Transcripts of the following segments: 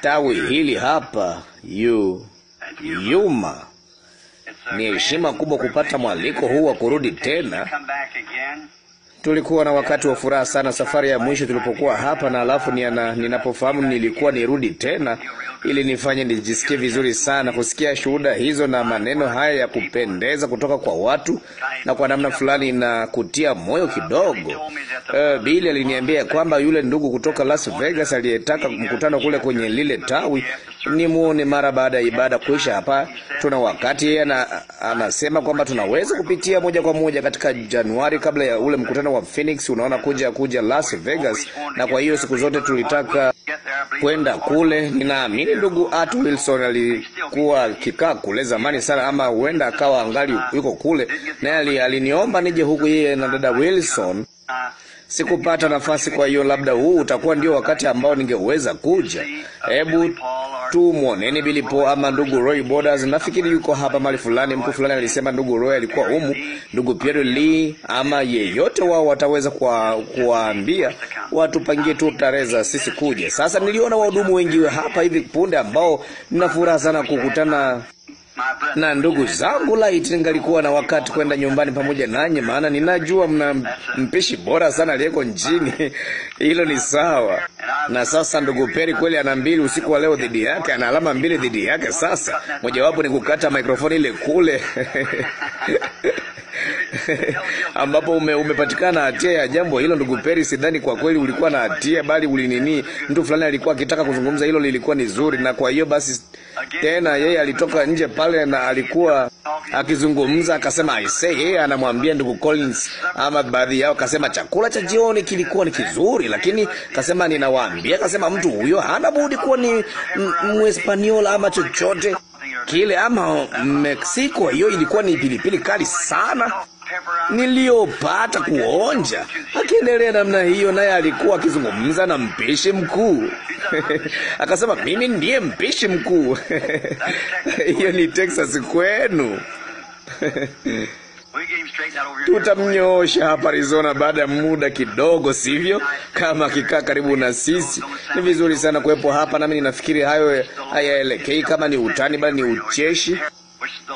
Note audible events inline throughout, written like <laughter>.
tawi hili hapa yu yuma. Ni heshima kubwa kupata mwaliko huu wa kurudi tena Tulikuwa na wakati wa furaha sana safari ya mwisho tulipokuwa hapa, na alafu ninapofahamu nilikuwa nirudi tena, ili nifanye nijisikie vizuri sana kusikia shuhuda hizo na maneno haya ya kupendeza kutoka kwa watu, na kwa namna fulani na kutia moyo kidogo. Uh, eh, Bili aliniambia kwamba yule ndugu kutoka Las Vegas aliyetaka mkutano kule kwenye lile tawi nimwone mara baada ya ibada kuisha. Hapa tuna wakati yeye ana, anasema kwamba tunaweza kupitia moja kwa moja katika Januari kabla ya ule mkutano wa Phoenix, unaona, kuja kuja Las Vegas, na kwa hiyo siku zote tulitaka kwenda kule. Ninaamini ndugu Art Wilson alikuwa akikaa kule zamani sana, ama huenda akawa angali yuko kule, naye aliniomba nije huku, yeye na dada Wilson. Sikupata nafasi, kwa hiyo labda huu utakuwa ndio wakati ambao ningeweza kuja. Hebu tu muoneni bilipo ama ndugu Roy Borders. Nafikiri yuko hapa mahali fulani. Mtu fulani alisema ndugu Roy alikuwa umu, ndugu Pierre Lee ama yeyote wao wataweza kuwaambia watupangie tu tarehe za sisi kuje. Sasa niliona wahudumu wengi hapa hivi punde ambao nina furaha sana kukutana na ndugu zangu, laiti ningalikuwa na wakati kwenda nyumbani pamoja nanyi, maana ninajua mna mpishi bora sana aliyeko nchini. <laughs> Hilo ni sawa. Na sasa ndugu Peri kweli ana mbili usiku wa leo dhidi yake, ana alama mbili dhidi yake. Sasa mojawapo ni kukata mikrofoni ile kule <laughs> <laughs> ambapo ume, umepatikana hatia ya jambo hilo. Ndugu Peri, sidhani kwa kweli ulikuwa na hatia, bali ulinini, mtu fulani alikuwa akitaka kuzungumza, hilo lilikuwa ni zuri. Na kwa hiyo basi tena yeye alitoka nje pale na alikuwa akizungumza akasema, I say yeye anamwambia ndugu Collins ama baadhi yao, akasema chakula cha jioni kilikuwa ni kizuri, lakini akasema ninawaambia, akasema mtu huyo hana budi kuwa ni Mwespaniola ama chochote kile ama Meksiko. Hiyo ilikuwa ni pilipili kali sana niliyopata kuonja. Akiendelea namna hiyo, naye alikuwa akizungumza na mpishi mkuu <laughs> akasema, mimi ndiye mpishi mkuu <laughs> hiyo ni Texas kwenu. <laughs> Tutamnyoosha hapa Arizona baada ya muda kidogo, sivyo? Kama akikaa karibu na sisi, ni vizuri sana kuwepo hapa, nami ninafikiri hayo hayaelekei kama ni utani, bali ni ucheshi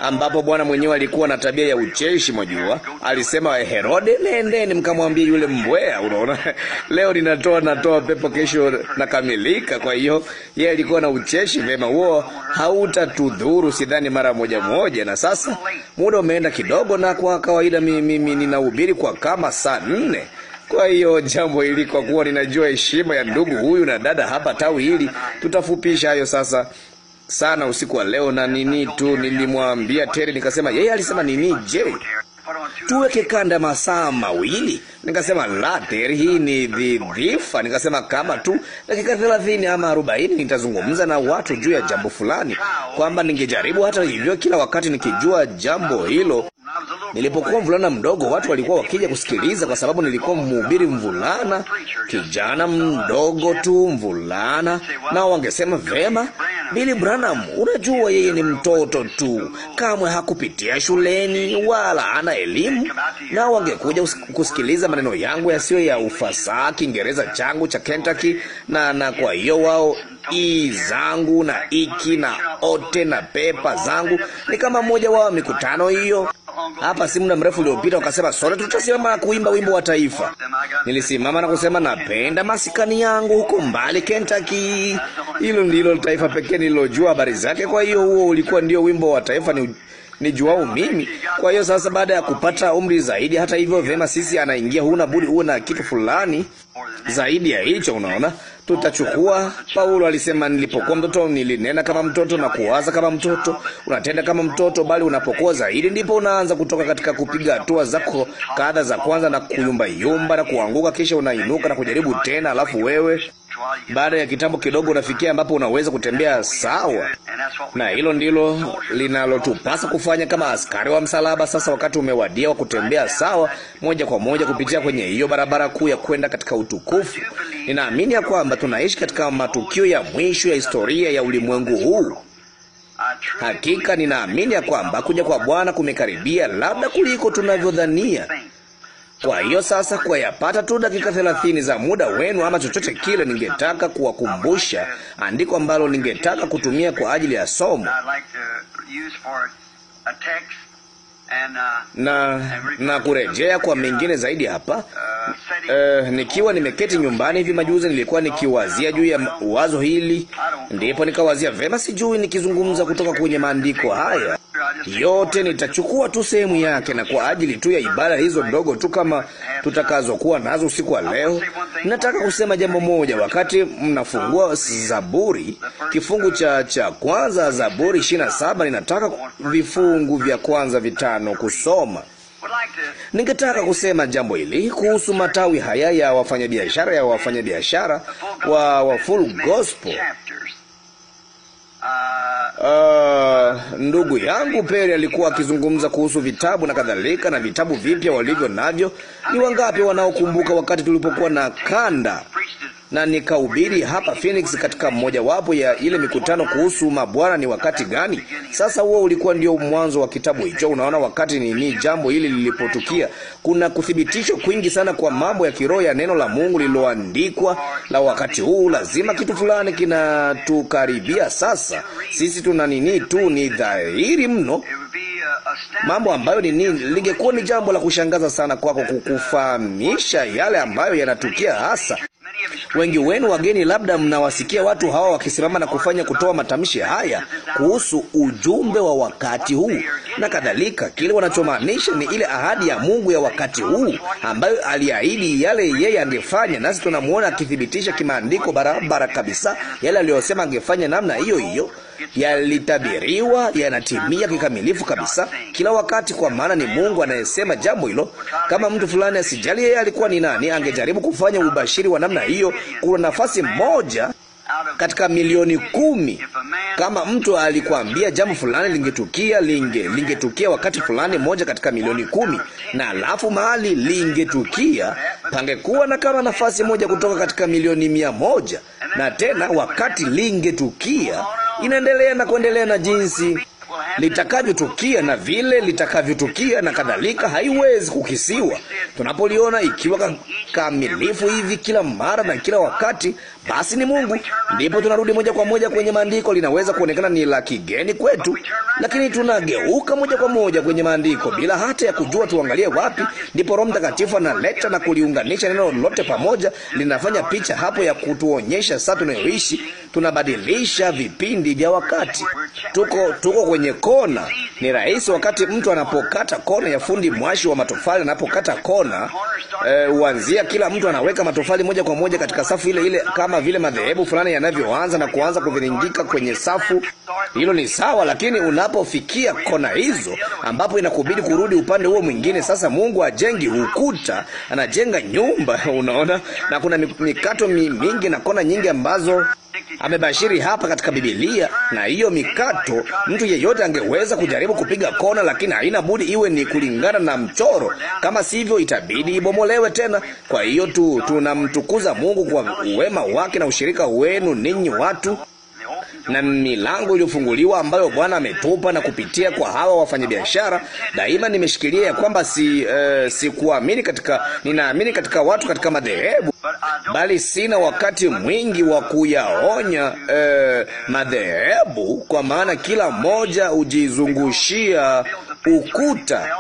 ambapo Bwana mwenyewe alikuwa na tabia ya ucheshi. Mwajua, alisema Herode, nendeni mkamwambie yule mbwea. Unaona, <laughs> leo ninatoa natoa pepo, kesho nakamilika. Kwa hiyo yeye alikuwa na ucheshi. Vema, huo hautatudhuru sidhani mara moja moja. Na sasa muda umeenda kidogo, na kwa kawaida mimi ninahubiri kwa kama saa nne kwa hiyo jambo hili, kwa kuwa ninajua heshima ya ndugu huyu na dada hapa tawi hili, tutafupisha hayo sasa sana usiku wa leo na nini tu. Nilimwambia Terry nikasema, yeye alisema nini? Je, tuweke kanda masaa mawili? Nikasema la, Terry, hii ni dhidhifa. Nikasema kama tu dakika thelathini ama arobaini nitazungumza na watu juu ya jambo fulani, kwamba ningejaribu hata hivyo, kila wakati nikijua jambo hilo Nilipokuwa mvulana mdogo, watu walikuwa wakija kusikiliza, kwa sababu nilikuwa mhubiri mvulana, kijana mdogo tu mvulana, nao wangesema vema, Billy Branham, unajua yeye ni mtoto tu, kamwe hakupitia shuleni wala ana elimu. Nao wangekuja kusikiliza maneno yangu yasiyo ya ufasaha, Kiingereza changu cha Kentucky, na na kwa hiyo wao i zangu na iki na ote na pepa zangu ni kama mmoja wao mikutano hiyo hapa si muda mrefu uliopita, wakasema sote tutasimama na kuimba wimbo wa taifa. Nilisimama na kusema napenda masikani yangu huko mbali Kentucky. Hilo ndilo taifa pekee nililojua habari zake. Kwa hiyo huo ulikuwa ndio wimbo wa taifa ni juao mimi. Kwa hiyo sasa, baada ya kupata umri zaidi, hata hivyo, vema sisi anaingia, huna budi uwe na kitu fulani zaidi ya hicho, unaona tutachukua. Paulo alisema, nilipokuwa mtoto nilinena kama mtoto na kuwaza kama mtoto, unatenda kama mtoto, bali unapokuwa zaidi ndipo unaanza kutoka katika kupiga hatua zako kadha za kwanza na kuyumbayumba na kuanguka, kisha unainuka na kujaribu tena, alafu wewe baada ya kitambo kidogo unafikia ambapo unaweza kutembea sawa, na hilo ndilo linalotupasa kufanya kama askari wa msalaba. Sasa wakati umewadia wa kutembea sawa, moja kwa moja kupitia kwenye hiyo barabara kuu ya kwenda katika utukufu. Ninaamini ya kwamba tunaishi katika matukio ya mwisho ya historia ya ulimwengu huu. Hakika ninaamini ya kwamba kuja kwa Bwana kumekaribia, labda kuliko tunavyodhania. Kwa hiyo sasa, kwa yapata tu dakika thelathini za muda wenu ama chochote kile, ningetaka kuwakumbusha andiko ambalo ningetaka kutumia kwa ajili ya somo na na kurejea kwa mengine zaidi hapa. Uh, nikiwa nimeketi nyumbani hivi majuzi, nilikuwa nikiwazia juu ya wazo hili, ndipo nikawazia vema, sijui nikizungumza kutoka kwenye maandiko haya yote nitachukua tu sehemu yake, na kwa ajili tu ya ibada hizo ndogo tu kama tutakazokuwa nazo usiku wa leo. Nataka kusema jambo moja. Wakati mnafungua Zaburi kifungu cha cha kwanza, Zaburi 27 ninataka vifungu vya kwanza vitano kusoma. Ningetaka kusema jambo hili kuhusu matawi haya ya wafanyabiashara ya wafanyabiashara wa, wa full gospel Uh, ndugu yangu Peri alikuwa akizungumza kuhusu vitabu na kadhalika na vitabu vipya walivyo navyo. Ni wangapi wanaokumbuka wakati tulipokuwa na kanda na nikahubiri hapa Phoenix katika mmojawapo ya ile mikutano kuhusu mabwana ni wakati gani. Sasa huo ulikuwa ndio mwanzo wa kitabu hicho. Unaona, wakati ni, jambo hili lilipotukia, kuna kuthibitisho kwingi sana kwa mambo ya kiroho ya neno la Mungu lililoandikwa la wakati huu. Lazima kitu fulani kinatukaribia sasa. Sisi tuna nini tu, ni dhahiri mno mambo ambayo ni nini. Lingekuwa ni jambo la kushangaza sana kwako kukufahamisha yale ambayo yanatukia hasa Wengi wenu wageni, labda mnawasikia watu hawa wakisimama na kufanya kutoa matamshi haya kuhusu ujumbe wa wakati huu na kadhalika. Kile wanachomaanisha ni ile ahadi ya Mungu ya wakati huu ambayo aliahidi yale yeye angefanya, nasi tunamwona akithibitisha kimaandiko barabara kabisa yale aliyosema angefanya namna hiyo hiyo yalitabiriwa yanatimia kikamilifu kabisa kila wakati, kwa maana ni Mungu anayesema jambo hilo. Kama mtu fulani, asijali yeye alikuwa ni nani, angejaribu kufanya ubashiri wa namna hiyo, kuna nafasi moja katika milioni kumi. Kama mtu alikwambia jambo fulani lingetukia, linge lingetukia wakati fulani, moja katika milioni kumi, na alafu mahali lingetukia, pangekuwa na kama nafasi moja kutoka katika milioni mia moja, na tena wakati lingetukia inaendelea na kuendelea na jinsi litakavyotukia na vile litakavyotukia na kadhalika, haiwezi kukisiwa. Tunapoliona ikiwa kamilifu hivi kila mara na kila wakati, basi ni Mungu. Ndipo tunarudi moja kwa moja kwenye maandiko. Linaweza kuonekana ni la kigeni kwetu, lakini tunageuka moja kwa moja kwenye maandiko bila hata ya kujua tuangalie wapi. Ndipo Roho Mtakatifu analeta na kuliunganisha neno lote pamoja, linafanya picha hapo ya kutuonyesha saa tunayoishi. Tunabadilisha vipindi vya wakati. Tuko tuko kwenye kona. Ni rahisi wakati mtu anapokata kona ya fundi mwashi wa matofali anapokata kona kuona eh, huanzia. E, kila mtu anaweka matofali moja kwa moja katika safu ile ile, kama vile madhehebu fulani yanavyoanza na kuanza kuviringika kwenye safu. Hilo ni sawa, lakini unapofikia kona hizo ambapo inakubidi kurudi upande huo mwingine, sasa Mungu ajengi ukuta, anajenga nyumba, <laughs> unaona, na kuna mikato mingi na kona nyingi ambazo amebashiri hapa katika Bibilia, na hiyo mikato, mtu yeyote angeweza kujaribu kupiga kona, lakini haina budi iwe ni kulingana na mchoro, kama sivyo itabidi ibomolewe tena. Kwa hiyo tu tunamtukuza Mungu kwa uwema wake na ushirika wenu ninyi watu na milango iliyofunguliwa ambayo Bwana ametupa na kupitia kwa hawa wafanyabiashara. Daima nimeshikilia ya kwamba si, uh, sikuamini katika, ninaamini katika watu katika madhehebu, bali sina wakati mwingi wa kuyaonya uh, madhehebu, kwa maana kila moja hujizungushia ukuta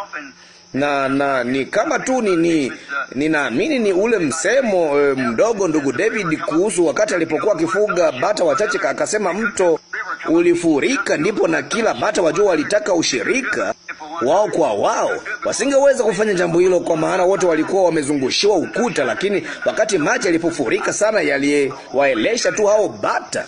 na na ni kama tu ni ninaamini ni, ule msemo e, mdogo ndugu David kuhusu wakati alipokuwa akifuga bata wachache, akasema mto ulifurika, ndipo na kila bata wajua walitaka ushirika wao kwa wao. Wasingeweza kufanya jambo hilo, kwa maana wote walikuwa wamezungushiwa ukuta, lakini wakati maji yalipofurika sana, yaliwaelesha tu hao bata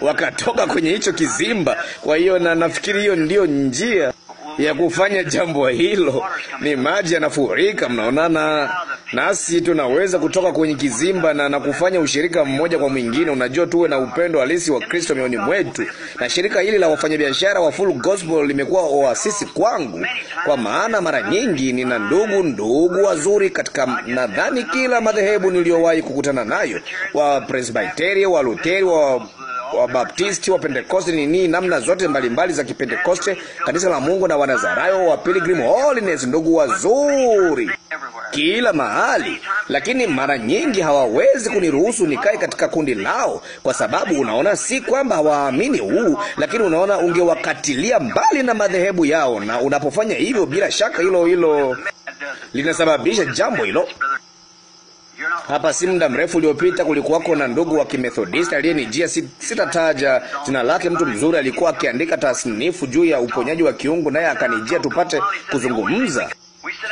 wakatoka kwenye hicho kizimba. Kwa hiyo na nafikiri hiyo ndiyo njia ya kufanya jambo hilo. Ni maji yanafurika, mnaonana, nasi tunaweza kutoka kwenye kizimba na, na kufanya ushirika mmoja kwa mwingine. Unajua, tuwe na upendo halisi wa Kristo mioni mwetu, na shirika hili la wafanyabiashara wa Full Gospel limekuwa oasisi kwangu, kwa maana mara nyingi nina ndugu ndugu wazuri katika nadhani kila madhehebu niliyowahi kukutana nayo, wa Presbiteria, wa Luteri, wa Wabaptisti, Wapentekoste ni nini, namna zote mbalimbali za Kipentekoste, kanisa la Mungu na Wanazarayo wa Pilgrim Holiness, ndugu wazuri kila mahali, lakini mara nyingi hawawezi kuniruhusu nikae katika kundi lao, kwa sababu unaona, si kwamba hawaamini huu, lakini unaona, ungewakatilia mbali na madhehebu yao, na unapofanya hivyo, bila shaka hilo hilo linasababisha jambo hilo. Hapa si muda mrefu uliopita kulikuwako na ndugu wa Kimethodista aliyenijia, sitataja jina lake, mtu mzuri, alikuwa akiandika tasnifu juu ya uponyaji wa kiungu, naye akanijia tupate kuzungumza.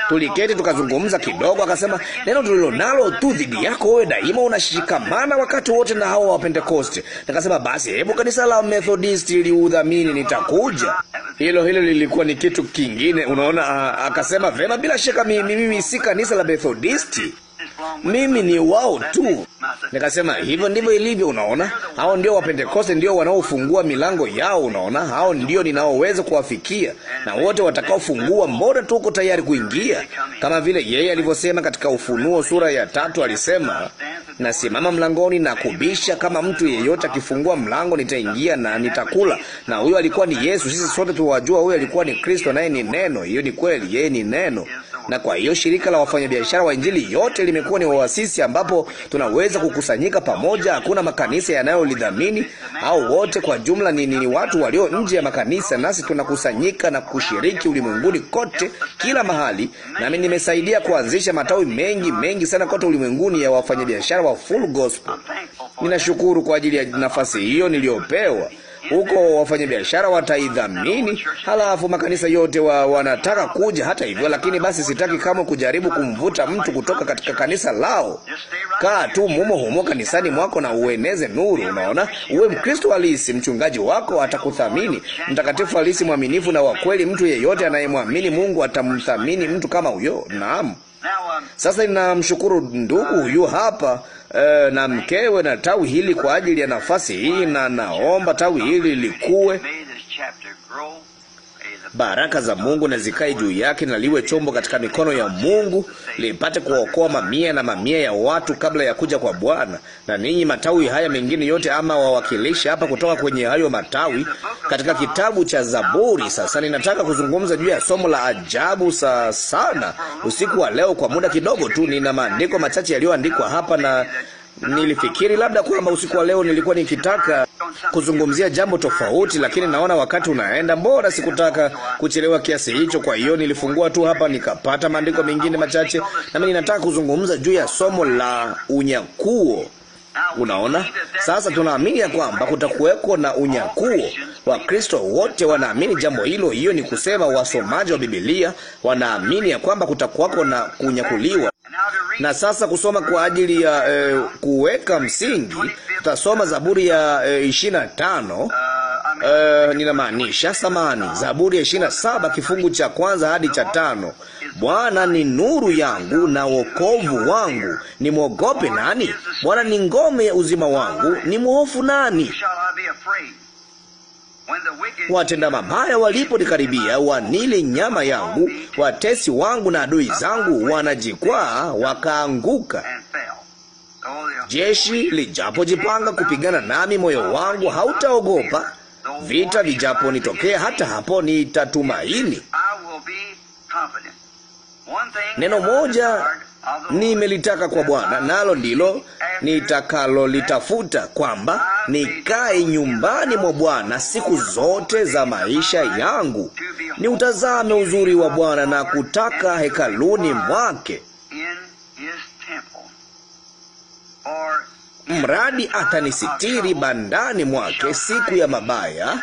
Tuliketi tukazungumza kidogo, akasema neno tulilo nalo tu dhidi yako wewe daima unashikamana wakati wote na hao wa Pentekoste. Nikasema basi, hebu kanisa la Methodisti liudhamini, nitakuja. Hilo hilo lilikuwa ni kitu kingine, unaona. Akasema vema, bila shaka mimi, mimi si kanisa la Methodisti mimi ni wao tu. Nikasema hivyo ndivyo ilivyo. Unaona, hao ndio Wapentekoste, ndio wanaofungua milango yao. Unaona, hao ndio ninaoweza kuwafikia na wote watakaofungua, mbona tuko tayari kuingia, kama vile yeye alivyosema katika Ufunuo sura ya tatu, alisema nasimama mlangoni na kubisha, kama mtu yeyote akifungua mlango nitaingia na nitakula na huyo. Alikuwa ni Yesu, sisi sote tuwajua, huyo alikuwa ni Kristo, naye ni Neno. Hiyo ni kweli, yeye ni Neno. Na kwa hiyo shirika la wafanyabiashara wa Injili yote limekuwa ni waasisi ambapo tunaweza kukusanyika pamoja. Hakuna makanisa yanayolidhamini au wote kwa jumla ni, ni watu walio nje ya makanisa, nasi tunakusanyika na kushiriki ulimwenguni kote, kila mahali. Nami nimesaidia kuanzisha matawi mengi mengi sana kote ulimwenguni ya wafanyabiashara wa full gospel. Ninashukuru kwa ajili ya nafasi hiyo niliyopewa huko wafanyabiashara wataidhamini. Halafu makanisa yote wa, wanataka kuja hata hivyo, lakini basi sitaki kama kujaribu kumvuta mtu kutoka katika kanisa lao. Kaa tu mumo humo kanisani mwako na ueneze nuru. Unaona, uwe Mkristo halisi, mchungaji wako atakuthamini, mtakatifu halisi, mwaminifu na wakweli Mtu yeyote anayemwamini Mungu atamthamini mtu kama huyo. Naam. Sasa ninamshukuru ndugu huyu hapa Eh, na mkewe na tawi hili kwa ajili ya nafasi hii, na naomba tawi hili likue baraka za Mungu na zikae juu yake, na liwe chombo katika mikono ya Mungu lipate kuokoa mamia na mamia ya watu kabla ya kuja kwa Bwana. Na ninyi matawi haya mengine yote, ama wawakilishi hapa kutoka kwenye hayo matawi katika kitabu cha Zaburi. Sasa ninataka kuzungumza juu ya somo la ajabu sa sana usiku wa leo kwa muda kidogo tu. Nina maandiko machache yaliyoandikwa hapa na Nilifikiri labda kwamba usiku wa leo nilikuwa nikitaka kuzungumzia jambo tofauti, lakini naona wakati unaenda, mbora sikutaka kuchelewa kiasi hicho. Kwa hiyo nilifungua tu hapa nikapata maandiko mengine machache, nami ninataka kuzungumza juu ya somo la unyakuo. Unaona, sasa tunaamini ya kwamba kutakuweko na unyakuo. Wakristo wote wanaamini jambo hilo. Hiyo ni kusema, wasomaji wa Biblia wanaamini ya kwamba kutakuwako na kunyakuliwa. Na sasa kusoma kwa ajili ya e, kuweka msingi, tutasoma Zaburi ya e, ishirini na tano. Uh, ninamaanisha samani Zaburi ya ishirini na saba kifungu cha kwanza hadi cha tano. Bwana ni nuru yangu na wokovu wangu, nimwogope nani? Bwana ni ngome ya uzima wangu, ni mhofu nani? Watenda mabaya waliponikaribia, wanile nyama yangu, watesi wangu na adui zangu wanajikwaa, wakaanguka. Jeshi lijapojipanga kupigana nami, moyo wangu hautaogopa. Vita vijaponitokea, hata hapo nitatumaini. Neno moja nimelitaka kwa Bwana, nalo ndilo nitakalolitafuta, kwamba nikae nyumbani mwa Bwana siku zote za maisha yangu, ni utazame uzuri wa Bwana na kutaka hekaluni mwake, mradi atanisitiri bandani mwake siku ya mabaya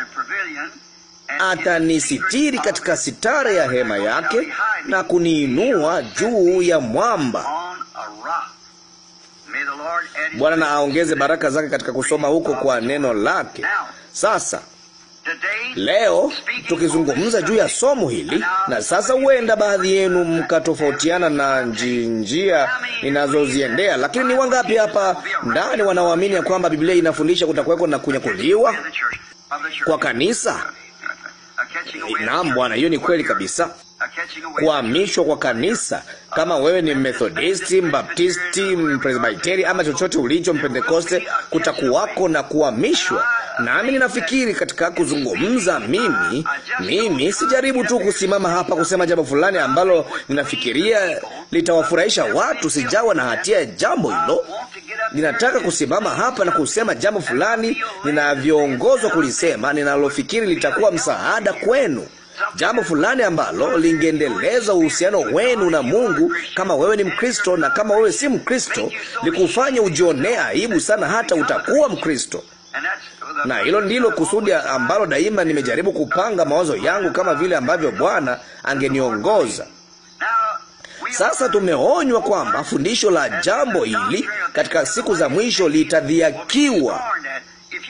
atanisitiri katika sitara ya hema yake na kuniinua juu ya mwamba. Bwana na aongeze baraka zake katika kusoma huko kwa neno lake. Sasa leo tukizungumza juu ya somo hili, na sasa huenda baadhi yenu mkatofautiana na njia ninazoziendea, lakini ni wangapi hapa ndani wanaoamini ya kwamba Biblia inafundisha kutakuweko na kunyakuliwa kwa kanisa? Naam Bwana, hiyo ni kweli kabisa. Kuhamishwa kwa kanisa, kama wewe ni Methodisti, Mbaptisti, Mpresbiteri ama chochote ulicho, Mpentekoste, kutakuwako na kuhamishwa. Nami ninafikiri katika kuzungumza, mimi mimi sijaribu tu kusimama hapa kusema jambo fulani ambalo ninafikiria litawafurahisha watu. Sijawa na hatia ya jambo hilo ninataka kusimama hapa na kusema jambo fulani ninavyoongozwa kulisema, ninalofikiri litakuwa msaada kwenu, jambo fulani ambalo lingeendeleza uhusiano wenu na Mungu, kama wewe ni Mkristo na kama wewe si Mkristo, likufanya ujionee aibu sana hata utakuwa Mkristo na hilo ndilo kusudi ambalo daima nimejaribu kupanga mawazo yangu kama vile ambavyo Bwana angeniongoza. Sasa tumeonywa kwamba fundisho la jambo hili katika siku za mwisho litadhiakiwa.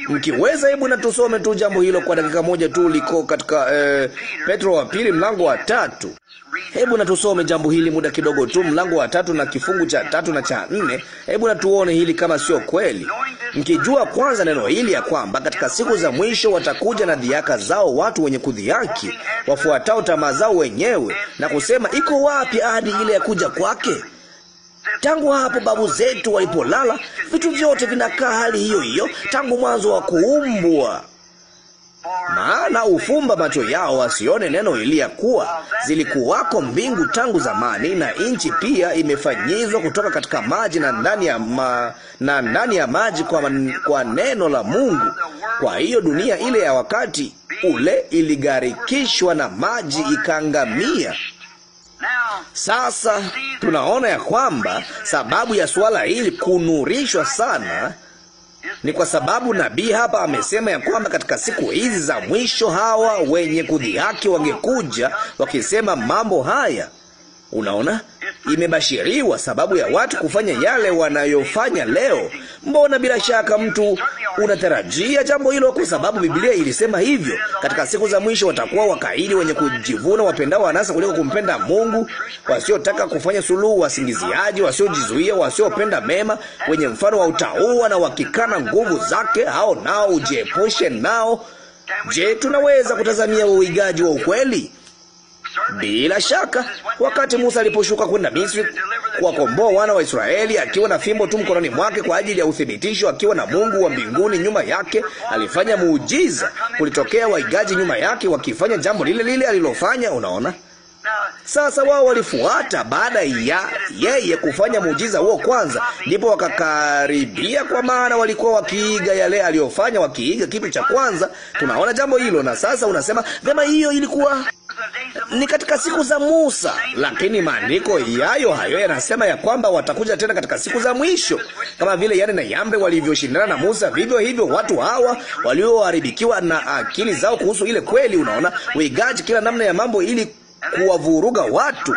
Mkiweza, hebu na tusome tu jambo hilo kwa dakika moja tu, liko katika eh, Petro wa pili mlango wa tatu. Hebu na tusome jambo hili muda kidogo tu, mlango wa tatu na kifungu cha tatu na cha nne. Hebu na tuone hili kama sio kweli, mkijua kwanza neno hili ya kwamba katika siku za mwisho watakuja na dhiaka zao watu wenye kudhiaki, wafuatao tamaa zao wenyewe, na kusema iko wapi ahadi ile ya kuja kwake? Tangu hapo babu zetu walipolala, vitu vyote vinakaa hali hiyo hiyo tangu mwanzo wa kuumbwa. Maana ufumba macho yao wasione neno kuwa zilikuwako mbingu tangu zamani, na nchi pia imefanyizwa kutoka katika maji na ndani ya, ma, na ndani ya maji kwa, man, kwa neno la Mungu. Kwa hiyo dunia ile ya wakati ule iligarikishwa na maji ikaangamia. Sasa tunaona ya kwamba sababu ya suala hili kunurishwa sana ni kwa sababu nabii hapa amesema ya kwamba katika siku hizi za mwisho hawa wenye kudhihaki wangekuja wakisema mambo haya. Unaona, imebashiriwa sababu ya watu kufanya yale wanayofanya leo. Mbona bila shaka mtu unatarajia jambo hilo, kwa sababu Biblia ilisema hivyo, katika siku za mwisho watakuwa wakaidi, wenye kujivuna, wapendao wanasa kuliko kumpenda Mungu, wasiotaka kufanya suluhu, wasingiziaji, wasiojizuia, wasiopenda mema, wenye mfano wa utaua na wakikana nguvu zake. Hao nao ujiepushe nao. Je, tunaweza kutazamia uigaji wa ukweli? Bila shaka, wakati Musa aliposhuka kwenda Misri kuwakomboa wana wa Israeli akiwa na fimbo tu mkononi mwake kwa ajili ya uthibitisho, akiwa na Mungu wa mbinguni nyuma yake, alifanya muujiza. Kulitokea waigaji nyuma yake wakifanya jambo lile lile alilofanya. Unaona? Sasa wao walifuata baada ya yeye kufanya muujiza huo kwanza, ndipo wakakaribia, kwa maana walikuwa wakiiga yale aliyofanya, wakiiga kitu cha kwanza. Tunaona jambo hilo, na sasa unasema vema, hiyo ilikuwa ni katika siku za Musa, lakini maandiko yayo hayo yanasema ya kwamba watakuja tena katika siku za mwisho. Kama vile Yane na Yambre walivyoshindana na Musa, vivyo hivyo watu hawa walioharibikiwa na akili zao kuhusu ile kweli, unaona, wigaji kila namna ya mambo ili kuwavuruga watu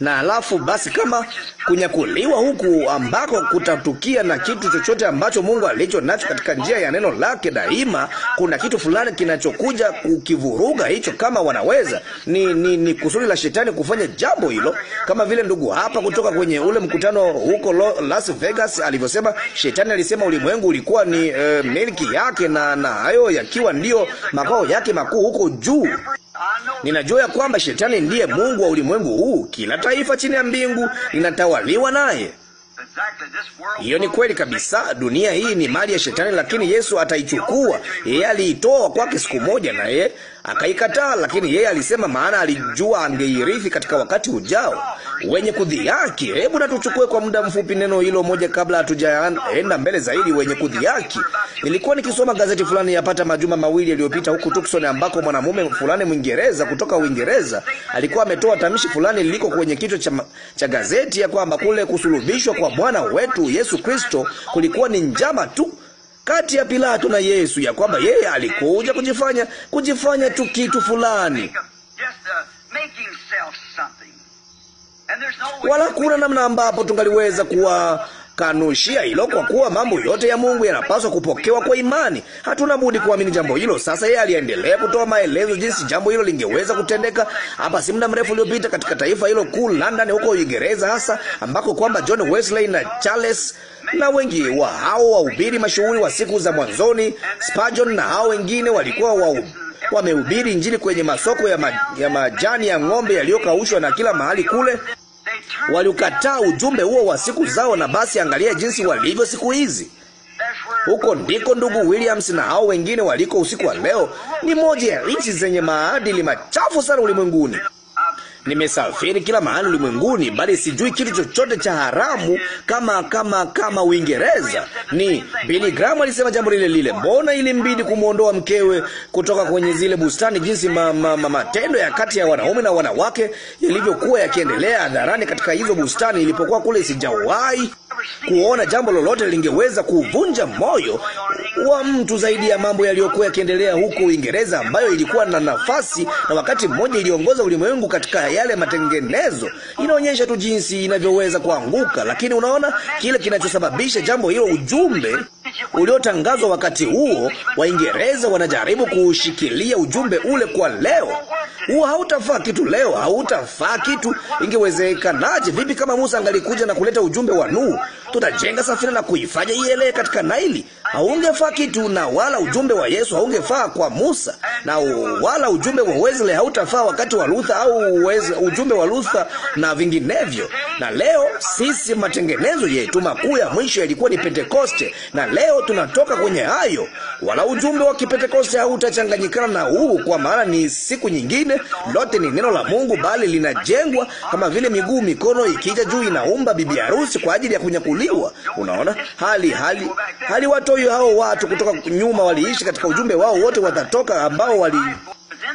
na alafu basi, kama kunyakuliwa huku ambako kutatukia na kitu chochote ambacho Mungu alicho nacho katika njia ya neno lake, daima kuna kitu fulani kinachokuja kukivuruga hicho, kama wanaweza. Ni, ni, ni kusudi la shetani kufanya jambo hilo, kama vile ndugu hapa kutoka kwenye ule mkutano huko Las Vegas alivyosema. Shetani alisema ulimwengu ulikuwa ni e, milki yake na na hayo yakiwa ndio makao yake makuu huko juu. Ninajua ya kwamba shetani ndiye mungu wa ulimwengu huu. Kila taifa chini ya mbingu linatawaliwa naye. Hiyo ni kweli kabisa. Dunia hii ni mali ya Shetani, lakini Yesu ataichukua. Yeye aliitoa kwake siku moja, naye akaikataa, lakini yeye alisema, maana alijua angeirithi katika wakati ujao. Wenye kudhihaki, hebu na tuchukue kwa muda mfupi neno hilo moja kabla hatujaenda mbele zaidi. Wenye kudhihaki, nilikuwa nikisoma gazeti fulani yapata majuma mawili yaliyopita huku Tucson, ambako mwanamume fulani Mwingereza kutoka Uingereza alikuwa ametoa tamshi fulani liko kwenye kichwa cha, cha gazeti ya kwamba kule kusulubishwa kwa Bwana wetu Yesu Kristo kulikuwa ni njama tu kati ya Pilato na Yesu ya kwamba yeye alikuja kujifanya kujifanya tu kitu fulani wala kuna namna ambapo tungaliweza kuwa Kanushia hilo, kwa kuwa mambo yote ya Mungu yanapaswa kupokewa kwa imani. Hatuna budi kuamini jambo hilo. Sasa yeye aliendelea kutoa maelezo jinsi jambo hilo lingeweza kutendeka. Hapa si muda mrefu uliopita, katika taifa hilo kuu London, huko Uingereza hasa, ambako kwamba John Wesley na Charles na wengi wa hao wahubiri mashuhuri wa siku za mwanzoni, Spurgeon na hao wengine walikuwa wa wamehubiri Injili kwenye masoko ya, ma, ya majani ya ng'ombe yaliyokaushwa na kila mahali kule. Waliukataa ujumbe huo wa siku zao, na basi angalia jinsi walivyo siku hizi. Huko ndiko ndugu Williams na hao wengine waliko usiku wa leo. Ni moja ya nchi zenye maadili machafu sana ulimwenguni. Nimesafiri kila mahali ulimwenguni, bali sijui kitu chochote cha haramu kama kama kama Uingereza. Ni Billy Graham alisema jambo lile lile, mbona ilimbidi kumwondoa mkewe kutoka kwenye zile bustani, jinsi matendo ma, ma, ya kati ya wanaume na wanawake yalivyokuwa yakiendelea hadharani katika hizo bustani. Ilipokuwa kule, sijawahi kuona jambo lolote lingeweza kuvunja moyo wa mtu zaidi ya mambo yaliyokuwa yakiendelea huko Uingereza, ambayo ilikuwa na nafasi na wakati mmoja iliongoza ulimwengu katika yale matengenezo. Inaonyesha tu jinsi inavyoweza kuanguka, lakini unaona kile kinachosababisha jambo hilo, ujumbe uliotangazwa wakati huo. Waingereza wanajaribu kuushikilia ujumbe ule kwa leo. Huo hautafaa kitu leo, hautafaa kitu. Ingewezekanaje vipi kama Musa angalikuja na kuleta ujumbe wa Nuhu, tutajenga safina na kuifanya ielee katika Naili? Haungefaa kitu, na wala ujumbe wa Yesu haungefaa kwa Musa, na wala ujumbe wa Wesley hautafaa wakati wa Luther, au ujumbe wa Luther na vinginevyo. Na leo sisi, matengenezo yetu makuu ya mwisho yalikuwa ni Pentekoste, na leo leo tunatoka kwenye hayo, wala ujumbe wa Kipentekoste hautachanganyikana na huu, kwa maana ni siku nyingine. Lote ni neno la Mungu, bali linajengwa kama vile miguu, mikono ikija juu inaumba bibi harusi kwa ajili ya kunyakuliwa. Unaona hali hali hali, watoyo hao watu kutoka nyuma waliishi katika ujumbe wao wote, watatoka ambao wali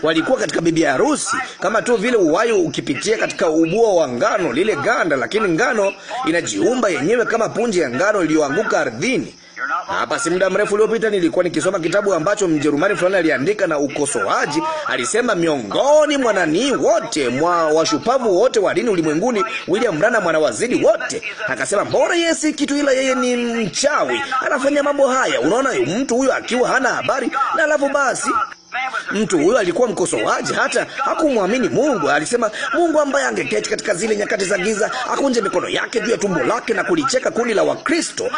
walikuwa katika bibi harusi, kama tu vile uwayo ukipitia katika ubua wa ngano, lile ganda. Lakini ngano inajiumba yenyewe kama punje ya ngano iliyoanguka ardhini. Hapa ah, si muda mrefu uliopita nilikuwa nikisoma kitabu ambacho Mjerumani fulani aliandika na ukosoaji. Alisema miongoni mwanani wote mwa washupavu wote wa dini ulimwenguni, William Branham anawazidi wote. Akasema mbona yeye si kitu, ila yeye ni mchawi, anafanya mambo haya. Unaona mtu huyo akiwa hana habari na alafu basi Mtu huyo alikuwa mkosoaji, hata hakumwamini Mungu. Alisema Mungu ambaye angeketi katika zile nyakati za giza akunje mikono yake juu ya tumbo lake na kulicheka kundi la Wakristo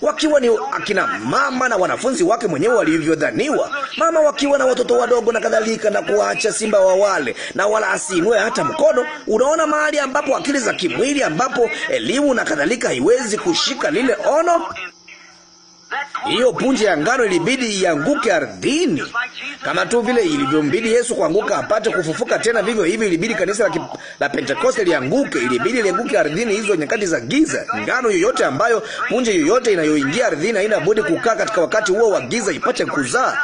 wakiwa ni akina mama na wanafunzi wake mwenyewe walivyodhaniwa, mama wakiwa na watoto wadogo na kadhalika, na kuacha simba wa wale na wala asinue hata mkono. Unaona mahali ambapo akili za kimwili, ambapo elimu na kadhalika haiwezi kushika lile ono hiyo punje ya ngano ilibidi ianguke ardhini, kama tu vile ilivyombidi Yesu kuanguka apate kufufuka tena. Vivyo hivyo ilibidi kanisa la, ki, la Pentekoste lianguke, ilibidi lianguke ardhini hizo nyakati za giza. Ngano yoyote ambayo, punje yoyote inayoingia ardhini haina budi kukaa katika wakati huo wa giza ipate kuzaa,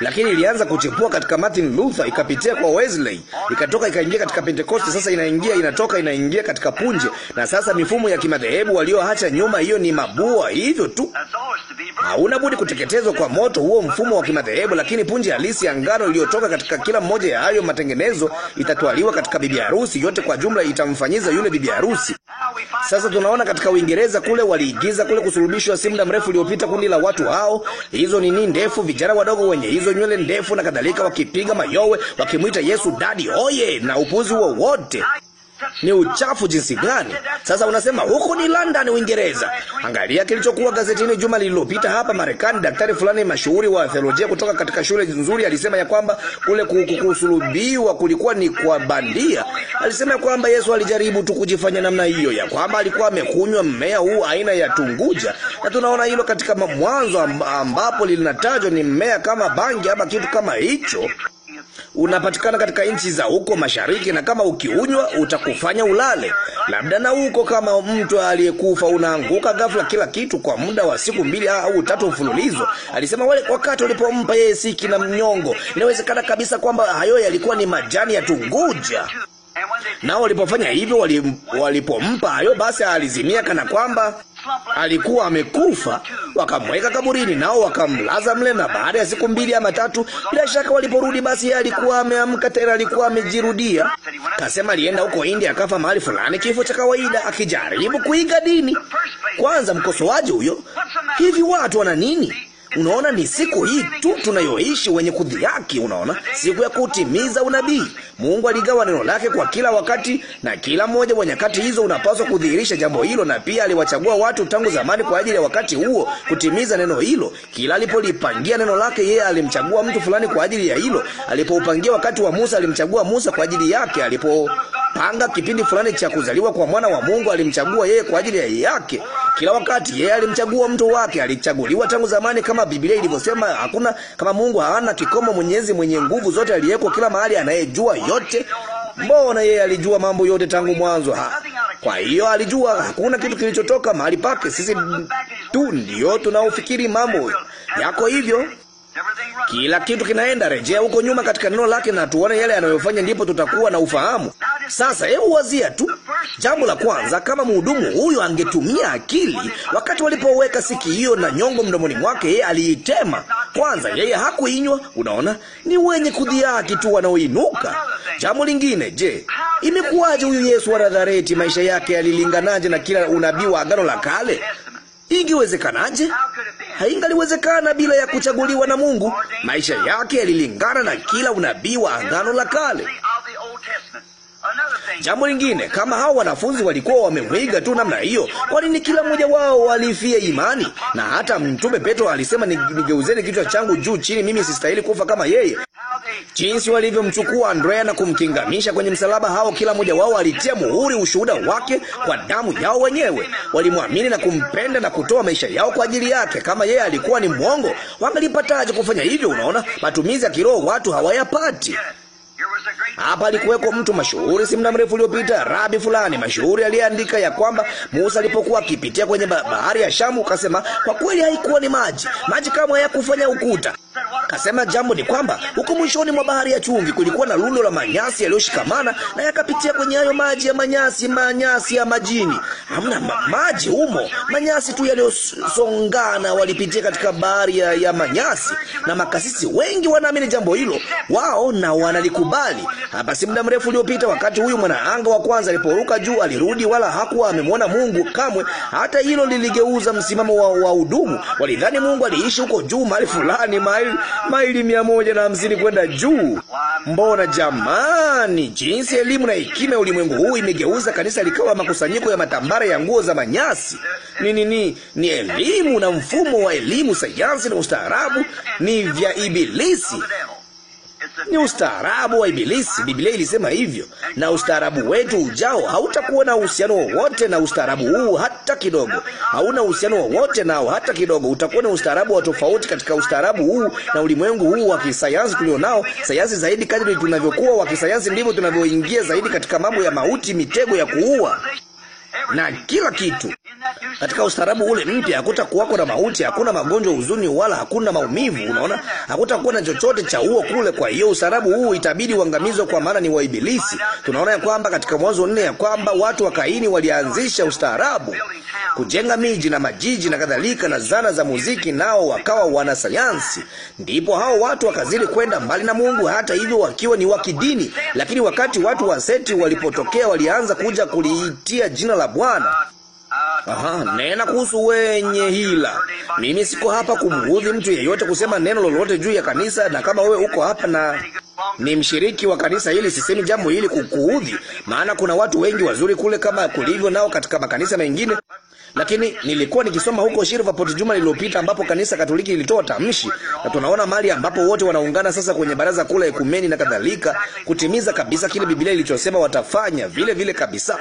lakini ilianza kuchepua katika Martin Luther, ikapitia kwa Wesley, ikatoka ikaingia katika Pentekoste. Sasa inaingia inatoka, inaingia katika punje, na sasa mifumo ya kimadhehebu walioacha nyuma, hiyo ni mabua hivyo tu hauna budi kuteketezwa kwa moto huo mfumo wa kimadhehebu, lakini punje halisi ya ngano iliyotoka katika kila mmoja ya hayo matengenezo itatwaliwa katika bibi harusi yote, kwa jumla itamfanyiza yule bibi harusi. Sasa tunaona katika Uingereza kule waliigiza kule kusulubishwa, si muda mrefu uliopita, kundi la watu hao, hizo nini ndefu, vijana wadogo wenye hizo nywele ndefu na kadhalika, wakipiga mayowe wakimwita Yesu dadi oye, na upuzi wowote wa ni uchafu jinsi gani! Sasa unasema huku ni London, Uingereza. Angalia kilichokuwa gazetini juma lililopita hapa Marekani. Daktari fulani mashuhuri wa theolojia kutoka katika shule nzuri alisema ya kwamba kule kusulubiwa kulikuwa ni kwa bandia. Alisema ya kwamba Yesu alijaribu tu kujifanya namna hiyo, ya kwamba alikuwa amekunywa mmea huu aina ya tunguja, na tunaona hilo katika Mwanzo, ambapo linatajwa ni mmea kama bangi ama kitu kama hicho unapatikana katika nchi za huko mashariki, na kama ukiunywa utakufanya ulale. Labda na huko kama mtu aliyekufa unaanguka ghafla, kila kitu kwa muda wa siku mbili au tatu mfululizo. Alisema wale wakati ulipompa yeye siki na mnyongo, inawezekana kabisa kwamba hayo yalikuwa ni majani ya tunguja nao walipofanya hivyo, walipompa hayo, basi alizimia kana kwamba alikuwa amekufa, wakamweka kaburini, nao wakamlaza mle, na baada ya siku mbili ama tatu, bila shaka waliporudi, basi yeye alikuwa ameamka tena, alikuwa amejirudia. Kasema alienda huko India, akafa mahali fulani, kifo cha kawaida, akijaribu kuiga dini. Kwanza mkosoaji huyo, hivi watu wana nini? Unaona, ni siku hii tu tunayoishi, wenye kudhihaki. Unaona, siku ya kutimiza unabii. Mungu aligawa neno lake kwa kila wakati, na kila mmoja wa nyakati hizo unapaswa kudhihirisha jambo hilo, na pia aliwachagua watu tangu zamani kwa ajili ya wakati huo kutimiza neno hilo. Kila alipolipangia neno lake, yeye alimchagua mtu fulani kwa ajili ya hilo. Alipoupangia wakati wa Musa, alimchagua Musa kwa ajili yake. alipo panga kipindi fulani cha kuzaliwa kwa mwana wa Mungu, alimchagua yeye kwa ajili ya yake. Kila wakati yeye alimchagua mtu wake, alichaguliwa tangu zamani kama kama Biblia ilivyosema, hakuna kama Mungu, hana kikomo, Mwenyezi mwenye nguvu zote, aliyeko kila mahali, anayejua yote. Mbona yeye alijua mambo yote tangu mwanzo ha. Kwa hiyo alijua hakuna kitu kilichotoka mahali pake. Sisi tu ndio tunaofikiri mambo yako hivyo. Kila kitu kinaenda. Rejea huko nyuma katika neno lake na tuone yale anayofanya, ndipo tutakuwa na ufahamu. Sasa hebu wazia tu, jambo la kwanza, kama mhudumu huyo angetumia akili wakati walipoweka sikio na nyongo mdomoni mwake, yeye aliitema kwanza, yeye hakuinywa. Unaona, ni wenye kudhiaki tu wanaoinuka. Jambo lingine, je, imekuwaje huyu Yesu wa Nazareti? Maisha yake yalilinganaje na kila unabii wa Agano la Kale? Ingewezekanaje? haingaliwezekana bila ya kuchaguliwa na Mungu. Maisha yake yalilingana na kila unabii wa Agano la Kale. Jambo lingine, kama hao wanafunzi walikuwa wamemwiga tu namna hiyo, kwa nini kila mmoja wao walifia imani? Na hata mtume Petro alisema, nigeuzeni kichwa changu juu chini, mimi sistahili kufa kama yeye. Jinsi walivyomchukua Andrea na kumkingamisha kwenye msalaba, hao kila mmoja wao alitia muhuri ushuhuda wake kwa damu yao wenyewe. Walimwamini na kumpenda na kutoa maisha yao kwa ajili yake. Kama yeye alikuwa ni mwongo, wangalipataje kufanya hivyo? Unaona, matumizi ya kiroho watu hawayapati. Hapa alikuweko mtu mashuhuri si muda mrefu uliopita, rabi fulani mashuhuri aliyeandika ya kwamba Musa alipokuwa akipitia kwenye bahari ya Shamu, kasema kwa kweli haikuwa ni maji, maji kama hayakufanya ukuta. Kasema jambo ni kwamba huko mwishoni mwa bahari ya chumvi kulikuwa na lundo la manyasi yaliyoshikamana na yakapitia kwenye hayo maji ya manyasi, manyasi ya majini. Hamna ma maji humo, manyasi tu yaliyosongana, walipitia katika bahari ya, ya manyasi, na makasisi wengi wanaamini jambo hilo wao na wanalikubali mbali. Hapa si muda mrefu uliopita, wakati huyu mwanaanga wa kwanza aliporuka juu, alirudi wala hakuwa amemwona Mungu kamwe. Hata hilo liligeuza msimamo wa wahudumu. Walidhani Mungu aliishi huko juu mahali fulani, maili maili mia moja na hamsini kwenda juu. Mbona jamani, jinsi elimu na hekima ya ulimwengu huu imegeuza kanisa likawa makusanyiko ya matambara ya nguo za manyasi. Ni ni ni, ni elimu na mfumo wa elimu, sayansi na ustaarabu ni vya Ibilisi. Ni ustaarabu wa Ibilisi. Biblia ilisema hivyo, na ustaarabu wetu ujao hautakuwa na uhusiano wowote na ustaarabu huu hata kidogo. Hauna uhusiano wowote nao hata kidogo. Utakuwa na ustaarabu wa tofauti katika ustaarabu huu na ulimwengu huu wa kisayansi tulio nao Sayansi zaidi, kadri tunavyokuwa wa kisayansi, ndivyo tunavyoingia zaidi katika mambo ya mauti, mitego ya kuua na kila kitu. Katika ustaarabu ule mpya hakutakuwako na mauti, hakuna magonjwa, huzuni, wala hakuna maumivu. Unaona, hakutakuwa na chochote cha huo kule. Kwa hiyo ustaarabu huu itabidi uangamizwe, kwa maana ni wa Ibilisi. Tunaona ya kwamba katika Mwanzo nne ya kwamba watu wa Kaini walianzisha ustaarabu, kujenga miji na majiji na kadhalika, na zana za muziki, nao wakawa wanasayansi. Ndipo hao watu wakazidi kwenda mbali na Mungu, hata hivyo wakiwa ni wa kidini. Lakini wakati watu wa Seti walipotokea, walianza kuja kuliitia jina la Bwana. Aha, nena kuhusu wenye hila. Mimi siko hapa kumhudhi mtu yeyote kusema neno lolote juu ya kanisa, na kama wewe uko hapa na ni mshiriki wa kanisa hili, sisemi jambo hili kukuudhi, maana kuna watu wengi wazuri kule kama kulivyo nao katika makanisa mengine lakini nilikuwa nikisoma huko Shirvaport juma lililopita, ambapo kanisa Katoliki ilitoa tamshi, na tunaona mali ambapo wote wanaungana sasa kwenye baraza kula ekumeni na kadhalika, kutimiza kabisa kile Biblia ilichosema watafanya vile vile kabisa.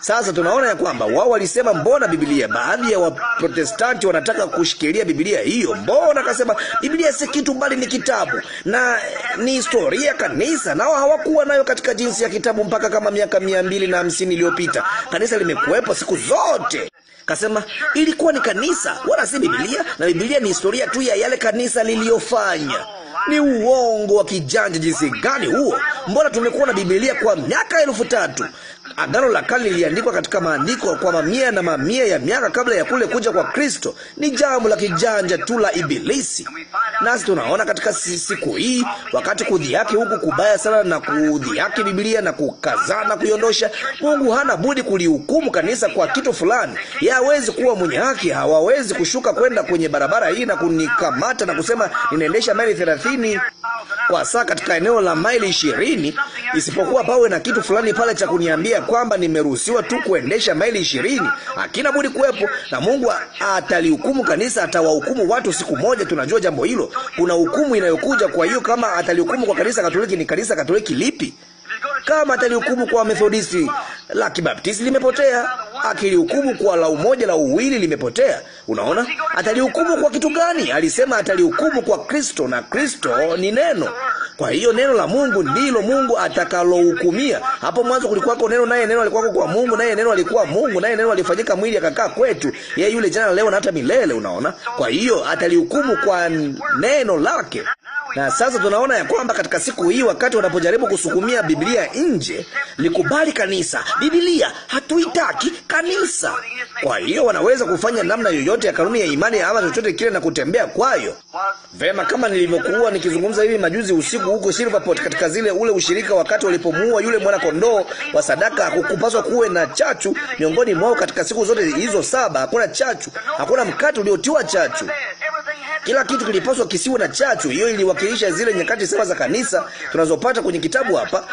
Sasa tunaona ya kwamba wao walisema mbona Biblia, baadhi ya Waprotestanti wanataka kushikilia Biblia hiyo. Mbona akasema Biblia si kitu bali ni kitabu na eh, ni historia kanisa, nao hawakuwa nayo katika jinsi ya kitabu mpaka kama miaka mia mbili na hamsini iliyopita. Kanisa limekuwepo siku zote. Kasema ilikuwa ni kanisa wala si Biblia, na Biblia ni historia tu ya yale kanisa liliyofanya. Ni uongo wa kijanja jinsi gani huo! Mbona tumekuwa na Biblia kwa miaka elfu tatu Agano la Kale liliandikwa katika maandiko kwa mamia na mamia ya miaka kabla ya kule kuja kwa Kristo. Ni jambo la kijanja tu la Ibilisi, nasi tunaona katika siku hii, wakati kudhiaki huku kubaya sana na kudhiaki Bibilia na kukazana kuiondosha, Mungu hana budi kulihukumu kanisa kwa kitu fulani. Yeye hawezi kuwa mwenye haki, hawawezi kushuka kwenda kwenye barabara hii na kunikamata na kusema ninaendesha maili thelathini kwa saa katika eneo la maili ishirini, isipokuwa pawe na kitu fulani pale cha kuniambia kwamba nimeruhusiwa tu kuendesha maili ishirini. Hakina budi kuwepo, na Mungu atalihukumu kanisa, atawahukumu watu siku moja. Tunajua jambo hilo, kuna hukumu inayokuja. Kwa hiyo kama atalihukumu kwa kanisa Katoliki, ni kanisa Katoliki lipi? Kama atalihukumu kwa Methodisti la Kibaptisti limepotea, akilihukumu kwa la umoja la uwili limepotea. Unaona, atalihukumu kwa kitu gani? Alisema atalihukumu kwa Kristo, na Kristo ni neno. Kwa hiyo neno la Mungu ndilo Mungu atakalohukumia. Hapo mwanzo kulikuwako neno, naye neno alikuwako kwa Mungu, naye neno alikuwa Mungu, naye neno alifanyika mwili akakaa kwetu, yeye yule jana, leo na hata milele. Unaona, kwa hiyo atalihukumu kwa neno lake. Na sasa tunaona ya kwamba katika siku hii, wakati wanapojaribu kusukumia Biblia nje, likubali kanisa. bibilia hatuitaki kanisa. Kwa hiyo wanaweza kufanya namna yoyote ya kanuni ya imani ama chochote kile na kutembea kwayo vema, kama nilivyokuwa nikizungumza hivi majuzi usiku huko Silverport, katika zile ule ushirika, wakati walipomuua yule mwana kondoo wa sadaka, hakukupaswa kuwe na chachu miongoni mwao katika siku zote hizo saba. Hakuna chachu, hakuna mkate uliotiwa chachu. Kila kitu kilipaswa kisiwe na chachu. Hiyo iliwakilisha zile nyakati saba za kanisa tunazopata kwenye kitabu hapa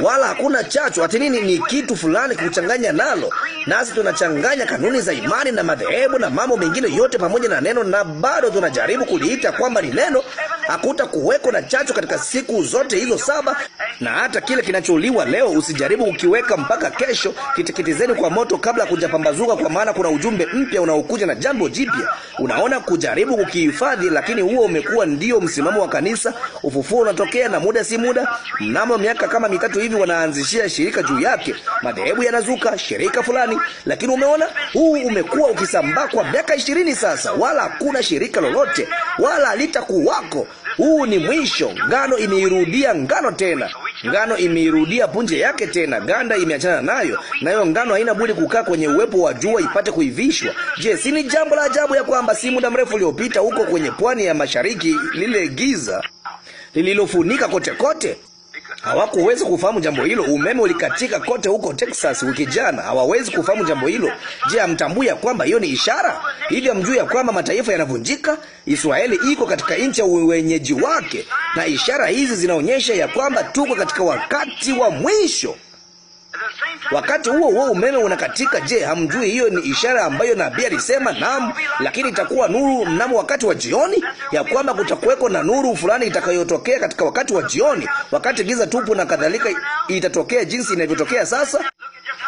wala hakuna chachu. Ati nini? Ni kitu fulani kuchanganya nalo, nasi tunachanganya kanuni za imani na madhehebu na mambo mengine yote pamoja na neno, na bado tunajaribu kuliita kwamba ni neno. Hakuta kuweko na chachu katika siku zote hizo saba, na hata kile kinacholiwa leo usijaribu kukiweka mpaka kesho. Kiteketezeni kwa moto kabla kujapambazuka, kwa maana kuna ujumbe mpya unaokuja na jambo jipya. Unaona, kujaribu kukihifadhi, lakini huo umekuwa ndio msimamo wa kanisa. Ufufuo unatokea na muda si muda, mnamo miaka kama mitatu hivi wanaanzishia shirika juu yake, madhehebu yanazuka, shirika fulani. Lakini umeona, huu umekuwa ukisambaa kwa miaka ishirini sasa, wala hakuna shirika lolote, wala halitakuwako. Huu ni mwisho. Ngano imeirudia ngano tena, ngano imeirudia punje yake tena, ganda imeachana nayo, nayo ngano haina budi kukaa kwenye uwepo wa jua ipate kuivishwa. Je, si ni jambo la ajabu ya kwamba si muda mrefu uliopita huko kwenye pwani ya mashariki, lile giza lililofunika kote kote Hawakuweza kufahamu jambo hilo. Umeme ulikatika kote huko Texas wiki jana, hawawezi kufahamu jambo hilo. Je, hamtambui ya kwamba hiyo ni ishara? Hivi hamjui ya kwamba mataifa yanavunjika? Israeli iko katika nchi ya wenyeji wake, na ishara hizi zinaonyesha ya kwamba tuko katika wakati wa mwisho. Wakati huo huo umeme unakatika. Je, hamjui hiyo ni ishara ambayo nabii alisema? Naam, lakini itakuwa nuru mnamo wakati wa jioni, ya kwamba kutakuweko na nuru fulani itakayotokea katika wakati wa jioni, wakati giza tupu na kadhalika, itatokea jinsi inavyotokea sasa.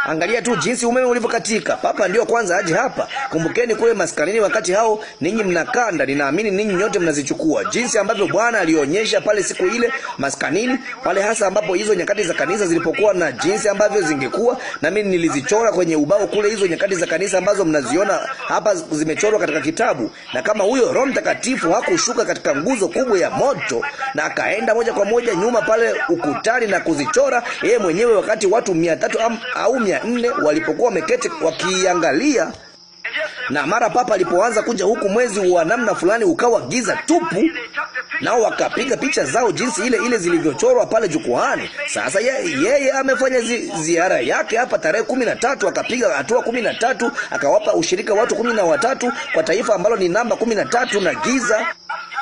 Angalia tu jinsi umeme ulivyokatika. Papa ndio kwanza aje hapa. Kumbukeni kule maskanini, wakati hao ninyi mnakanda, ninaamini ninyi nyote mnazichukua, jinsi ambavyo Bwana alionyesha pale siku ile maskanini, pale hasa ambapo hizo nyakati za kanisa zilipokuwa na jinsi ambavyo zingekuwa, na mimi nilizichora kwenye ubao kule, hizo nyakati za kanisa ambazo mnaziona hapa zimechorwa katika kitabu. Na kama huyo Roho Mtakatifu hakushuka katika nguzo kubwa ya moto na akaenda moja kwa moja nyuma pale ukutani na kuzichora yeye mwenyewe, wakati watu 300 au mia nne walipokuwa wameketi wakiiangalia, na mara papa alipoanza kuja huku, mwezi wa namna fulani ukawa giza tupu, nao wakapiga picha zao jinsi ile ile zilivyochorwa pale jukwani. Sasa yeye amefanya zi, ziara yake hapa tarehe kumi na tatu akapiga hatua kumi na tatu akawapa ushirika watu kumi na watatu kwa taifa ambalo ni namba kumi na tatu na giza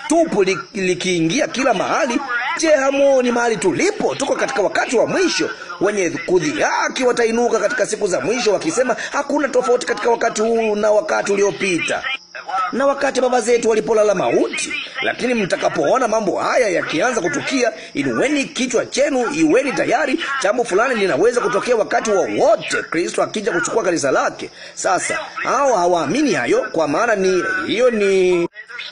tupu likiingia kila mahali. Je, hamuoni mahali tulipo? Tuko katika wakati wa mwisho. Wenye kudhihaki watainuka katika siku za mwisho wakisema, hakuna tofauti katika wakati huu na wakati uliopita na wakati baba zetu walipolala mauti. Lakini mtakapoona mambo haya yakianza kutukia, inueni kichwa chenu, iweni tayari. Jambo fulani linaweza kutokea wakati wowote wa Kristo akija kuchukua kanisa lake. Sasa hao hawaamini hayo, kwa maana ni hiyo ni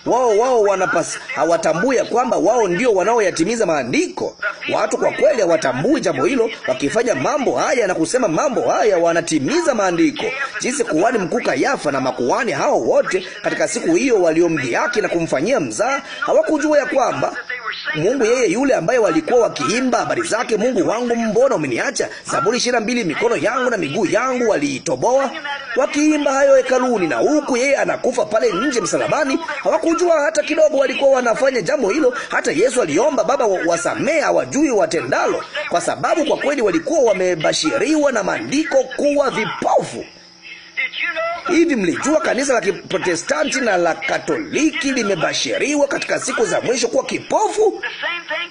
wao wao wanapasa hawatambui ya kwamba wao ndio wanaoyatimiza maandiko. Watu kwa kweli hawatambui jambo hilo, wakifanya mambo haya na kusema mambo haya wanatimiza maandiko. Jinsi kuhani mkuu Kayafa na makuhani hao wote katika siku hiyo waliomdhihaki na kumfanyia mzaa hawakujua ya kwamba Mungu yeye yule ambaye walikuwa wakiimba habari zake, Mungu wangu mbona umeniacha, Zaburi ishirini na mbili, mikono yangu na miguu yangu waliitoboa, wakiimba hayo hekaluni, na huku yeye anakufa pale nje msalabani. Hawakujua hata kidogo walikuwa wanafanya jambo hilo. Hata Yesu aliomba, Baba wasamee, hawajui watendalo, kwa sababu kwa kweli walikuwa wamebashiriwa na maandiko kuwa vipofu. Hivi mlijua kanisa la Kiprotestanti na la Katoliki limebashiriwa katika siku za mwisho kuwa kipofu?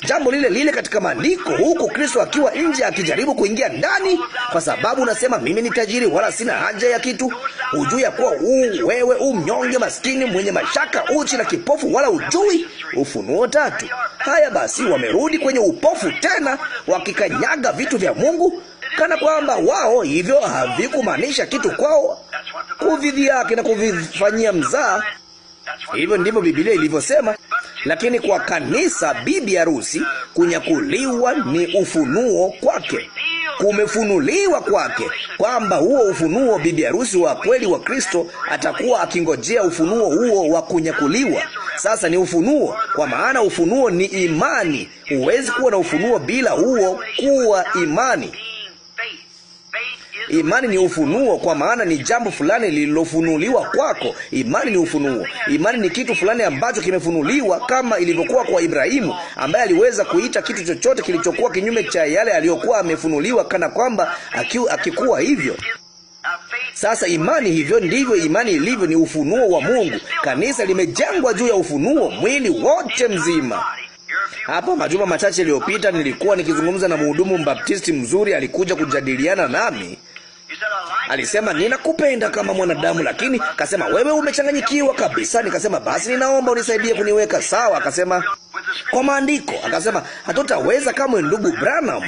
Jambo lile lile katika maandiko, huku Kristo akiwa nje akijaribu kuingia ndani, kwa sababu unasema mimi ni tajiri wala sina haja ya kitu. Hujui ya kuwa uu wewe u mnyonge, maskini, mwenye mashaka, uchi na kipofu, wala ujui. Ufunuo tatu. Haya basi, wamerudi kwenye upofu tena, wakikanyaga vitu vya Mungu kana kwamba wao hivyo havikumaanisha kitu kwao, yake na kuvifanyia mzaa. Hivyo ndivyo Biblia ilivyosema, lakini kwa kanisa, bibi harusi, kunyakuliwa ni ufunuo kwake, kumefunuliwa kwake, kwamba huo ufunuo, bibi harusi wa kweli wa Kristo atakuwa akingojea ufunuo huo wa kunyakuliwa. Sasa ni ufunuo, kwa maana ufunuo ni imani. Huwezi kuwa na ufunuo bila huo kuwa imani. Imani ni ufunuo, kwa maana ni jambo fulani lililofunuliwa kwako. Imani ni ufunuo. Imani ni kitu fulani ambacho kimefunuliwa, kama ilivyokuwa kwa Ibrahimu ambaye aliweza kuita kitu chochote kilichokuwa kinyume cha yale aliyokuwa amefunuliwa, kana kwamba akikuwa hivyo. Sasa imani, hivyo ndivyo imani ilivyo, ni ufunuo wa Mungu. Kanisa limejengwa juu ya ufunuo, mwili wote mzima. Hapa majuma machache yaliyopita nilikuwa nikizungumza na mhudumu mbaptisti mzuri, alikuja kujadiliana nami Alisema, ninakupenda kama mwanadamu, lakini kasema wewe umechanganyikiwa kabisa. Nikasema, basi ninaomba unisaidie kuniweka sawa. Akasema kwa maandiko. Akasema hatutaweza kamwe, ndugu Branham,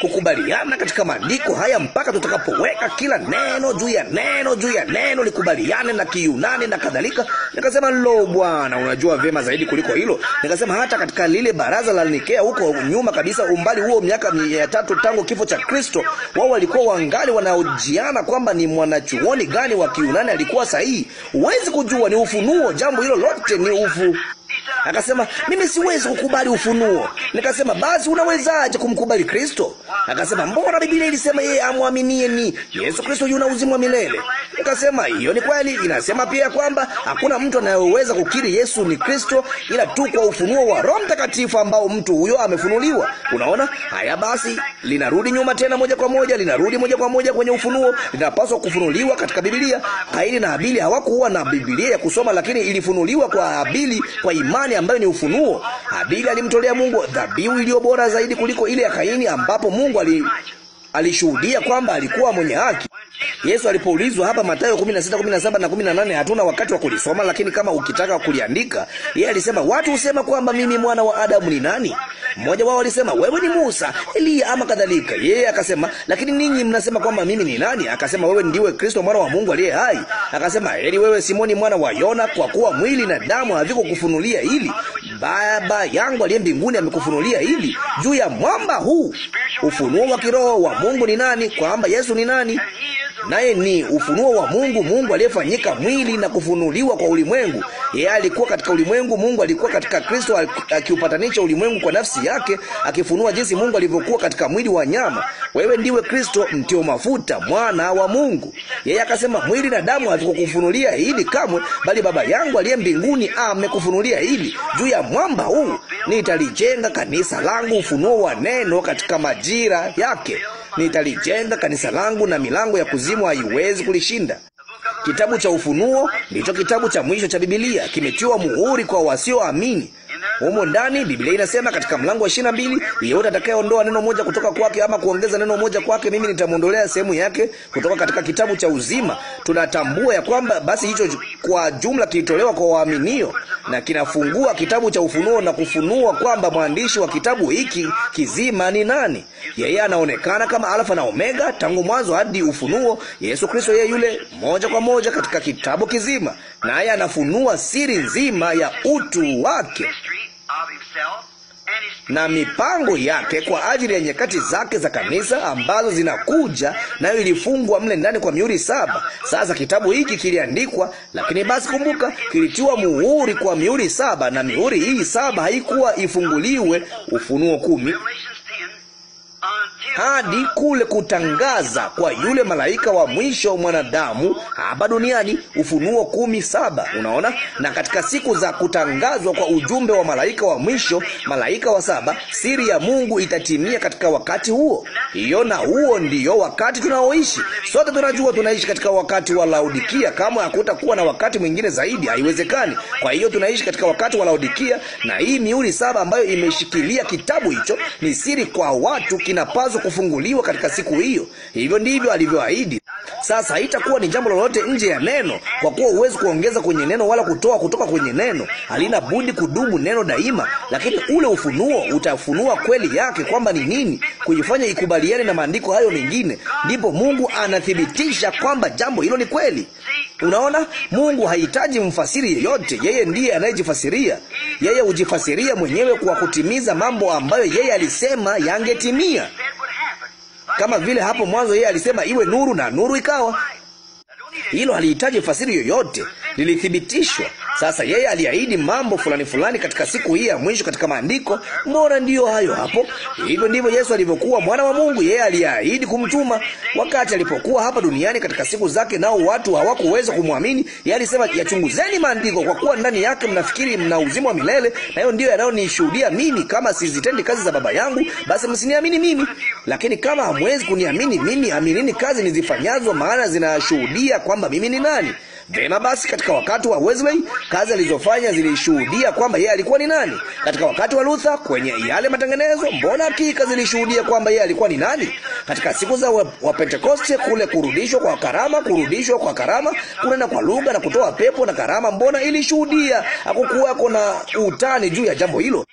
kukubaliana katika maandiko haya mpaka tutakapoweka kila neno juu ya neno juu ya neno likubaliane na Kiyunani na kadhalika. Nikasema lo, Bwana, unajua vyema zaidi kuliko hilo. Nikasema hata katika lile baraza la Nikea huko nyuma kabisa, umbali huo miaka mia tatu tangu kifo cha Kristo, wao walikuwa wangali wanaojiana kwamba ni mwanachuoni gani wa Kiyunani alikuwa sahihi. Huwezi kujua, ni ufunuo. Jambo hilo lote ni ufu Akasema, mimi siwezi kukubali ufunuo. Nikasema, basi unawezaje kumkubali Kristo? Akasema, mbona Biblia ilisema yeye amwaminie ni Yesu Kristo yuna uzima wa milele. Nikasema, hiyo ni kweli. Inasema pia kwamba hakuna mtu anayeweza kukiri Yesu ni Kristo ila tu kwa ufunuo wa Roho Mtakatifu ambao mtu huyo amefunuliwa. Unaona? Haya basi, linarudi nyuma tena moja kwa moja, linarudi moja kwa moja kwenye ufunuo, linapaswa kufunuliwa katika Biblia. Kaini na Habili hawakuwa na Biblia ya kusoma, lakini ilifunuliwa kwa Habili kwa imani imani ambayo ni ufunuo. Habili alimtolea Mungu dhabihu iliyo bora zaidi kuliko ile ya Kaini, ambapo Mungu alishuhudia kwamba alikuwa mwenye haki. Yesu alipoulizwa hapa Mathayo 16, 17 na 18, hatuna wakati wa kulisoma, lakini kama ukitaka kuliandika, yeye alisema, watu husema kwamba mimi mwana wa Adamu ni nani? Mmoja wao alisema, wewe ni Musa, Eliya ama kadhalika. Yeye akasema, lakini ninyi mnasema kwamba mimi ni nani? Akasema, wewe ndiwe Kristo mwana wa Mungu aliye hai. Akasema, heri wewe Simoni mwana wa Yona, kwa kuwa mwili na damu havikukufunulia hili, Baba yangu aliye mbinguni amekufunulia hili. Juu ya mwamba huu, ufunuo wa kiroho wa Mungu ni nani, kwamba Yesu ni nani naye ni ufunuo wa Mungu, Mungu aliyefanyika mwili na kufunuliwa kwa ulimwengu. Yeye alikuwa katika ulimwengu, Mungu alikuwa katika Kristo, akiupatanisha ulimwengu kwa nafsi yake, akifunua jinsi Mungu alivyokuwa katika mwili wa nyama. Wewe ndiwe Kristo, mtio mafuta, mwana wa Mungu. Yeye akasema, mwili na damu havikukufunulia hili kamwe, bali Baba yangu aliye mbinguni amekufunulia hili. Juu ya mwamba huu nitalijenga kanisa langu, ufunuo wa neno katika majira yake nitalijenga kanisa langu na milango ya kuzimu haiwezi kulishinda. Kitabu cha Ufunuo ndicho kitabu cha mwisho cha Bibilia, kimetiwa muhuri kwa wasioamini. Humo ndani Biblia inasema katika mlango wa ishirini na mbili, yeyote atakayeondoa neno moja kutoka kwake ama kuongeza neno moja kwake, mimi nitamwondolea sehemu yake kutoka katika kitabu cha uzima. Tunatambua ya kwamba basi hicho kwa jumla kilitolewa kwa waaminio, na kinafungua kitabu cha Ufunuo na kufunua kwamba mwandishi wa kitabu hiki kizima ni nani. Yeye anaonekana kama Alfa na Omega, tangu mwanzo hadi Ufunuo. Yesu Kristo, yeye yule moja kwa moja katika kitabu kizima naye anafunua siri nzima ya utu wake na mipango yake kwa ajili ya nyakati zake za kanisa ambazo zinakuja, nayo ilifungwa mle ndani kwa mihuri saba. Sasa kitabu hiki kiliandikwa, lakini basi kumbuka, kilitiwa muhuri kwa mihuri saba, na mihuri hii saba haikuwa ifunguliwe. Ufunuo kumi hadi kule kutangaza kwa yule malaika wa mwisho mwanadamu hapa duniani, Ufunuo kumi saba. Unaona, na katika siku za kutangazwa kwa ujumbe wa malaika wa mwisho, malaika wa saba, siri ya Mungu itatimia katika wakati huo. Hiyo na huo ndiyo wakati tunaoishi sote. Tunajua tunaishi katika wakati wa Laodikia. Kama hakutakuwa na wakati mwingine zaidi, haiwezekani. Kwa hiyo tunaishi katika wakati wa Laodikia, na hii mihuri saba ambayo imeshikilia kitabu hicho ni siri kwa watu, kinapaswa kufunguliwa katika siku hiyo. Hivyo ndivyo alivyoahidi. Sasa haitakuwa ni jambo lolote nje ya neno, kwa kuwa huwezi kuongeza kwenye neno wala kutoa kutoka kwenye neno. Halina budi kudumu neno daima, lakini ule ufunuo utafunua kweli yake kwamba ni nini, kuifanya ikubaliane na maandiko hayo mengine. Ndipo Mungu anathibitisha kwamba jambo hilo ni kweli. Unaona, Mungu hahitaji mfasiri yeyote. Yeye ndiye anayejifasiria. Yeye hujifasiria mwenyewe kwa kutimiza mambo ambayo yeye alisema yangetimia. Kama vile hapo mwanzo yeye alisema iwe nuru, na nuru ikawa. Hilo halihitaji fasiri yoyote, lilithibitishwa. Sasa yeye aliahidi mambo fulani fulani katika siku hii ya mwisho katika maandiko. Mbona ndiyo hayo hapo. Hivyo ndivyo Yesu alivyokuwa mwana wa Mungu. Yeye aliahidi kumtuma wakati alipokuwa hapa duniani katika siku zake, nao watu hawakuweza kumwamini. Yeye alisema, yachunguzeni maandiko, kwa kuwa ndani yake mnafikiri mna uzima wa milele, na hiyo ndiyo yanayonishuhudia mimi. Kama sizitendi kazi za Baba yangu, basi msiniamini mimi, lakini kama hamwezi kuniamini mimi, aminini kazi nizifanyazo, maana zinashuhudia kwamba mimi ni nani. Vema basi, katika wakati wa Wesley kazi alizofanya zilishuhudia kwamba yeye alikuwa ni nani. Katika wakati wa Luther kwenye yale matengenezo, mbona hakika zilishuhudia kwamba yeye alikuwa ni nani. Katika siku za wa Wapentekoste kule kurudishwa kwa karama, kurudishwa kwa karama, kunena kwa lugha na kutoa pepo na karama, mbona ilishuhudia. Hakukuwako na utani juu ya jambo hilo.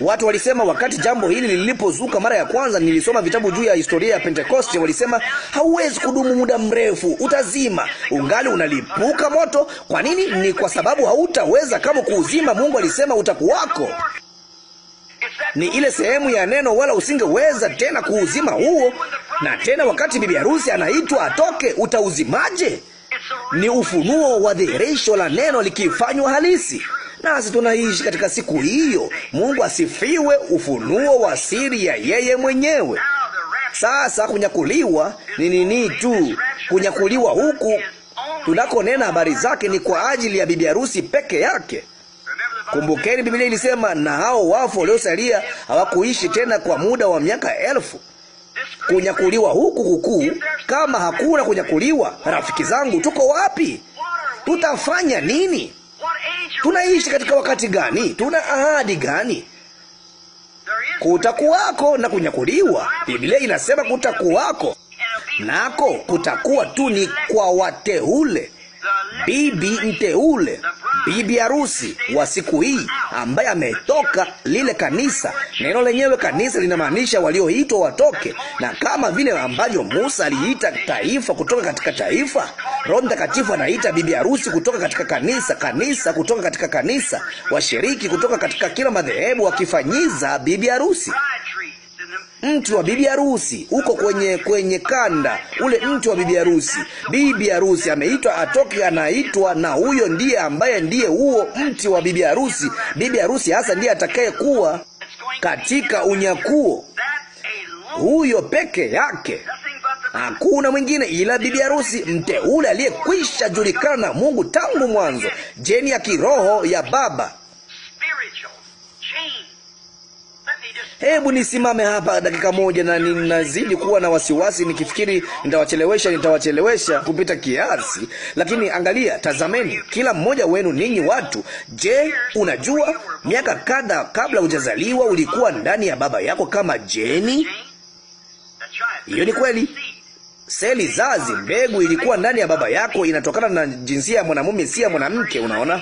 Watu walisema wakati jambo hili lilipozuka mara ya kwanza, nilisoma vitabu juu ya historia ya Pentekoste, walisema hauwezi kudumu muda mrefu, utazima, ungali unalipuka kuvuka moto. Kwa nini? Ni kwa sababu hautaweza kama kuuzima. Mungu alisema utakuwako ni ile sehemu ya neno, wala usingeweza tena kuuzima huo. Na tena wakati bibi harusi anaitwa atoke, utauzimaje? Ni ufunuo wa dhihirisho la neno likifanywa halisi, nasi tunaishi katika siku hiyo. Mungu asifiwe, ufunuo wa siri ya yeye mwenyewe. Sasa kunyakuliwa ni nini tu? Kunyakuliwa huku tunakonena habari zake ni kwa ajili ya bibi harusi peke yake. Kumbukeni, Biblia ilisema, na hao wafu waliosalia hawakuishi tena kwa muda wa miaka elfu. Kunyakuliwa huku kukuu, kama hakuna kunyakuliwa, rafiki zangu, tuko wapi? Tutafanya nini? Tunaishi katika wakati gani? Tuna ahadi gani? Kutakuwako na kunyakuliwa. Biblia inasema kutakuwako nako kutakuwa tu ni kwa wateule, bibi mteule, bibi harusi wa siku hii ambaye ametoka lile kanisa. Neno lenyewe kanisa linamaanisha walioitwa watoke, na kama vile ambavyo Musa aliita taifa kutoka katika taifa, Roho Mtakatifu anaita bibi harusi kutoka katika kanisa, kanisa kutoka katika kanisa, washiriki kutoka katika kila madhehebu, wakifanyiza bibi harusi mti wa bibi harusi huko kwenye kwenye kanda, ule mti wa bibi harusi. Bibi harusi ameitwa atoke, anaitwa na huyo ndiye ambaye ndiye huo mti wa bibi harusi. Bibi harusi hasa ndiye atakayekuwa katika unyakuo, huyo peke yake hakuna mwingine ila bibi harusi mteule aliyekwisha julikana na Mungu tangu mwanzo, jeni ya kiroho ya Baba. hebu nisimame hapa dakika moja, na ninazidi kuwa na wasiwasi nikifikiri nitawachelewesha, nitawachelewesha kupita kiasi. Lakini angalia, tazameni kila mmoja wenu ninyi watu. Je, unajua miaka kadha kabla hujazaliwa ulikuwa ndani ya baba yako kama jeni? Hiyo ni kweli. Seli zazi, mbegu ilikuwa ndani ya baba yako, inatokana na jinsia ya mwanamume, si ya mwanamke. Unaona?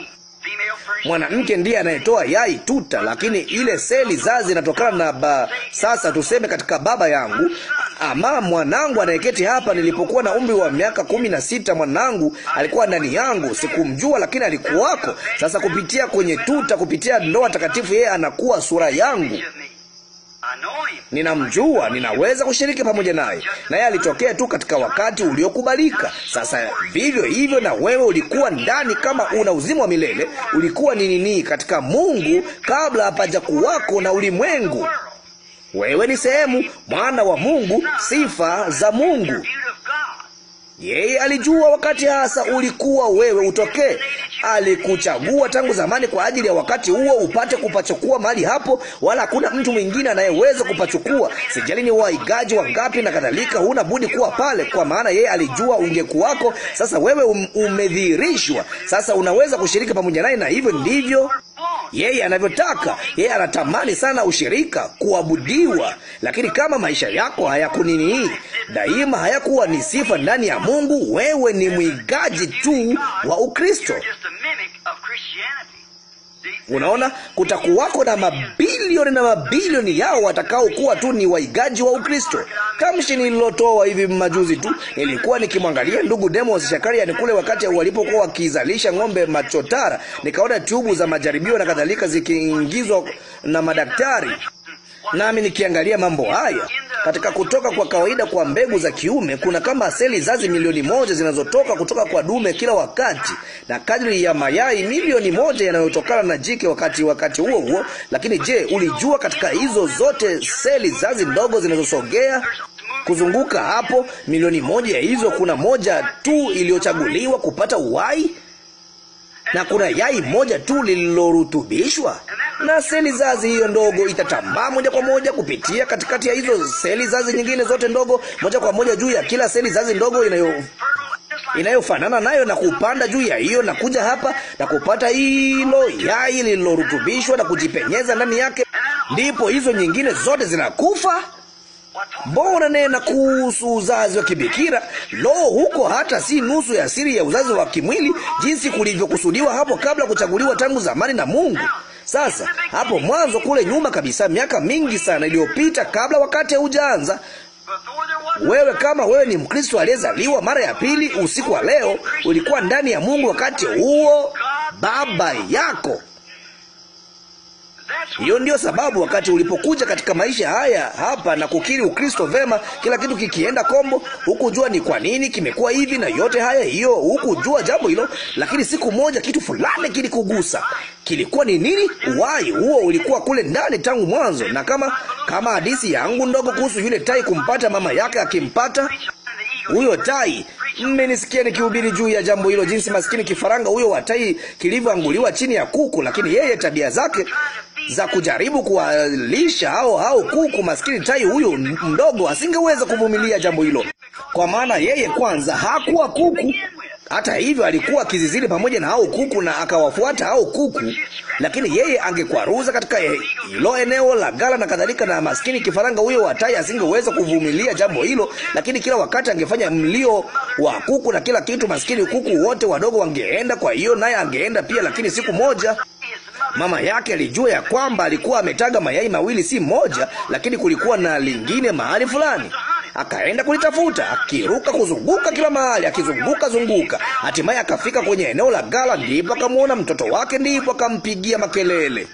Mwanamke ndiye anayetoa yai tuta, lakini ile seli zazi inatokana na ba. Sasa tuseme katika baba yangu ama mwanangu anayeketi hapa, nilipokuwa na umri wa miaka kumi na sita, mwanangu alikuwa ndani yangu, sikumjua, lakini alikuwako. Sasa kupitia kwenye tuta, kupitia ndoa takatifu, yeye anakuwa sura yangu ninamjua, ninaweza kushiriki pamoja naye, naye alitokea tu katika wakati uliokubalika. Sasa vivyo hivyo na wewe ulikuwa ndani, kama una uzima wa milele, ulikuwa ni nini katika Mungu kabla hapaja kuwako na ulimwengu. Wewe ni sehemu, mwana wa Mungu, sifa za Mungu. Yeye alijua wakati hasa ulikuwa wewe utokee alikuchagua tangu zamani kwa ajili ya wakati huo upate kupachukua mali hapo, wala hakuna mtu mwingine anayeweza kupachukua. Sijali ni waigaji wangapi na kadhalika, huna budi kuwa pale, kwa maana yeye alijua ungekuwako. Sasa wewe um, umedhihirishwa, sasa unaweza kushiriki pamoja naye, na hivyo ndivyo yeye anavyotaka. Yeye anatamani sana ushirika, kuabudiwa. Lakini kama maisha yako hayakunini, daima hayakuwa ni sifa ndani ya Mungu, wewe ni mwigaji tu wa Ukristo. Unaona, kutakuwako na mabilioni na mabilioni yao watakaokuwa tu ni waigaji wa Ukristo. Kamshi nililotoa hivi majuzi tu, nilikuwa nikimwangalia ndugu Demos Shakaria kule wakati walipokuwa wakizalisha ng'ombe machotara, nikaona tubu za majaribio na kadhalika zikiingizwa na madaktari Nami nikiangalia mambo haya katika kutoka kwa kawaida kwa mbegu za kiume, kuna kama seli zazi milioni moja zinazotoka kutoka kwa dume kila wakati, na kadri ya mayai milioni moja yanayotokana na jike wakati wakati huo huo. Lakini je, ulijua katika hizo zote seli zazi ndogo zinazosogea kuzunguka hapo milioni moja ya hizo, kuna moja tu iliyochaguliwa kupata uhai? na kuna yai moja tu lililorutubishwa, na seli zazi hiyo ndogo itatambaa moja kwa moja kupitia katikati ya hizo seli zazi nyingine zote ndogo, moja kwa moja juu ya kila seli zazi ndogo inayo inayofanana nayo na kupanda juu ya hiyo na kuja hapa na kupata hilo yai lililorutubishwa na kujipenyeza ndani yake, ndipo hizo nyingine zote zinakufa. Mbona nena kuhusu uzazi wa kibikira? Lo, huko hata si nusu ya siri ya uzazi wa kimwili jinsi kulivyokusudiwa hapo kabla kuchaguliwa tangu zamani na Mungu. Sasa hapo mwanzo kule nyuma kabisa, miaka mingi sana iliyopita, kabla wakati haujaanza wewe kama wewe ni Mkristo aliyezaliwa mara ya pili usiku wa leo, ulikuwa ndani ya Mungu wakati huo, baba yako hiyo ndio sababu wakati ulipokuja katika maisha haya hapa na kukiri Ukristo vema, kila kitu kikienda kombo, hukujua ni kwa nini kimekuwa hivi na yote haya, hiyo hukujua jambo hilo, lakini siku moja kitu fulani kilikugusa. Kilikuwa ni nini? Uwai huo ulikuwa kule ndani tangu mwanzo, na kama kama hadithi yangu ndogo kuhusu yule tai kumpata mama yake akimpata huyo tai Mmenisikia nikihubiri juu ya jambo hilo, jinsi maskini kifaranga huyo watai kilivyoanguliwa chini ya kuku, lakini yeye tabia zake za kujaribu kuwalisha hao hao kuku, maskini tai huyu mdogo asingeweza kuvumilia jambo hilo, kwa maana yeye kwanza hakuwa kuku hata hivyo alikuwa kizizili pamoja na hao kuku na akawafuata hao kuku, lakini yeye angekwaruza katika e-, hilo eneo la gala na kadhalika, na maskini kifaranga huyo wa tai asingeweza kuvumilia jambo hilo, lakini kila wakati angefanya mlio wa kuku na kila kitu. Maskini kuku wote wadogo wangeenda, kwa hiyo naye angeenda pia. Lakini siku moja mama yake alijua ya kwamba alikuwa ametaga mayai mawili, si moja, lakini kulikuwa na lingine mahali fulani. Akaenda kulitafuta akiruka kuzunguka kila mahali, akizunguka zunguka. Hatimaye akafika kwenye eneo la gala, ndipo akamwona mtoto wake, ndipo akampigia makelele.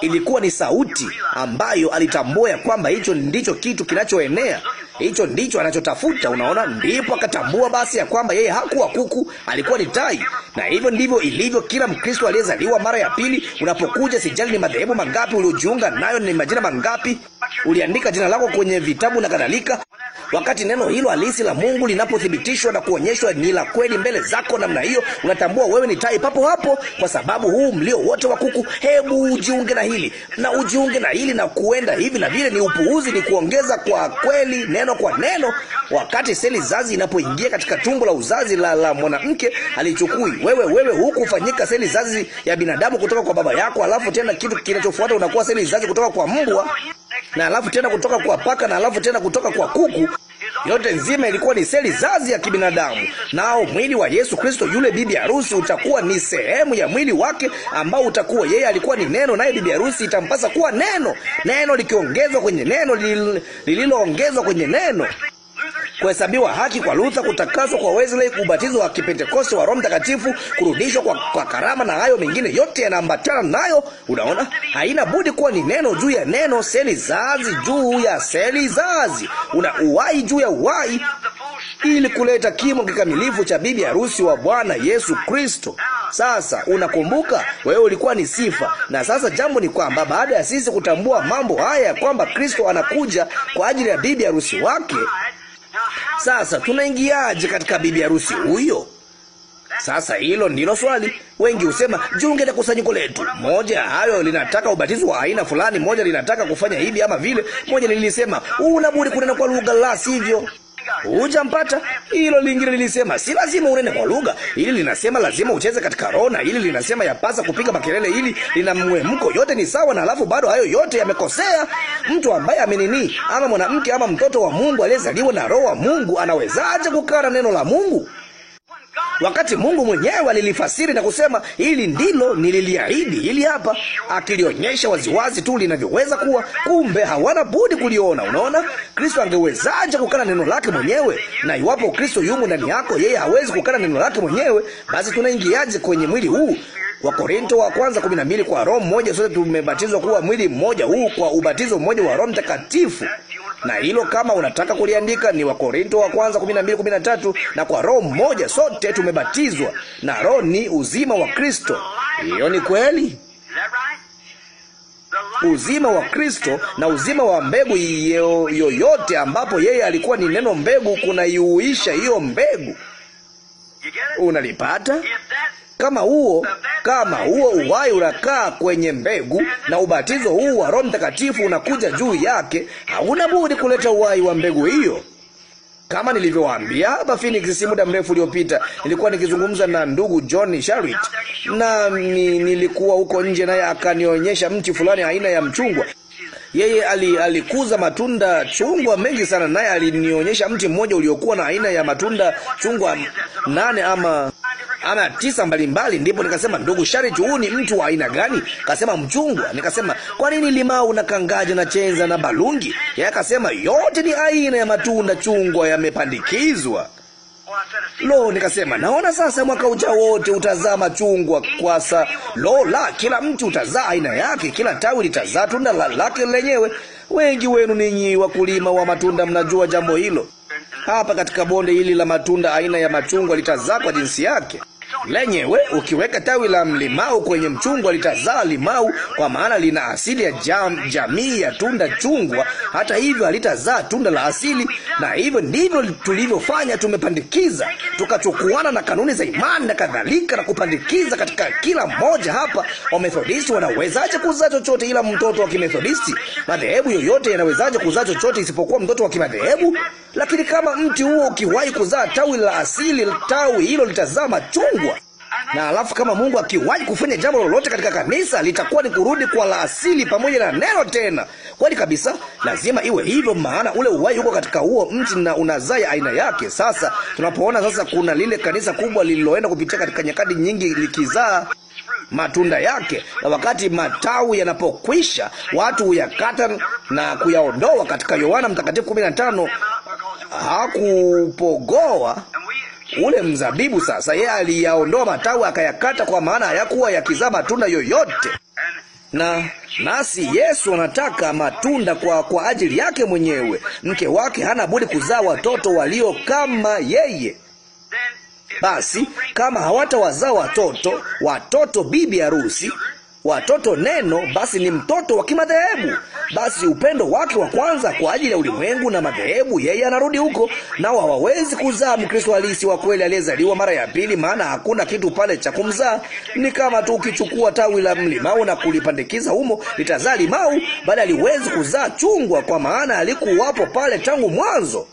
Ilikuwa ni sauti ambayo alitambua ya kwamba hicho ndicho kitu kinachoenea. Hicho ndicho anachotafuta, unaona. Ndipo akatambua basi ya kwamba yeye hakuwa kuku, alikuwa ni tai. Na hivyo ndivyo ilivyo kila Mkristo aliyezaliwa mara ya pili. Unapokuja, sijali ni madhehebu mangapi uliojiunga nayo, ni majina mangapi uliandika jina lako kwenye vitabu na kadhalika. Wakati neno hilo halisi la Mungu linapothibitishwa na kuonyeshwa ni la kweli mbele zako namna hiyo, unatambua wewe ni tai papo hapo, kwa sababu huu mlio wote wa kuku, hebu ujiunge na hili na ujiunge na hili na kuenda hivi na vile, ni upuuzi, ni kuongeza kwa kweli neno neno kwa neno. Wakati seli zazi inapoingia katika tumbo la uzazi la, la mwanamke alichukui wewe wewe, huku ufanyika seli zazi ya binadamu kutoka kwa baba yako, alafu tena kitu kinachofuata unakuwa seli zazi kutoka kwa mbwa na alafu tena kutoka kwa paka na alafu tena kutoka kwa kuku. Yote nzima ilikuwa ni seli zazi ya kibinadamu. Nao mwili wa Yesu Kristo, yule bibi harusi, utakuwa ni sehemu ya mwili wake ambao utakuwa yeye alikuwa ni neno, naye bibi harusi itampasa kuwa neno, neno likiongezwa kwenye neno, lililoongezwa kwenye neno kuhesabiwa haki kwa Luther, kutakaswa kwa Wesley, ubatizo wa Kipentekoste wa Roho Mtakatifu, kurudishwa kwa, kwa karama na hayo mengine yote yanaambatana nayo. Unaona, haina budi kuwa ni neno juu ya neno, seli zazi juu ya seli zazi, una uwai juu ya uwai ili kuleta kimo kikamilifu cha bibi harusi wa Bwana Yesu Kristo. Sasa unakumbuka, wewe ulikuwa ni sifa, na sasa jambo ni kwamba baada ya sisi kutambua mambo haya, kwamba Kristo anakuja kwa ajili ya bibi harusi wake, sasa tunaingiaje katika bibi harusi huyo? Sasa hilo ndilo swali. Wengi husema jiunge na kusanyiko letu. Moja hayo linataka ubatizo wa aina fulani, moja linataka kufanya hivi ama vile, moja lilisema unabudi budi kunena kwa lugha, la sivyo hujampata. Hilo lingine lilisema si lazima unene kwa lugha, ili linasema lazima ucheze katika roho, na ili linasema yapasa kupiga makelele, ili lina mwemko. Yote ni sawa, na alafu bado hayo yote yamekosea. Mtu ambaye amenini, ama mwanamke ama mtoto wa Mungu aliyezaliwa na roho wa Mungu, anawezaje kukana neno la Mungu? wakati Mungu mwenyewe alilifasiri na kusema, hili ndilo nililiahidi, hili hapa, akilionyesha waziwazi tu linavyoweza kuwa. Kumbe hawana budi kuliona. Unaona, Kristo angewezaje kukana neno lake mwenyewe? Na iwapo Kristo yumo ndani yako, yeye hawezi kukana neno lake mwenyewe. Basi tunaingiaje kwenye mwili huu? wa Korinto wa kwanza 12, kwa roho mmoja sote tumebatizwa kuwa mwili mmoja huu kwa ubatizo mmoja wa Roho Mtakatifu. Na hilo kama unataka kuliandika ni wa Korinto wa kwanza 12 13, na kwa roho mmoja sote tumebatizwa, na roho ni uzima wa Kristo. Hiyo ni kweli uzima wa Kristo na uzima wa mbegu yoyote, ambapo yeye alikuwa ni neno mbegu, kunaiuisha hiyo mbegu. Unalipata? Kama huo kama huo uhai unakaa kwenye mbegu na ubatizo huu wa Roho Mtakatifu unakuja juu yake, hauna budi kuleta uhai wa mbegu hiyo. Kama nilivyowaambia hapa Phoenix si muda mrefu uliopita, nilikuwa nikizungumza na ndugu John Sharrit, na ni, nilikuwa huko nje, naye akanionyesha mti fulani aina ya mchungwa. Yeye alikuza ali matunda chungwa mengi sana, naye alinionyesha mti mmoja uliokuwa na aina ya matunda chungwa nane ama ama tisa mbalimbali. Ndipo nikasema ndugu Shariti, huu ni mtu wa aina gani? Kasema mchungwa. Nikasema kwa nini limau na kangaja na chenza na balungi? Yeye akasema yote ni aina ya matunda chungwa yamepandikizwa. Lo, nikasema naona sasa mwaka ujao wote utazaa machungwa kwa sa. Lo la, kila mtu utazaa aina yake, kila tawi litazaa tunda la lake lenyewe. Wengi wenu ninyi wakulima wa matunda mnajua jambo hilo. Hapa katika bonde hili la matunda, aina ya machungwa litazaa kwa jinsi yake lenyewe. Ukiweka tawi la mlimau kwenye mchungwa litazaa limau, kwa maana lina asili ya jam, jamii ya tunda chungwa. Hata hivyo halitazaa tunda la asili, na hivyo ndivyo tulivyofanya. Tumepandikiza, tukachukuana na kanuni za imani na kadhalika, na kupandikiza katika kila mmoja hapa. Wamethodisti wanawezaje kuzaa chochote ila mtoto wa Kimethodisti? Madhehebu yoyote yanawezaje kuzaa chochote isipokuwa mtoto wa kimadhehebu? Lakini kama mti huo ukiwahi kuzaa tawi la asili, tawi hilo litazaa machungwa na alafu kama Mungu akiwahi kufanya jambo lolote katika kanisa litakuwa ni kurudi kwa la asili pamoja na neno tena. Kweli kabisa, lazima iwe hivyo, maana ule uwai uko katika huo mti na unazaa aina yake. Sasa tunapoona sasa, kuna lile kanisa kubwa lililoenda kupitia katika nyakati nyingi likizaa matunda yake, na wakati matawi yanapokwisha, watu huyakata na kuyaondoa. Katika Yohana Mtakatifu 15 hakupogoa ule mzabibu. Sasa yeye aliyaondoa matawi akayakata, kwa maana hayakuwa yakizaa matunda yoyote, na nasi Yesu anataka matunda kwa, kwa ajili yake mwenyewe. Mke wake hana budi kuzaa watoto walio kama yeye. Basi kama hawatawazaa watoto, watoto bibi harusi watoto neno basi ni mtoto wa kimadhehebu. Basi upendo wake wa kwanza kwa ajili ya ulimwengu na madhehebu, yeye anarudi huko, nao hawawezi kuzaa Mkristo halisi wa kweli aliyezaliwa mara ya pili, maana hakuna kitu pale cha kumzaa. Ni kama tu ukichukua tawi la mlimau na kulipandikiza humo, litazaa limau, bali aliwezi kuzaa chungwa, kwa maana alikuwapo pale tangu mwanzo.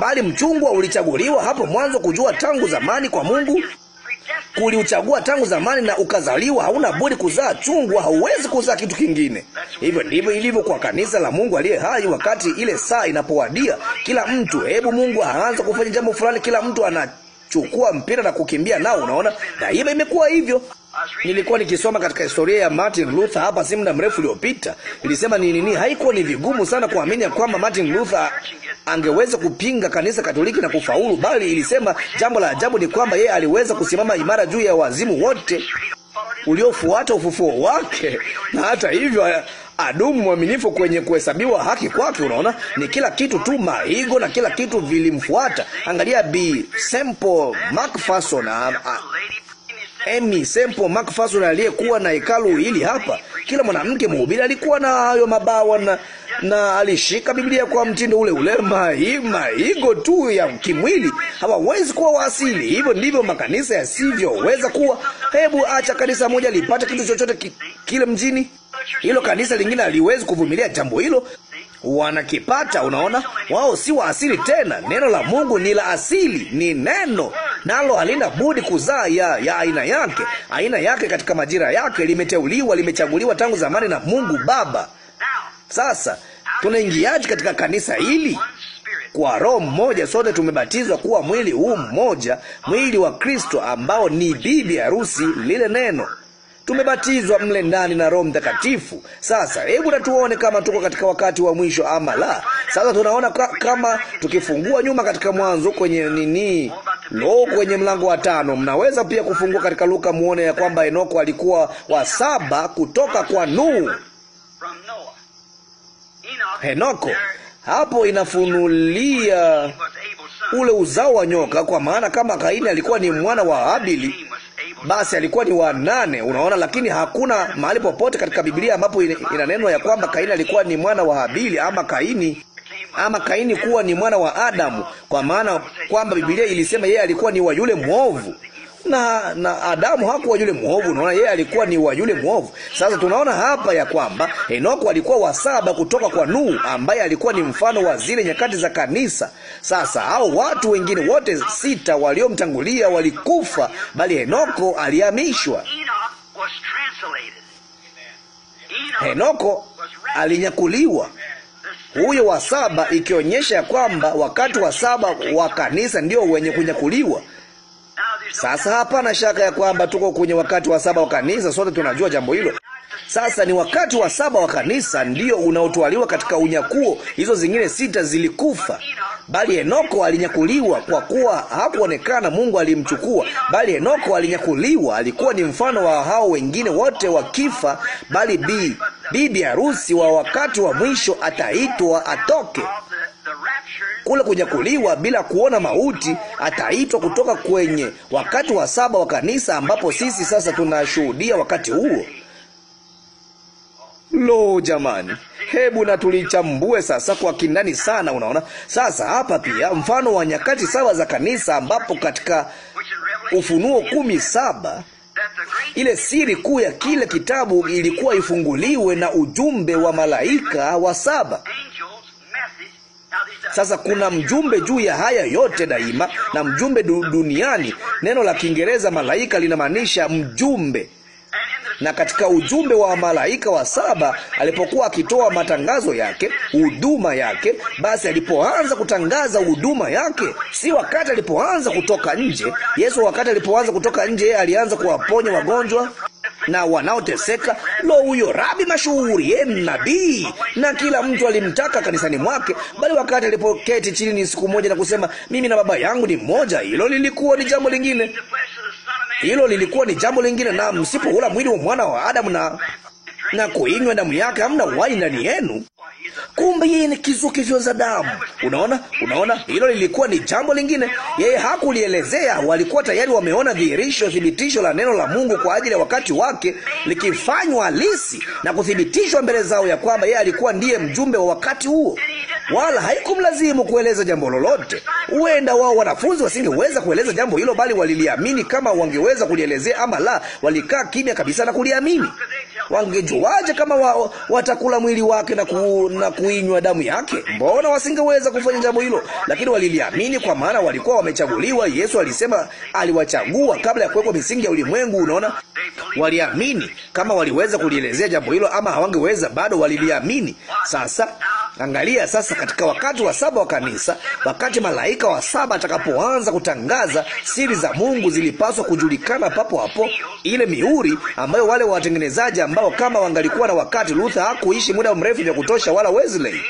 Bali mchungwa ulichaguliwa hapo mwanzo, kujua tangu zamani kwa Mungu kuliuchagua tangu zamani na ukazaliwa, hauna budi kuzaa chungwa, hauwezi kuzaa kitu kingine. Hivyo ndivyo ilivyo kwa kanisa la Mungu aliye hai. Wakati ile saa inapowadia, kila mtu, hebu Mungu aanze kufanya jambo fulani, kila mtu anachukua mpira na kukimbia nao. Unaona, daima imekuwa hivyo. Nilikuwa nikisoma katika historia ya Martin Luther hapa si muda mrefu uliopita. Ilisema ni nini? Haikuwa ni vigumu sana kuamini ya kwamba Martin Luther angeweza kupinga kanisa Katoliki na kufaulu, bali ilisema jambo la ajabu ni kwamba yeye aliweza kusimama imara juu ya wazimu wote uliofuata ufufuo wake, na hata hivyo adumu mwaminifu kwenye kuhesabiwa haki kwake. Unaona, ni kila kitu tu, maigo na kila kitu vilimfuata. Angalia Bi Semple MacPherson, Amy Sempo MacPherson aliyekuwa na hekalu hili hapa kila mwanamke mhubiri alikuwa na hayo mabawa na, na alishika Biblia kwa mtindo ule ule, maigo tu ya kimwili. Hawawezi kuwa waasili. Hivyo ndivyo makanisa yasivyoweza kuwa. Hebu acha kanisa moja lipate kitu chochote ki, kile mjini, hilo kanisa lingine haliwezi kuvumilia jambo hilo wanakipata. Unaona, wao si wa asili tena. Neno la Mungu ni la asili, ni neno nalo halina budi kuzaa ya, ya aina yake, aina yake katika majira yake. Limeteuliwa, limechaguliwa tangu zamani na Mungu Baba. Sasa tunaingiaje katika kanisa hili? Kwa roho mmoja sote tumebatizwa kuwa mwili huu mmoja, mwili wa Kristo ambao ni bibi harusi, lile neno tumebatizwa mle ndani na Roho Mtakatifu. Sasa hebu na tuone kama tuko katika wakati wa mwisho ama la. Sasa tunaona ka, kama tukifungua nyuma katika Mwanzo kwenye nini Lo, kwenye mlango wa tano. Mnaweza pia kufungua katika Luka muone ya kwamba Henoko alikuwa wa saba kutoka kwa Nuhu. Henoko hapo inafunulia ule uzao wa nyoka, kwa maana kama Kaini alikuwa ni mwana wa Abili, basi alikuwa ni wa nane. Unaona, lakini hakuna mahali popote katika Biblia ambapo inanenwa ya kwamba Kaini alikuwa ni mwana wa Habili ama Kaini ama Kaini kuwa ni mwana wa Adamu, kwa maana kwamba Biblia ilisema yeye alikuwa ni wa yule mwovu na, na Adamu hakuwa yule mwovu. Unaona, yeye alikuwa ni wa yule mwovu. Sasa tunaona hapa ya kwamba Henoko alikuwa wa saba kutoka kwa Nuhu, ambaye alikuwa ni mfano wa zile nyakati za kanisa. Sasa hao watu wengine wote sita waliomtangulia walikufa, bali Henoko alihamishwa. Henoko alinyakuliwa huyo wa saba, ikionyesha ya kwamba wakati wa saba wa kanisa ndio wenye kunyakuliwa. Sasa hapana shaka ya kwamba tuko kwenye wakati wa saba wa kanisa, sote tunajua jambo hilo. Sasa ni wakati wa saba wa kanisa ndio unaotwaliwa katika unyakuo. Hizo zingine sita zilikufa, bali Enoko alinyakuliwa, kwa kuwa hakuonekana, Mungu alimchukua. Bali Enoko alinyakuliwa, alikuwa ni mfano wa hao wengine wote wakifa, bali bi bibi harusi wa wakati wa mwisho ataitwa atoke kule kunyakuliwa bila kuona mauti, ataitwa kutoka kwenye wakati wa saba wa kanisa, ambapo sisi sasa tunashuhudia wakati huo. Lo, jamani, hebu na tulichambue sasa kwa kindani sana. Unaona sasa hapa pia mfano wa nyakati saba za kanisa, ambapo katika Ufunuo kumi saba ile siri kuu ya kile kitabu ilikuwa ifunguliwe na ujumbe wa malaika wa saba. Sasa kuna mjumbe juu ya haya yote daima, na mjumbe du duniani. Neno la Kiingereza malaika linamaanisha mjumbe na katika ujumbe wa malaika wa saba alipokuwa akitoa matangazo yake, huduma yake, basi alipoanza kutangaza huduma yake, si wakati alipoanza kutoka nje. Yesu wakati alipoanza kutoka nje, alianza kuwaponya wagonjwa na wanaoteseka. Lo, huyo rabi mashuhuri, ye nabii, na kila mtu alimtaka kanisani mwake. Bali wakati alipoketi chini ni siku moja na kusema, mimi na baba yangu ni mmoja, hilo lilikuwa ni jambo lingine. Hilo lilikuwa ni jambo lingine. Na msipoula mwili wa mwana wa Adamu na na kuinywa damu yake, hamna uhai ndani yenu. Kumbe yeye ni kizukivyo za damu. Unaona, unaona, hilo lilikuwa ni jambo lingine. Yeye hakulielezea, walikuwa tayari wameona dhihirisho, thibitisho la neno la Mungu kwa ajili ya wakati wake likifanywa halisi na kuthibitishwa mbele zao, ya kwamba yeye alikuwa ndiye mjumbe wa wakati huo wala haikumlazimu kueleza jambo lolote. Huenda wao wanafunzi wasingeweza kueleza jambo hilo, bali waliliamini kama wangeweza kulielezea ama la. Walikaa kimya kabisa na kuliamini. Wangejuaje kama wa, watakula mwili wake na, ku, na kuinywa damu yake? Mbona wasingeweza kufanya jambo hilo? Lakini waliliamini kwa maana walikuwa wamechaguliwa. Yesu alisema aliwachagua kabla ya kuwekwa misingi ya ulimwengu. Unaona, waliamini. Kama waliweza kulielezea jambo hilo ama hawangeweza, bado waliliamini. Sasa Angalia sasa, katika wakati wa saba wa kanisa, wakati malaika wa saba atakapoanza kutangaza siri za Mungu, zilipaswa kujulikana papo hapo. Ile mihuri ambayo wale watengenezaji ambao kama wangalikuwa na wakati, Luther hakuishi muda mrefu vya kutosha, wala Wesley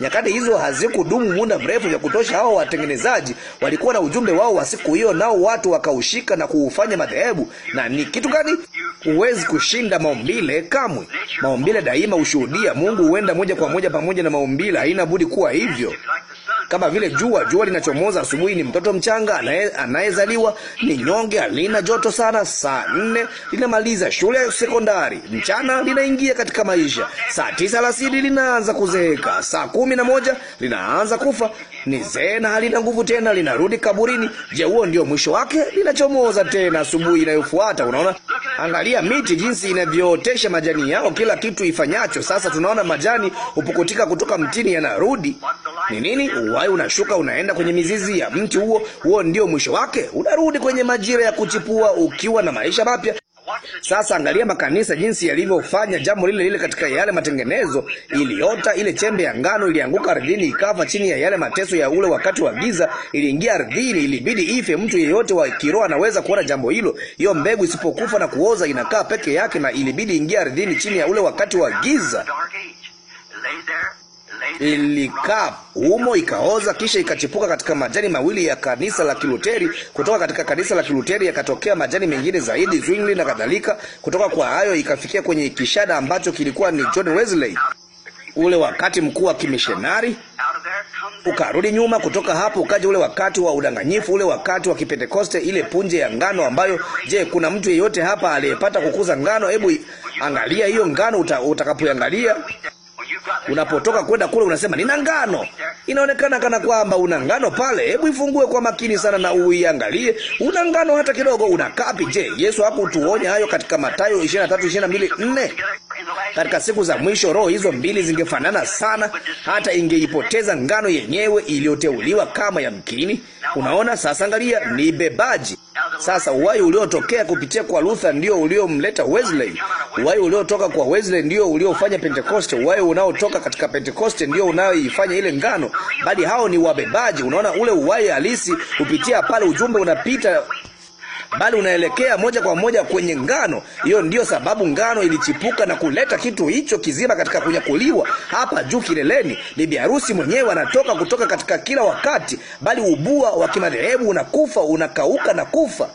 Nyakati hizo hazikudumu muda mrefu vya kutosha. Hao watengenezaji walikuwa na ujumbe wao wa siku hiyo, nao watu wakaushika na kuufanya madhehebu. Na ni kitu gani? Huwezi kushinda maumbile kamwe. Maumbile daima hushuhudia. Mungu huenda moja kwa moja pamoja na maumbile, haina budi kuwa hivyo kama vile jua. Jua linachomoza asubuhi, ni mtoto mchanga anayezaliwa, ni nyonge, alina joto sana. Saa nne linamaliza shule ya sekondari, mchana linaingia katika maisha. Saa tisa alasiri linaanza kuzeeka, saa kumi na moja linaanza kufa, ni zee na halina nguvu tena, linarudi kaburini. Je, huo ndio mwisho wake? Linachomoza tena asubuhi inayofuata. Unaona, angalia miti jinsi inavyootesha majani yao, kila kitu ifanyacho. Sasa tunaona majani hupukutika kutoka mtini, yanarudi ni nini? uhai unashuka, unaenda kwenye mizizi ya mti huo, huo ndio mwisho wake. Unarudi kwenye majira ya kuchipua ukiwa na maisha mapya. Sasa angalia makanisa jinsi yalivyofanya jambo lile lile katika yale matengenezo. Iliota ile chembe ya ngano, ilianguka ardhini, ikafa chini ya yale mateso ya ule wakati wa giza, iliingia ardhini, ilibidi ife. Mtu yeyote wa kiroho anaweza kuona jambo hilo. Hiyo mbegu isipokufa na kuoza inakaa peke yake, na ilibidi ingia ardhini chini ya ule wakati wa giza ilikaa humo ikaoza, kisha ikachipuka katika majani mawili ya kanisa la Kiluteri. Kutoka katika kanisa la Kiluteri yakatokea majani mengine zaidi, Zwingli na kadhalika. Kutoka kwa hayo ikafikia kwenye kishada ambacho kilikuwa ni John Wesley, ule wakati mkuu wa kimishonari ukarudi nyuma. Kutoka hapo ukaja ule wakati wa udanganyifu, ule wakati wa Kipentekoste, ile punje ya ngano ambayo, je, kuna mtu yeyote hapa aliyepata kukuza ngano? Hebu angalia hiyo ngano utakapoangalia Unapotoka kwenda kule, unasema nina ngano. Inaonekana kana kwamba una ngano pale. Hebu ifungue kwa makini sana na uiangalie, una ngano hata kidogo? Una kapi? Je, Yesu hakutuonya hayo katika Mathayo 23, 22, 4? Katika siku za mwisho roho hizo mbili zingefanana sana, hata ingeipoteza ngano yenyewe iliyoteuliwa kama yamkini. Unaona sasa, angalia ni bebaji sasa. Uwai uliotokea kupitia kwa Luther ndio uliomleta Wesley. Uwai uliotoka kwa Wesley ndio uliofanya Pentecost. Uwai una unaotoka katika Pentekoste ndio unayoifanya ile ngano, bali hao ni wabebaji. Unaona, ule uwai halisi kupitia pale, ujumbe unapita bali unaelekea moja kwa moja kwenye ngano hiyo. Ndiyo sababu ngano ilichipuka na kuleta kitu hicho kizima katika kunyakuliwa hapa juu kileleni. Bibi harusi mwenyewe anatoka kutoka katika kila wakati, bali ubua wa kimadhehebu unakufa, unakauka na kufa.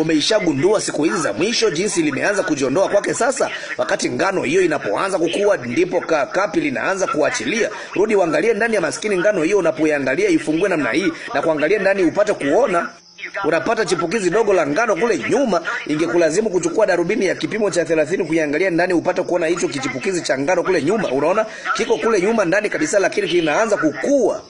Umeishagundua siku hizi za mwisho jinsi limeanza kujiondoa kwake. Sasa wakati ngano hiyo inapoanza kukua, ndipo ka kapi linaanza kuachilia. Rudi uangalie ndani ya maskini ngano hiyo, unapoiangalia ifungue namna hii na kuangalia ndani, upate kuona unapata chipukizi dogo la ngano kule nyuma. Ingekulazimu kuchukua darubini ya kipimo cha 30 kuiangalia ndani, upate kuona hicho kichipukizi cha ngano kule nyuma. Unaona kiko kule nyuma ndani kabisa, lakini kinaanza kukua.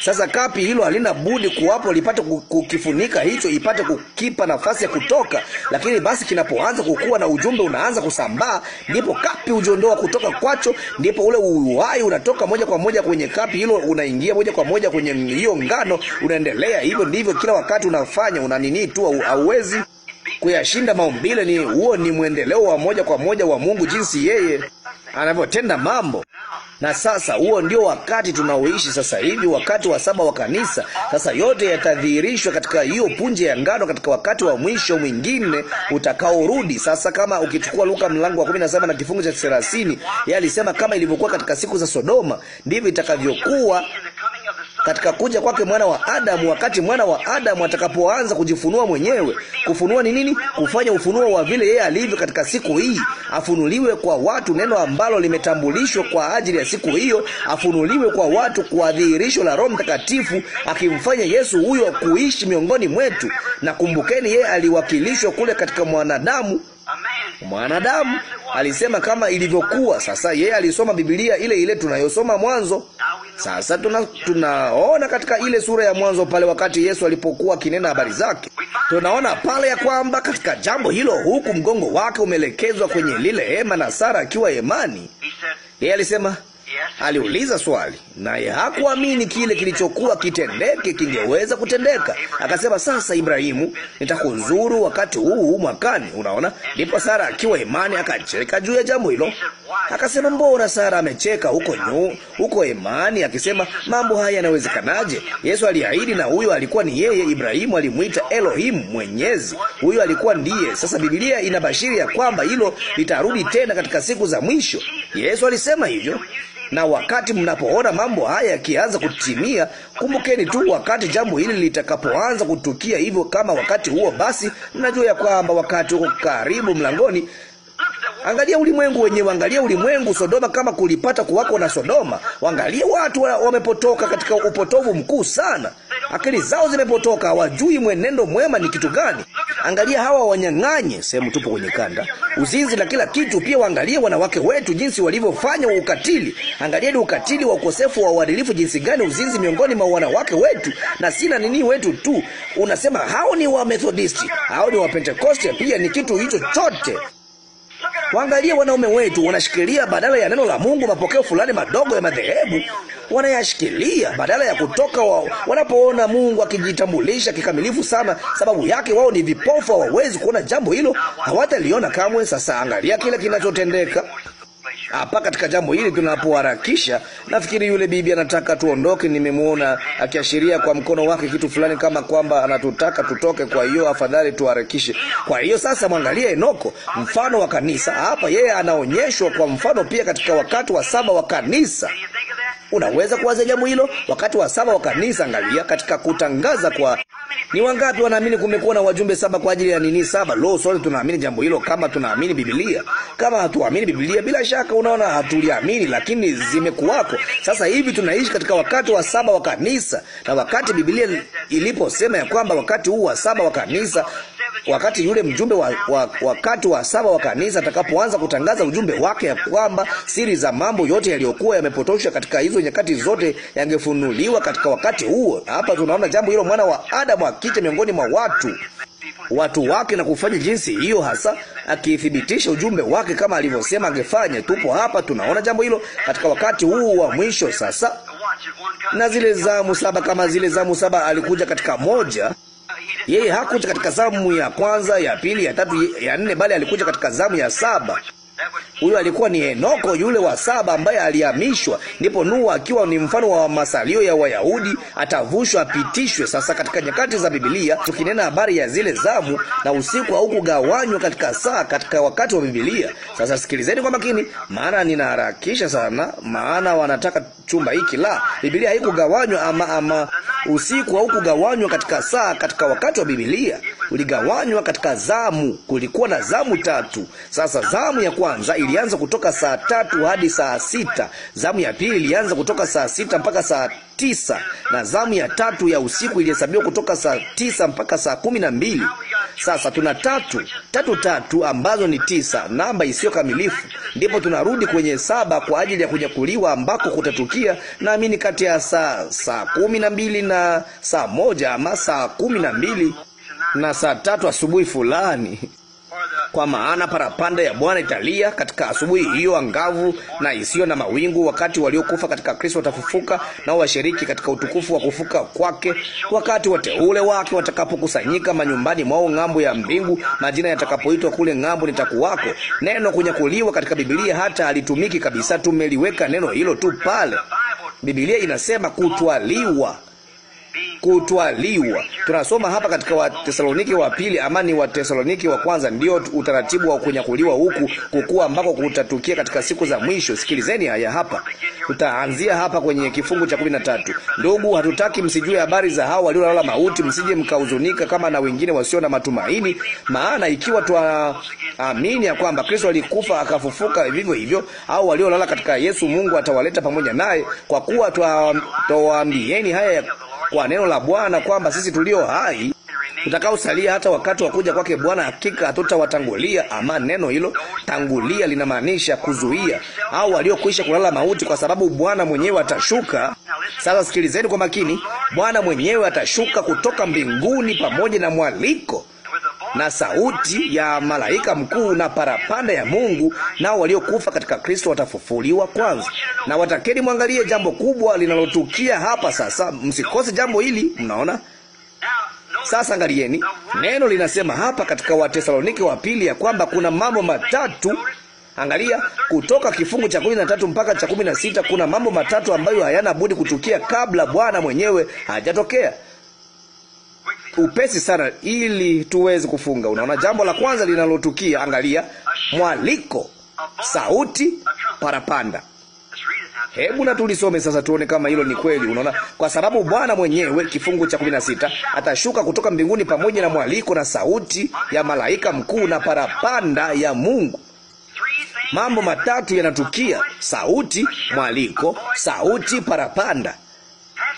Sasa kapi hilo halina budi kuwapo lipate kukifunika hicho, ipate kukipa nafasi ya kutoka. Lakini basi kinapoanza kukua na ujumbe unaanza kusambaa, ndipo kapi hujiondoa kutoka kwacho, ndipo ule uhai unatoka moja kwa moja kwenye kapi hilo, unaingia moja kwa moja kwenye hiyo ngano, unaendelea hivyo. Ndivyo kila wakati unafanya, una nini tu, hauwezi au Kuyashinda maumbile ni huo, ni mwendeleo wa moja kwa moja wa Mungu, jinsi yeye anavyotenda mambo. Na sasa huo ndio wakati tunaoishi sasa hivi, wakati wa saba wa kanisa. Sasa yote yatadhihirishwa katika hiyo punje ya ngano, katika wakati wa mwisho mwingine utakaorudi. Sasa kama ukichukua Luka mlango wa 17 na kifungu cha 30, yeye alisema kama ilivyokuwa katika siku za Sodoma, ndivyo itakavyokuwa katika kuja kwake mwana wa Adamu, wakati mwana wa Adamu atakapoanza kujifunua mwenyewe. Kufunua ni nini? Kufanya ufunuo wa vile yeye alivyo katika siku hii, afunuliwe kwa watu, neno ambalo limetambulishwa kwa ajili ya siku hiyo, afunuliwe kwa watu kwa dhihirisho la Roho Mtakatifu, akimfanya Yesu huyo kuishi miongoni mwetu. Na kumbukeni, yeye aliwakilishwa kule katika mwanadamu mwanadamu. Alisema kama ilivyokuwa. Sasa yeye alisoma Biblia ile ile tunayosoma Mwanzo. Sasa tuna, tunaona katika ile sura ya Mwanzo pale wakati Yesu alipokuwa akinena habari zake, tunaona pale ya kwamba katika jambo hilo, huku mgongo wake umeelekezwa kwenye lile hema na Sara akiwa hemani, yeye alisema aliuliza swali, naye hakuamini kile kilichokuwa kitendeke kingeweza kutendeka. Akasema, sasa Ibrahimu, nitakunzuru wakati huu mwakani. Unaona, ndipo Sara akiwa imani akacheka juu ya jambo hilo. Akasema, mbona Sara amecheka huko nyu huko imani, akisema mambo haya yanawezekanaje? Yesu aliahidi, na huyo alikuwa ni yeye. Ibrahimu alimwita Elohim, mwenyezi. Huyo alikuwa ndiye. Sasa Biblia inabashiri ya kwamba hilo litarudi tena katika siku za mwisho. Yesu alisema hivyo. Na wakati mnapoona mambo haya yakianza kutimia, kumbukeni tu wakati jambo hili litakapoanza kutukia hivyo kama wakati huo, basi mnajua ya kwamba wakati uko karibu mlangoni. Angalia ulimwengu wenyewe, angalia ulimwengu Sodoma, kama kulipata kuwako na Sodoma. Angalia watu wamepotoka katika upotovu mkuu sana, akili zao zimepotoka, hawajui mwenendo mwema ni kitu gani. Angalia hawa wanyang'anye, sehemu tupo kwenye kanda, uzinzi na kila kitu. Pia waangalie wanawake wetu, jinsi walivyofanya ukatili. ni ukatili wa ukosefu wa uadilifu, jinsi gani uzinzi miongoni mwa wanawake wetu, na sina nini wetu tu. Unasema hao ni wa Methodisti, hao ni wa Pentekoste, pia ni kitu hicho chote. Waangalie wanaume wetu wanashikilia badala ya neno la Mungu mapokeo fulani madogo ya madhehebu, wanayashikilia badala ya kutoka wao. Wanapoona Mungu akijitambulisha kikamilifu sana, sababu yake wao ni vipofu, hawawezi kuona jambo hilo, hawataliona kamwe. Sasa angalia kile kinachotendeka hapa katika jambo hili tunapoharakisha. Nafikiri yule bibi anataka tuondoke, nimemwona akiashiria kwa mkono wake kitu fulani, kama kwamba anatutaka tutoke, kwa hiyo afadhali tuharakishe. Kwa hiyo sasa, mwangalie Enoko, mfano wa kanisa hapa. Yeye anaonyeshwa kwa mfano pia katika wakati wa saba wa kanisa. Unaweza kuwaza jambo hilo? Wakati wa saba wa kanisa, angalia katika kutangaza kwa ni wangapi wanaamini kumekuwa na wajumbe saba kwa ajili ya nini saba? Lo, sote tunaamini jambo hilo kama tunaamini Biblia. Kama hatuamini Biblia, bila shaka unaona hatuliamini, lakini zimekuwako. Sasa hivi tunaishi katika wakati wa saba wa kanisa, na wakati Biblia iliposema ya kwamba wakati huu wa saba wa kanisa wakati yule mjumbe wa, wa, wakati wa saba wa kanisa atakapoanza kutangaza ujumbe wake ya kwamba siri za mambo yote yaliyokuwa yamepotoshwa katika hizo nyakati zote yangefunuliwa katika wakati huo. hapa tunaona jambo hilo, mwana wa Adamu akite miongoni mwa watu watu wake na kufanya jinsi hiyo hasa, akithibitisha ujumbe wake kama alivyosema angefanya. Tupo hapa tunaona jambo hilo katika wakati huu wa mwisho sasa. Na zile zamu saba, kama zile zamu saba alikuja katika moja yeye hakuja katika zamu ya kwanza, ya pili, ya tatu, ya nne, bali alikuja katika zamu ya saba. Huyo alikuwa ni Enoko yule wa saba ambaye alihamishwa. Ndipo Nuhu akiwa ni mfano wa masalio ya Wayahudi atavushwa, apitishwe. Sasa katika nyakati za Biblia tukinena habari ya zile zamu na usiku au kugawanywa katika saa katika wakati wa Biblia. Sasa sikilizeni kwa makini, maana ninaharakisha sana, maana wanataka chumba hiki la Biblia haikugawanywa ama, ama usiku kugawanywa katika saa katika wakati wa Biblia uligawanywa katika zamu. Kulikuwa na zamu tatu. Sasa zamu ya kwanza ilianza kutoka saa tatu hadi saa sita. Zamu ya pili ilianza kutoka saa sita mpaka saa tisa, na zamu ya tatu ya usiku ilihesabiwa kutoka saa tisa mpaka saa kumi na mbili. Sasa tuna tatu tatu tatu ambazo ni tisa, namba isiyo kamilifu. Ndipo tunarudi kwenye saba kwa ajili ya kunyakuliwa ambako kutatukia, naamini kati ya saa saa kumi na mbili na saa moja ama saa kumi na mbili na saa tatu asubuhi fulani, kwa maana parapanda ya Bwana italia katika asubuhi hiyo angavu na isiyo na mawingu. Wakati waliokufa katika Kristo watafufuka, nao washiriki katika utukufu wa kufuka kwake, wakati wateule wake watakapokusanyika manyumbani mwao ng'ambo ya mbingu, majina yatakapoitwa kule ng'ambo, nitakuwako. Neno kunyakuliwa katika Bibilia hata halitumiki kabisa, tumeliweka neno hilo tu pale. Bibilia inasema kutwaliwa kutwaliwa. Tunasoma hapa katika watesaloniki wa pili, ama ni watesaloniki wa kwanza, ndio utaratibu wa kunyakuliwa huku kukua ambako kutatukia katika siku za mwisho. Sikilizeni haya hapa, tutaanzia hapa kwenye kifungu cha kumi na tatu. Ndugu, hatutaki msijue habari za hao waliolala mauti, msije mkahuzunika kama na wengine wasio na matumaini. Maana ikiwa twaamini ya kwamba Kristo alikufa akafufuka, vivyo hivyo au waliolala katika Yesu, Mungu atawaleta pamoja naye. Kwa kuwa twawaambieni haya ya kwa neno la Bwana kwamba sisi tulio hai tutakaosalia hata wakati wa kuja kwake Bwana hakika hatutawatangulia. Ama neno hilo tangulia linamaanisha kuzuia, au waliokwisha kulala mauti, kwa sababu Bwana mwenyewe atashuka. Sasa sikilizeni kwa makini, Bwana mwenyewe atashuka kutoka mbinguni pamoja na mwaliko na sauti ya malaika mkuu na parapanda ya Mungu, nao waliokufa katika Kristo watafufuliwa kwanza. Na watakeni mwangalie jambo kubwa linalotukia hapa sasa, msikose jambo hili. Mnaona sasa, angalieni neno linasema hapa katika Watesalonike wa pili ya kwamba kuna mambo matatu Angalia kutoka kifungu cha kumi na tatu mpaka cha kumi na sita kuna mambo matatu ambayo hayana budi kutukia kabla Bwana mwenyewe hajatokea upesi sana ili tuweze kufunga. Unaona, jambo la kwanza linalotukia, angalia, mwaliko, sauti, parapanda. Hebu na tulisome sasa, tuone kama hilo ni kweli. Unaona, kwa sababu Bwana mwenyewe, kifungu cha sita, atashuka kutoka mbinguni pamoja na mwaliko na sauti ya malaika mkuu na parapanda ya Mungu. Mambo matatu yanatukia: sauti, mwaliko, sauti, parapanda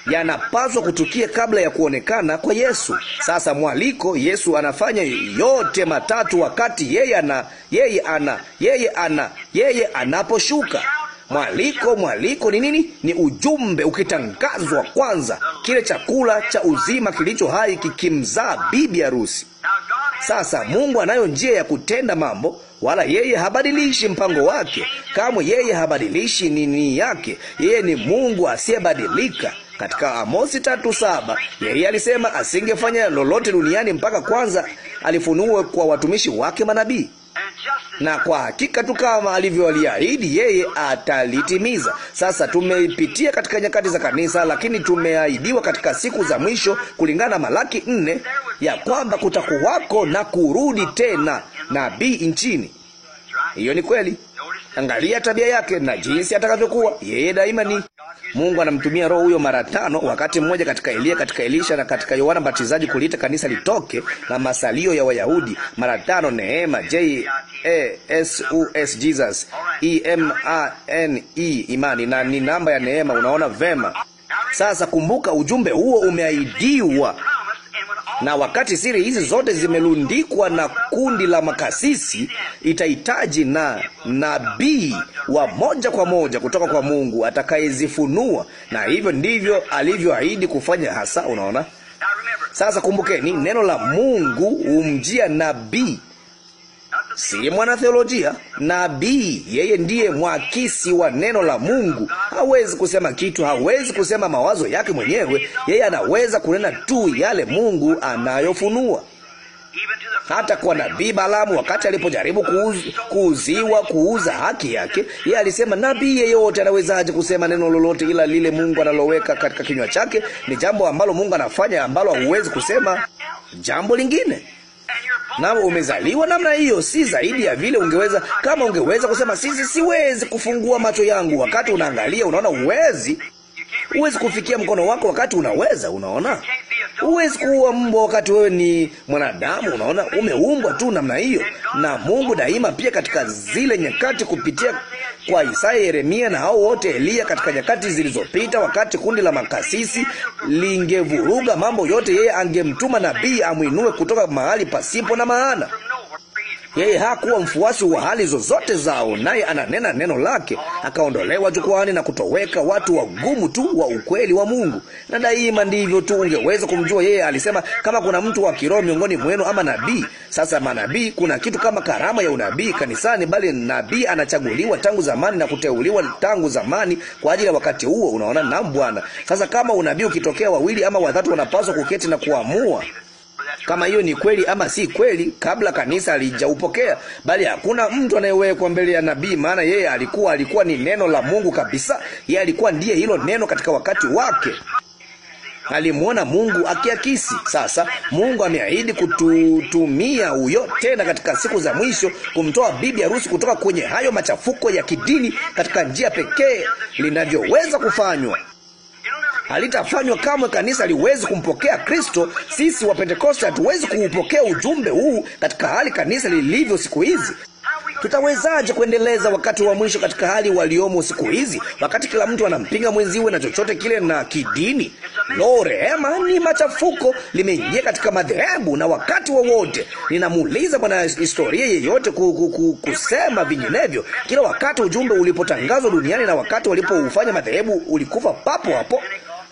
yanapaswa kutukia kabla ya kuonekana kwa Yesu. Sasa mwaliko, Yesu anafanya yote matatu wakati yeye ana yeye ana yeye ana yeye anaposhuka. Mwaliko, mwaliko ni nini? Ni ujumbe ukitangazwa kwanza, kile chakula cha uzima kilicho hai kikimzaa bibi harusi. Sasa Mungu anayo njia ya kutenda mambo, wala yeye habadilishi mpango wake kamwe. Yeye habadilishi nini yake. Yeye ni Mungu asiyebadilika. Katika Amosi tatu saba yeye alisema asingefanya lolote duniani mpaka kwanza alifunue kwa watumishi wake manabii na kwa hakika tu kama alivyoliahidi yeye atalitimiza. Sasa tumeipitia katika nyakati za kanisa, lakini tumeahidiwa katika siku za mwisho kulingana na Malaki nne ya kwamba kutakuwako na kurudi tena nabii nchini. Hiyo ni kweli. Angalia tabia yake na jinsi atakavyokuwa yeye. Daima ni Mungu anamtumia roho huyo mara tano, wakati mmoja katika Elia, katika Elisha na katika Yohana Mbatizaji kuliita kanisa litoke na masalio ya Wayahudi mara tano. Neema, J A e S U S, Jesus E M A N E, imani, na ni namba ya neema. Unaona vema sasa. Kumbuka ujumbe huo umeahidiwa na wakati siri hizi zote zimelundikwa na kundi la makasisi, itahitaji na nabii wa moja kwa moja kutoka kwa Mungu atakayezifunua, na hivyo ndivyo alivyoahidi kufanya hasa. Unaona sasa, kumbukeni neno la Mungu humjia nabii si mwanatheolojia, nabii. Yeye ndiye mwakisi wa neno la Mungu. Hawezi kusema kitu, hawezi kusema mawazo yake mwenyewe. Yeye anaweza kunena tu yale Mungu anayofunua. Hata kwa nabii Balamu, wakati alipojaribu kuuziwa kuuza haki yake, yeye alisema, nabii yeyote anawezaje kusema neno lolote ila lile Mungu analoweka katika kinywa chake? Ni jambo ambalo Mungu anafanya ambalo huwezi kusema jambo lingine nawe umezaliwa namna hiyo, si zaidi ya vile ungeweza. Kama ungeweza kusema sisi, siwezi kufungua macho yangu, wakati unaangalia unaona uwezi Huwezi kufikia mkono wako wakati unaweza, unaona. Huwezi kuwa mbwa wakati wewe ni mwanadamu, unaona. Umeumbwa tu namna hiyo na Mungu daima, pia katika zile nyakati kupitia kwa Isaya, Yeremia na hao wote Eliya, katika nyakati zilizopita, wakati kundi la makasisi lingevuruga mambo yote, yeye angemtuma nabii amwinue kutoka mahali pasipo na maana. Yeye hakuwa mfuasi wa hali zozote zao, naye ananena neno lake. Akaondolewa jukwani na kutoweka, watu wagumu tu wa ukweli wa Mungu. Na daima ndivyo tu ungeweza kumjua yeye. Alisema kama kuna mtu wa kiroho miongoni mwenu ama nabii. Sasa manabii, kuna kitu kama karama ya unabii kanisani, bali nabii anachaguliwa tangu zamani na kuteuliwa tangu zamani kwa ajili ya wakati huo. Unaona? Naam, Bwana. Sasa kama unabii ukitokea, wawili ama watatu wanapaswa kuketi na kuamua kama hiyo ni kweli ama si kweli, kabla kanisa alijaupokea. Bali hakuna mtu anayewekwa mbele ya nabii, maana yeye alikuwa alikuwa ni neno la Mungu kabisa. Yeye alikuwa ndiye hilo neno katika wakati wake alimwona Mungu akiakisi. Sasa Mungu ameahidi kututumia huyo tena katika siku za mwisho kumtoa bibi harusi kutoka kwenye hayo machafuko ya kidini katika njia pekee linavyoweza kufanywa halitafanywa kamwe. Kanisa liwezi kumpokea Kristo. Sisi wa Pentekoste hatuwezi kuupokea ujumbe huu katika hali kanisa lilivyo siku hizi. Tutawezaje kuendeleza wakati wa mwisho katika hali waliomo siku hizi, wakati kila mtu anampinga mwenziwe na chochote kile na kidini? Lo, rehema ni machafuko, limeingia katika madhehebu na wakati wowote wa ninamuuliza bwana historia yeyote kusema vinginevyo. Kila wakati ujumbe ulipotangazwa duniani na wakati walipoufanya madhehebu, ulikufa papo hapo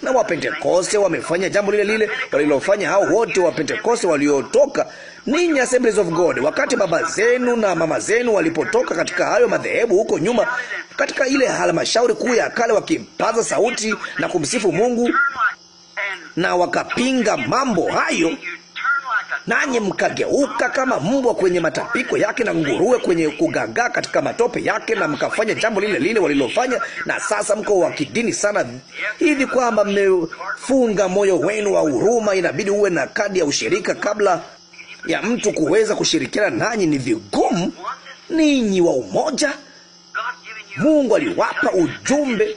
na Wapentekoste wamefanya jambo lile lile walilofanya hao wote Wapentekoste waliotoka ninyi Assemblies of God, wakati baba zenu na mama zenu walipotoka katika hayo madhehebu huko nyuma, katika ile halmashauri kuu ya kale, wakipaza sauti na kumsifu Mungu na wakapinga mambo hayo nanyi mkageuka kama mbwa kwenye matapiko yake na nguruwe kwenye kugagaa katika matope yake, na mkafanya jambo lile lile walilofanya. Na sasa mko wa kidini sana hivi kwamba mmefunga moyo wenu wa huruma. Inabidi uwe na kadi ya ushirika kabla ya mtu kuweza kushirikiana nanyi. Ni vigumu ninyi wa umoja. Mungu aliwapa ujumbe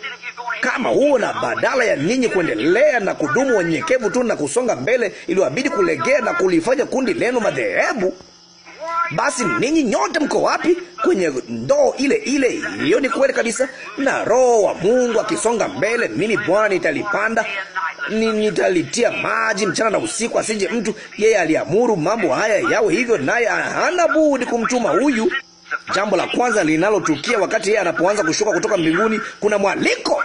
kama huo, na badala ya ninyi kuendelea na kudumu wenyekevu tu na kusonga mbele, iliwabidi kulegea na kulifanya kundi lenu madhehebu. Basi ninyi nyote mko wapi? Kwenye ndoo ile ile. Hiyo ni kweli kabisa. Na Roho wa Mungu akisonga mbele, mimi Bwana nitalipanda, nitalitia maji mchana na usiku, asije mtu yeye aliamuru mambo haya yawe hivyo, naye hana budi kumtuma huyu Jambo la kwanza linalotukia wakati yeye anapoanza kushuka kutoka mbinguni, kuna mwaliko.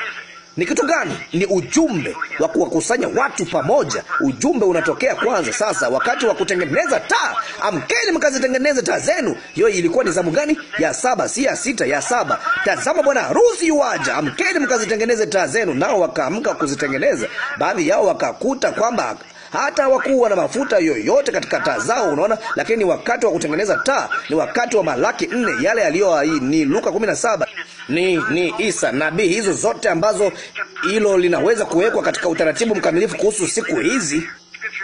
Ni kitu gani? Ni ujumbe wa kuwakusanya watu pamoja. Ujumbe unatokea kwanza. Sasa wakati wa kutengeneza taa, amkeni mkazitengeneze taa zenu. Hiyo ilikuwa ni zamu gani? Ya saba, si ya sita, ya saba. Tazama, bwana harusi yuaja, amkeni mkazitengeneze taa zenu. Nao wakaamka kuzitengeneza. Baadhi yao wakakuta kwamba hata hawakuwa na mafuta yoyote katika taa zao, unaona. Lakini ni wakati wa kutengeneza taa, ni wakati wa Malaki nne yale yaliyo ni Luka 17 ni ni Isa nabii, hizo zote ambazo hilo linaweza kuwekwa katika utaratibu mkamilifu kuhusu siku hizi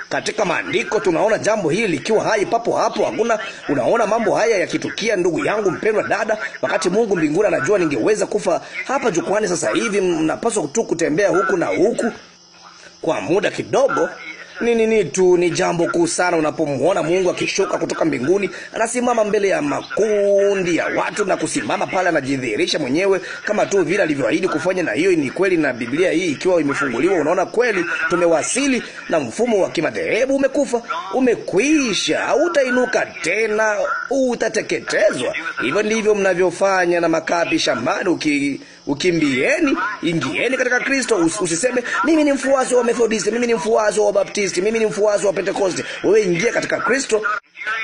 katika maandiko tunaona jambo hili likiwa hai papo hapo. Hakuna unaona mambo haya yakitukia, ndugu yangu mpendwa, dada. Wakati Mungu mbinguni anajua, ningeweza kufa hapa jukwani sasa hivi. Mnapaswa tu kutembea huku na huku kwa muda kidogo, ni nini tu, ni jambo kuu sana unapomwona Mungu akishuka kutoka mbinguni, anasimama mbele ya makundi ya watu na kusimama pale, anajidhihirisha mwenyewe kama tu vile alivyoahidi kufanya, na hiyo ni kweli. Na Biblia hii ikiwa imefunguliwa, unaona kweli tumewasili, na mfumo wa kimadhehebu umekufa, umekwisha, hautainuka tena, utateketezwa. Hivyo ndivyo mnavyofanya na makapi shambani uki Ukimbieni, ingieni katika Kristo. Usiseme mimi ni mfuasi wa Methodisti, mimi ni mfuasi wa Baptisti, mimi ni mfuasi wa Pentekoste. Wewe ingia katika Kristo.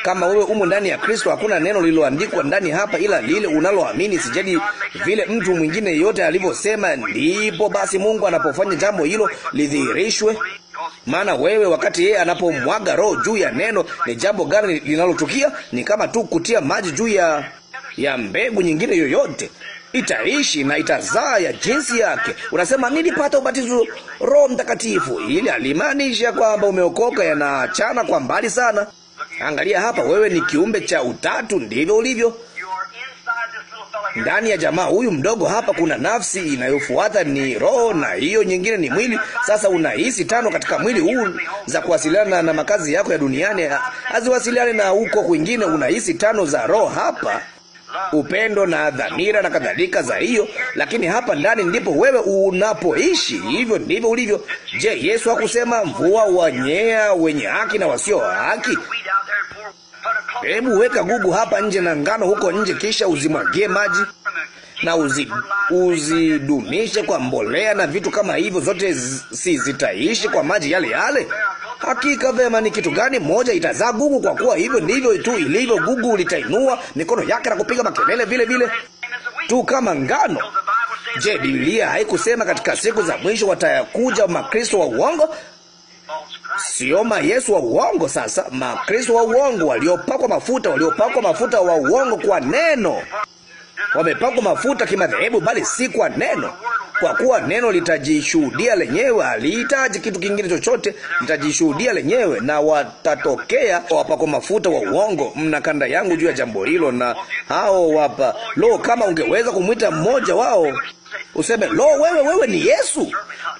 Kama wewe umo ndani ya Kristo, hakuna neno lililoandikwa ndani hapa ila lile unaloamini. Sijali vile mtu mwingine yote alivyosema. Ndipo basi Mungu anapofanya jambo hilo lidhihirishwe. Maana wewe wakati yeye anapomwaga roho juu ya neno, ni jambo gani linalotukia? Ni kama tu kutia maji juu ya ya mbegu nyingine yoyote itaishi na itazaa ya jinsi yake. Unasema nilipata ubatizo Roho Mtakatifu, ili alimaanisha kwamba umeokoka, yanaachana kwa mbali sana. Angalia hapa, wewe ni kiumbe cha utatu, ndivyo ulivyo ndani ya jamaa huyu mdogo hapa. Kuna nafsi inayofuata ni roho, na hiyo nyingine ni mwili. Sasa unahisi tano katika mwili huu za kuwasiliana na makazi yako ya duniani, haziwasiliane na huko kwingine. Unahisi tano za roho hapa upendo na dhamira na kadhalika za hiyo, lakini hapa ndani ndipo wewe unapoishi. Hivyo ndivyo ulivyo. Je, Yesu hakusema mvua wanyea wenye haki na wasio haki? Hebu weka gugu hapa nje na ngano huko nje, kisha uzimwagie maji na uzidumishe kwa mbolea na vitu kama hivyo, zote si zitaishi kwa maji yale yale? Hakika vema, ni kitu gani? Moja itazaa gugu, kwa kuwa hivyo ndivyo tu ilivyo. Gugu litainua mikono yake na kupiga makelele vile vile tu kama ngano. Je, Biblia haikusema katika siku za mwisho watakuja makristo wa uongo? Sio Yesu wa uongo. Sasa makristo wa uongo, waliopakwa mafuta, waliopakwa mafuta wa uongo kwa neno wamepakwa mafuta kimadhehebu, bali si kwa neno, kwa kuwa neno litajishuhudia lenyewe, Alihitaji kitu kingine chochote, litajishuhudia lenyewe. Na watatokea wapakwa mafuta wa uongo. Mna kanda yangu juu ya jambo hilo, na hao wapa. Lo, kama ungeweza kumwita mmoja wao Useme lo wewe, wewe ni Yesu?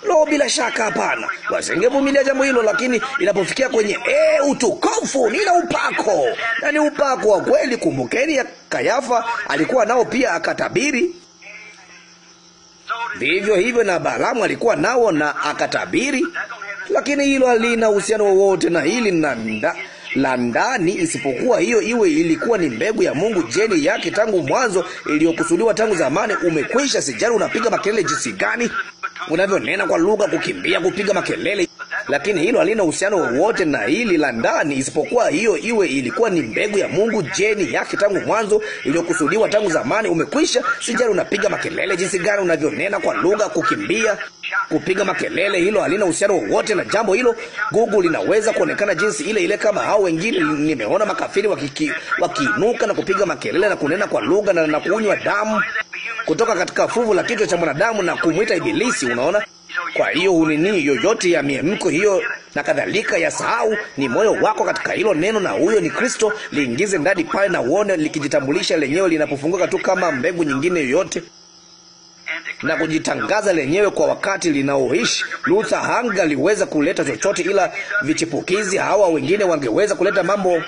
Lo, bila shaka hapana. Wasingevumilia jambo hilo, lakini inapofikia kwenye e, utukufu, nina upako na ni upako wa kweli. Kumbukeni ya Kayafa alikuwa nao pia, akatabiri vivyo hivyo, na balamu alikuwa nao na akatabiri, lakini hilo halina uhusiano wowote na hili na la ndani, isipokuwa hiyo iwe ilikuwa ni mbegu ya Mungu, jeni yake tangu mwanzo, iliyokusudiwa tangu zamani. Umekwisha. Sijali unapiga makelele jinsi gani unavyonena kwa lugha, kukimbia, kupiga makelele, lakini hilo halina uhusiano wowote na hili la ndani, isipokuwa hiyo iwe ilikuwa ni mbegu ya Mungu, jeni yake tangu mwanzo, iliyokusudiwa tangu zamani. Umekwisha. Sijali unapiga makelele jinsi gani, unavyonena kwa lugha, kukimbia, kupiga makelele, hilo halina uhusiano wowote na jambo hilo. Google linaweza kuonekana jinsi ile ile kama hao wengine. Nimeona makafiri wakiki, wakiinuka na kupiga makelele na kunena kwa lugha na, na kunywa damu kutoka katika fuvu la kichwa cha mwanadamu na kumwita Ibilisi unaona? Kwa hiyo unini yoyote ya miemko hiyo na kadhalika ya sahau, ni moyo wako katika hilo neno, na huyo ni Kristo. Liingize ndani pale na uone likijitambulisha lenyewe linapofunguka tu kama mbegu nyingine yoyote na kujitangaza lenyewe kwa wakati linaoishi. Luther liweza kuleta chochote ila vichipukizi hawa, wengine wangeweza kuleta mambo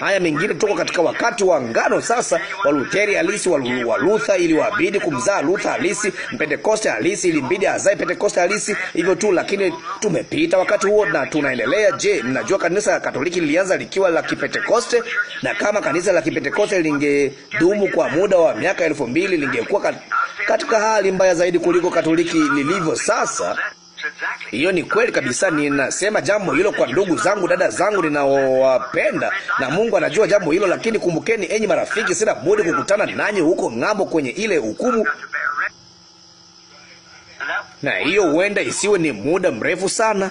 haya mengine toka katika wakati wa ngano. Sasa Waluteri halisi wa Lutha iliwabidi kumzaa Lutha halisi, Mpentekoste halisi ilimbidi azae Pentekoste halisi, hivyo tu. Lakini tumepita wakati huo na tunaendelea. Je, mnajua kanisa la Katoliki lilianza likiwa la Kipentekoste, na kama kanisa la Kipentekoste lingedumu kwa muda wa miaka elfu mbili lingekuwa katika hali mbaya zaidi kuliko Katoliki lilivyo sasa. Hiyo ni kweli kabisa. Ninasema jambo hilo kwa ndugu zangu, dada zangu ninaowapenda, na Mungu anajua jambo hilo. Lakini kumbukeni, enyi marafiki, sina budi kukutana nanyi huko ng'ambo kwenye ile hukumu na hiyo huenda isiwe ni muda mrefu sana.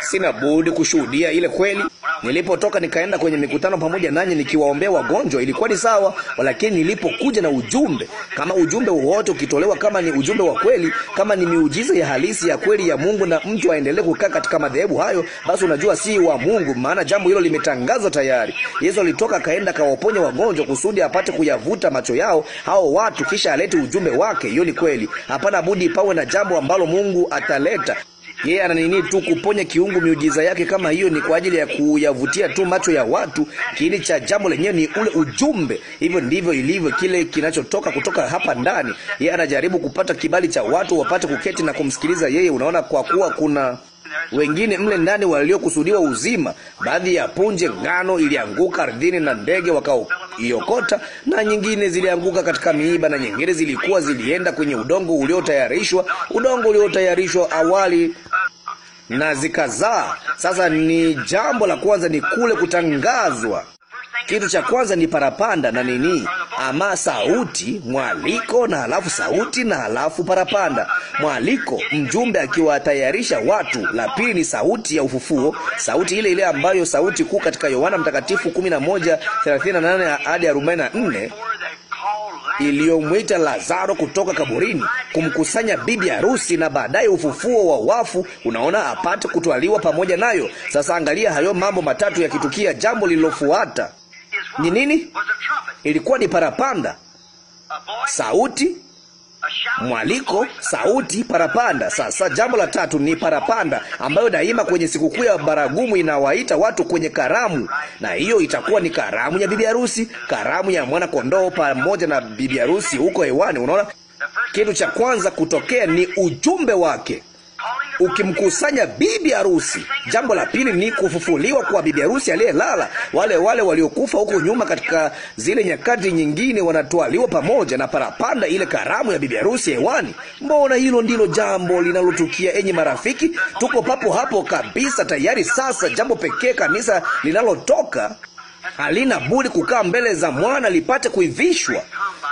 Sina budi kushuhudia ile kweli. Nilipotoka nikaenda kwenye mikutano pamoja nanyi nikiwaombea wagonjwa, ilikuwa ni sawa, lakini nilipokuja na ujumbe, kama ujumbe wowote ukitolewa, kama ni ujumbe wa kweli, kama ni miujiza ya halisi ya kweli ya Mungu, na mtu aendelee kukaa katika madhehebu hayo, basi unajua si wa Mungu, maana jambo hilo limetangazwa tayari. Yesu alitoka akaenda akawaponya wagonjwa kusudi apate kuyavuta macho yao hao watu, kisha alete ujumbe wake. Hiyo ni kweli, hapana budi pawe na jambo ajabu ambalo Mungu ataleta. Yeye ana nini tu kuponya kiungu. Miujiza yake kama hiyo ni kwa ajili ya kuyavutia tu macho ya watu. Kiini cha jambo lenyewe ni ule ujumbe. Hivyo ndivyo ilivyo kile kinachotoka kutoka hapa ndani. Yeye anajaribu kupata kibali cha watu wapate kuketi na kumsikiliza yeye. Unaona, kwa kuwa kuna wengine mle ndani waliokusudiwa uzima. Baadhi ya punje ngano ilianguka ardhini na ndege wakaiokota, na nyingine zilianguka katika miiba, na nyingine zilikuwa zilienda kwenye udongo uliotayarishwa, udongo uliotayarishwa awali na zikazaa. Sasa ni jambo la kwanza ni kule kutangazwa kitu cha kwanza ni parapanda na nini, ama sauti, mwaliko na halafu sauti na halafu parapanda. Mwaliko, mjumbe akiwatayarisha watu. La pili ni sauti ya ufufuo, sauti ile ile ambayo sauti kuu katika Yohana Mtakatifu 11:38 hadi 44 iliyomwita Lazaro kutoka kaburini, kumkusanya bibi harusi na baadaye ufufuo wa wafu, unaona, apate kutwaliwa pamoja nayo. Sasa angalia hayo mambo matatu yakitukia, jambo lililofuata ni nini? Ilikuwa ni parapanda, sauti, mwaliko, sauti, parapanda. Sasa jambo la tatu ni parapanda, ambayo daima kwenye sikukuu ya baragumu inawaita watu kwenye karamu, na hiyo itakuwa ni karamu ya bibi harusi, karamu ya mwana kondoo pamoja na bibi harusi huko hewani. Unaona, kitu cha kwanza kutokea ni ujumbe wake ukimkusanya bibi harusi. Jambo la pili ni kufufuliwa kwa bibi harusi aliyelala. Wale wale waliokufa huko nyuma katika zile nyakati nyingine wanatwaliwa pamoja na parapanda, ile karamu ya bibi harusi hewani. Mbona hilo ndilo jambo linalotukia, enyi marafiki. Tuko papo hapo kabisa tayari sasa. Jambo pekee kanisa linalotoka halina budi kukaa mbele za mwana lipate kuivishwa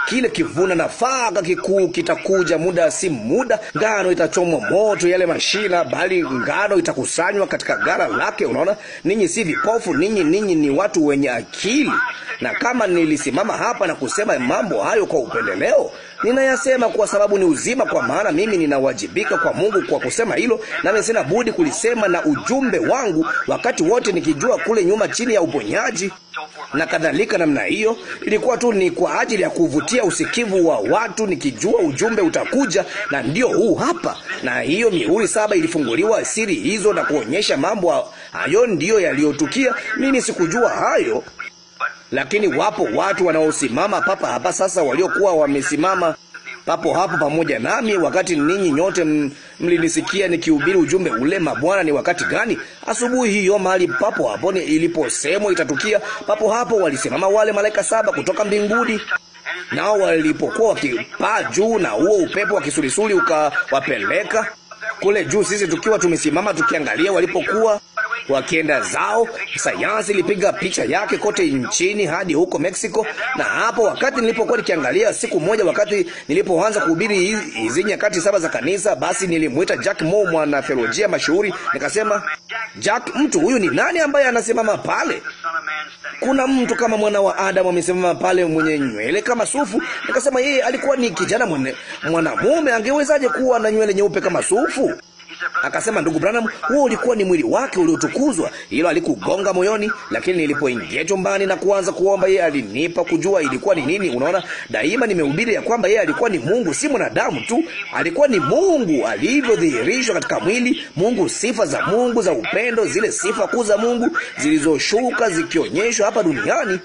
kile kivuna nafaka kikuu kitakuja muda si muda, ngano itachomwa moto yale mashina, bali ngano itakusanywa katika gara lake. Unaona, ninyi si vipofu, ninyi ninyi ni watu wenye akili. Na kama nilisimama hapa na kusema mambo hayo kwa upendeleo Ninayasema kwa sababu ni uzima, kwa maana mimi ninawajibika kwa Mungu kwa kusema hilo, nami sina budi kulisema na ujumbe wangu wakati wote, nikijua kule nyuma chini ya uponyaji na kadhalika namna hiyo, ilikuwa tu ni kwa ajili ya kuvutia usikivu wa watu, nikijua ujumbe utakuja, na ndio huu hapa. Na hiyo mihuri saba ilifunguliwa siri hizo na kuonyesha mambo hayo ndiyo yaliyotukia. Mimi sikujua hayo. Lakini wapo watu wanaosimama papa hapa sasa, waliokuwa wamesimama papo hapo pamoja nami wakati ninyi nyote mlinisikia nikihubiri ujumbe ule. Mabwana, ni wakati gani? Asubuhi hiyo, mahali papo hapo iliposemwa itatukia, papo hapo walisimama wale malaika saba kutoka mbinguni, nao walipokuwa wakipaa juu na huo upepo wa kisulisuli ukawapeleka kule juu, sisi tukiwa tumesimama tukiangalia walipokuwa wakienda zao. Sayansi ilipiga picha yake kote nchini hadi huko Mexico. Na hapo wakati nilipokuwa nikiangalia siku moja, wakati nilipoanza kuhubiri hizi nyakati saba za kanisa, basi nilimwita Jack Moore, mwanatheolojia mashuhuri, nikasema, Jack, mtu huyu ni nani ambaye anasimama pale? kuna mtu kama mwana wa Adamu amesimama pale, mwenye nywele kama sufu. Nikasema yeye alikuwa ni kijana mwanamume, angewezaje kuwa na nywele nyeupe kama sufu? Akasema, ndugu Branham, huo ulikuwa ni mwili wake uliotukuzwa. Hilo alikugonga moyoni, lakini nilipoingia chumbani na kuanza kuomba, yeye alinipa kujua ilikuwa ni nini. Unaona, daima nimehubiri ya kwamba yeye alikuwa ni Mungu, si mwanadamu tu. Alikuwa ni Mungu alivyodhihirishwa katika mwili. Mungu, sifa za Mungu za upendo, zile sifa kuu za Mungu zilizoshuka zikionyeshwa hapa duniani.